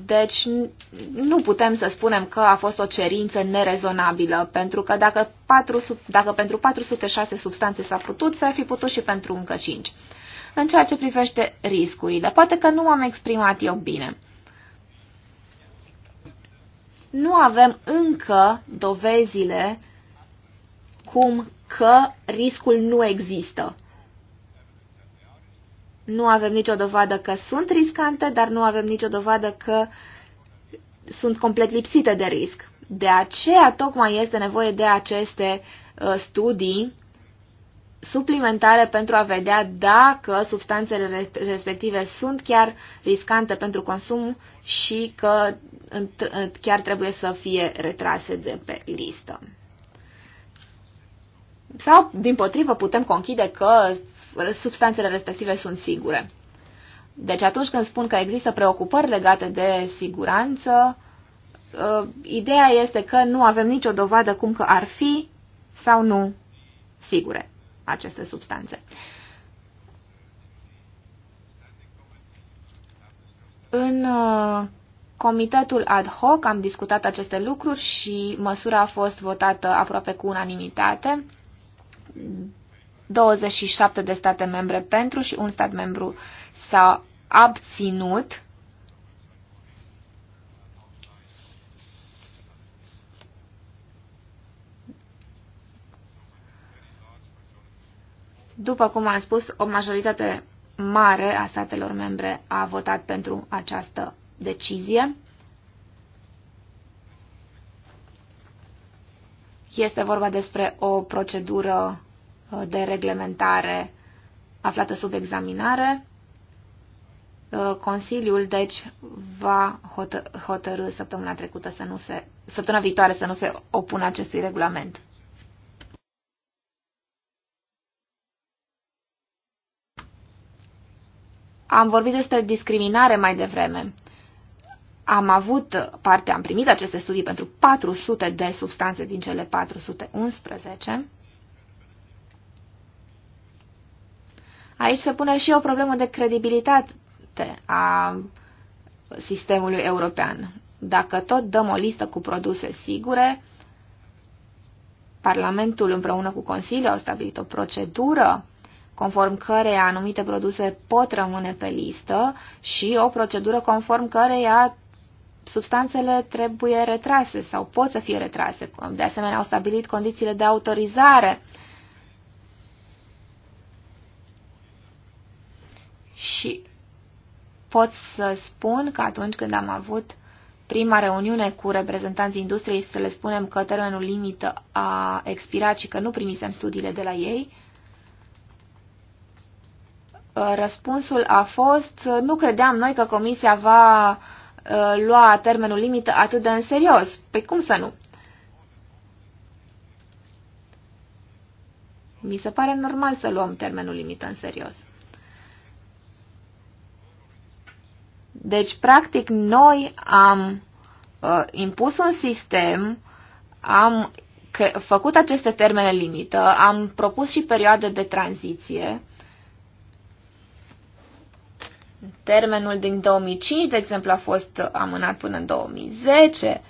Deci nu putem să spunem că a fost o cerință nerezonabilă, pentru că dacă, 4, dacă pentru 406 substanțe s-a putut, s-ar fi putut și pentru încă 5. În ceea ce privește riscurile, poate că nu m-am exprimat eu bine. Nu avem încă dovezile cum că riscul nu există nu avem nicio dovadă că sunt riscante, dar nu avem nicio dovadă că sunt complet lipsite de risc. De aceea tocmai este nevoie de aceste uh, studii suplimentare pentru a vedea dacă substanțele respective sunt chiar riscante pentru consum și că chiar trebuie să fie retrase de pe listă. Sau, din potrivă, putem conchide că substanțele respective sunt sigure. Deci atunci când spun că există preocupări legate de siguranță, uh, ideea este că nu avem nicio dovadă cum că ar fi sau nu sigure aceste substanțe. În uh, comitetul ad hoc am discutat aceste lucruri și măsura a fost votată aproape cu unanimitate 27 de state membre pentru și un stat membru s-a abținut. După cum am spus, o majoritate mare a statelor membre a votat pentru această decizie. Este vorba despre o procedură Uh, de reglementare aflată sub examinare. Uh, Consiliul, deci, va hotărâ săptămâna trecută să nu se, săptămâna viitoare să nu se opună acestui regulament. Am vorbit despre discriminare mai devreme. Am avut parte, am primit aceste studii pentru 400 de substanțe din cele 411. Aici se pune și o problemă de credibilitate a sistemului european. Dacă tot dăm o listă cu produse sigure, Parlamentul împreună cu Consiliul au stabilit o procedură conform căreia anumite produse pot rămâne pe listă și o procedură conform căreia substanțele trebuie retrase sau pot să fie retrase. De asemenea, au stabilit condițiile de autorizare uh, și pot să spun că atunci când am avut prima reuniune cu reprezentanții industriei să le spunem că termenul limită a expirat și că nu primisem studiile de la ei, uh, răspunsul a fost uh, nu credeam noi că comisia va uh, lua termenul limită atât de în serios. Pe păi cum să nu? Mi se pare normal să luăm termenul limită în serios. Deci, practic, noi am uh, impus un sistem, am făcut aceste termene limită, am propus și perioade de tranziție. Termenul din 2005, de exemplu, a fost amânat până în 2010.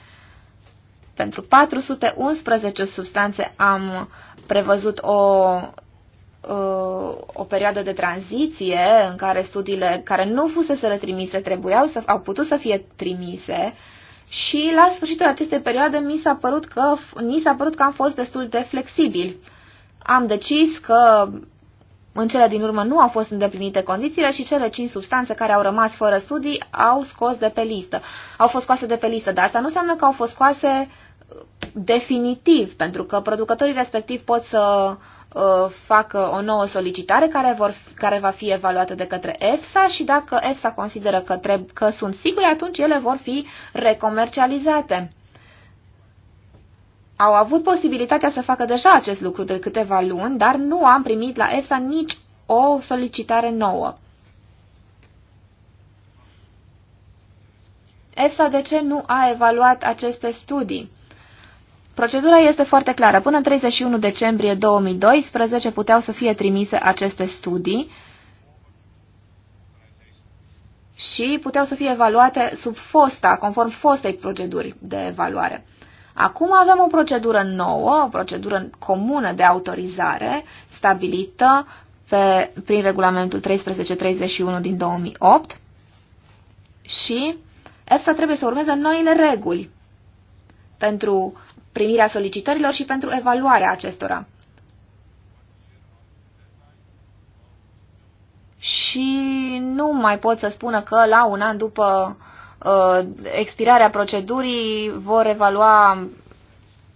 Pentru 411 substanțe am prevăzut o Uh, o perioadă de tranziție în care studiile care nu fusese trimise trebuiau să au putut să fie trimise și la sfârșitul acestei perioade mi s-a părut că mi s-a părut că am fost destul de flexibil Am decis că în cele din urmă nu au fost îndeplinite condițiile și cele cinci substanțe care au rămas fără studii au scos de pe listă. Au fost scoase de pe listă, dar asta nu înseamnă că au fost scoase definitiv, pentru că producătorii respectiv pot să uh, Uh, facă o nouă solicitare care, vor, care va fi evaluată de către EFSA și dacă EFSA consideră că, treb- că sunt sigure, atunci ele vor fi recomercializate. Au avut posibilitatea să facă deja acest lucru de câteva luni, dar nu am primit la EFSA nici o solicitare nouă. EFSA de ce nu a evaluat aceste studii? Procedura este foarte clară. Până în 31 decembrie 2012 puteau să fie trimise aceste studii și puteau să fie evaluate sub fosta, conform fostei proceduri de evaluare. Acum avem o procedură nouă, o procedură comună de autorizare stabilită pe, prin regulamentul 1331 din 2008 și EFSA trebuie să urmeze noile reguli pentru primirea solicitărilor și pentru evaluarea acestora. Și nu mai pot să spună că la un an după uh, expirarea procedurii vor evalua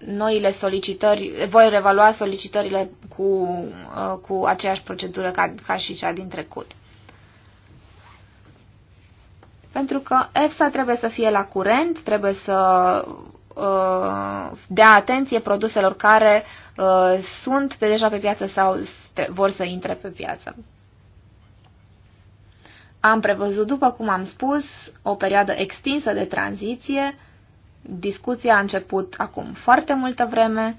noile solicitări, voi revalua solicitările cu, uh, cu aceeași procedură ca, ca și cea din trecut. Pentru că EFSA trebuie să fie la curent, trebuie să Uh, de atenție produselor care uh, sunt pe deja pe piață sau vor să intre pe piață. Am prevăzut, după cum am spus, o perioadă extinsă de tranziție. Discuția a început acum foarte multă vreme.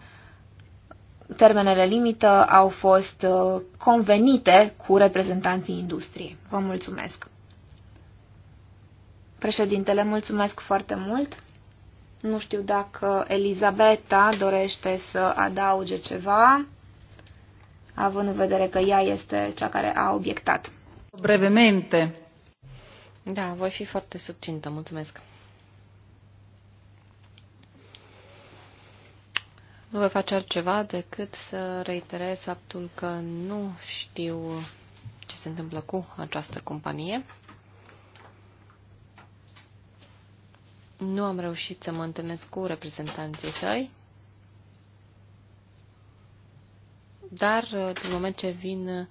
Termenele limită au fost uh, convenite cu reprezentanții industriei. Vă mulțumesc! Președintele, mulțumesc foarte mult! Nu știu dacă Elizabeta dorește să adauge ceva, având în vedere că ea este cea care a obiectat. Brevemente. Da, voi fi foarte subțintă. Mulțumesc. Nu voi face altceva decât să reiterez faptul că nu știu ce se întâmplă cu această companie. Nu am reușit să mă întâlnesc cu reprezentanții săi, dar uh, din moment ce vin uh,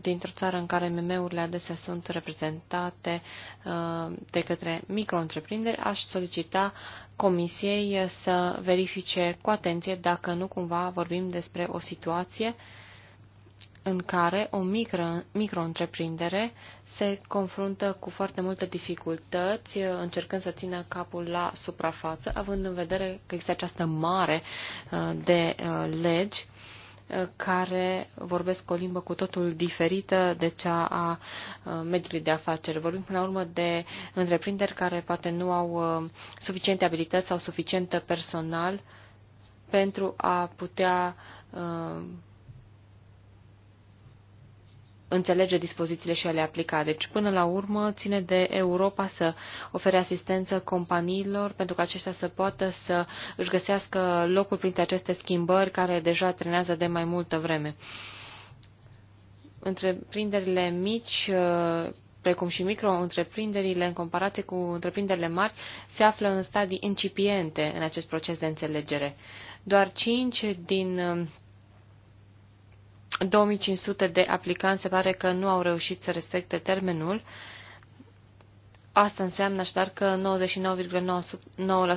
dintr-o țară în care MM-urile adesea sunt reprezentate uh, de către micro-întreprinderi, aș solicita Comisiei să verifice cu atenție dacă nu cumva vorbim despre o situație uh, în care o micro, micro-întreprindere se confruntă cu foarte multe dificultăți, uh, încercând să țină capul la suprafață, având în vedere că există această mare uh, de uh, legi care vorbesc o limbă cu totul diferită de cea a mediului de afaceri. Vorbim până la urmă de întreprinderi care poate nu au suficiente abilități sau suficient personal pentru a putea înțelege dispozițiile și a le aplica. Deci, până la urmă, ține de Europa să ofere asistență companiilor pentru că aceștia să poată să își găsească locul printre aceste schimbări care deja trenează de mai multă vreme. Întreprinderile mici precum și micro-întreprinderile, în comparație cu întreprinderile mari, se află în stadii incipiente în acest proces de înțelegere. Doar 5 din 2500 de aplicanți se pare că nu au reușit să respecte termenul. Asta înseamnă așadar că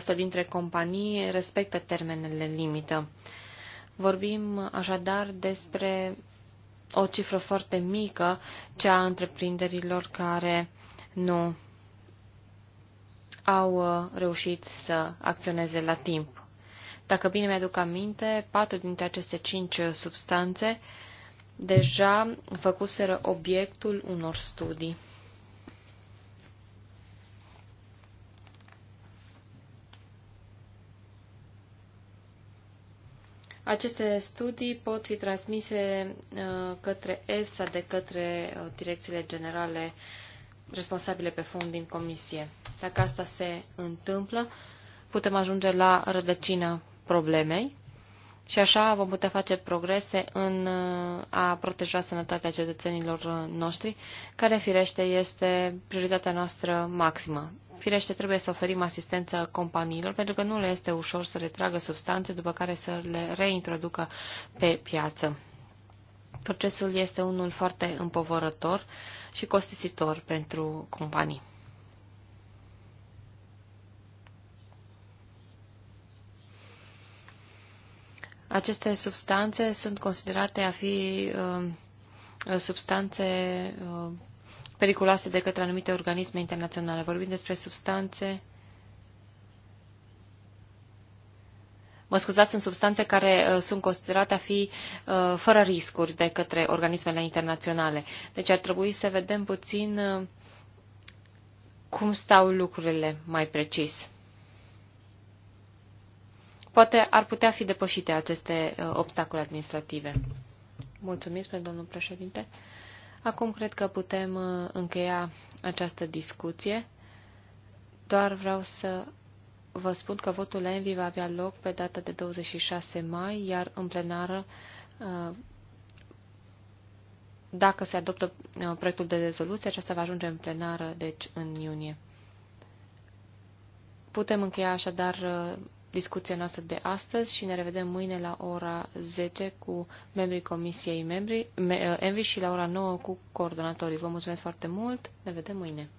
99,9% dintre companii respectă termenele limită. Vorbim așadar despre o cifră foarte mică, cea a întreprinderilor care nu au uh, reușit să acționeze la timp. Dacă bine mi-aduc aminte, patru dintre aceste cinci substanțe uh, deja făcuseră obiectul unor studii. Aceste studii pot fi transmise uh, către EFSA de către uh, direcțiile generale responsabile pe fond din comisie. Dacă asta se întâmplă, putem ajunge la rădăcină problemei și așa vom putea face progrese în uh, a proteja sănătatea cetățenilor uh, noștri, care, firește, este prioritatea noastră maximă. Firește, trebuie să oferim asistență companiilor, pentru că nu le este ușor să retragă substanțe, după care să le reintroducă pe piață. Procesul este unul foarte împovărător și costisitor pentru companii. Aceste substanțe sunt considerate a fi uh, uh, substanțe uh, periculoase de către anumite organisme internaționale. Vorbim despre substanțe mă scuzați, sunt substanțe care uh, sunt considerate a fi uh, fără riscuri de către organismele internaționale. Deci ar trebui să vedem puțin uh, cum stau lucrurile mai precis. Poate ar putea fi depășite aceste uh, obstacole administrative. Mulțumesc, domnul președinte. Acum cred că putem uh, încheia această discuție. Doar vreau să vă spun că votul Envi va avea loc pe data de 26 mai, iar în plenară, uh, dacă se adoptă proiectul de rezoluție, acesta va ajunge în plenară, deci în iunie. Putem încheia așadar discuția noastră de astăzi și ne revedem mâine la ora 10 cu membrii Comisiei membri, uh, Envi și la ora 9 cu coordonatorii. Vă mulțumesc foarte mult, ne vedem mâine!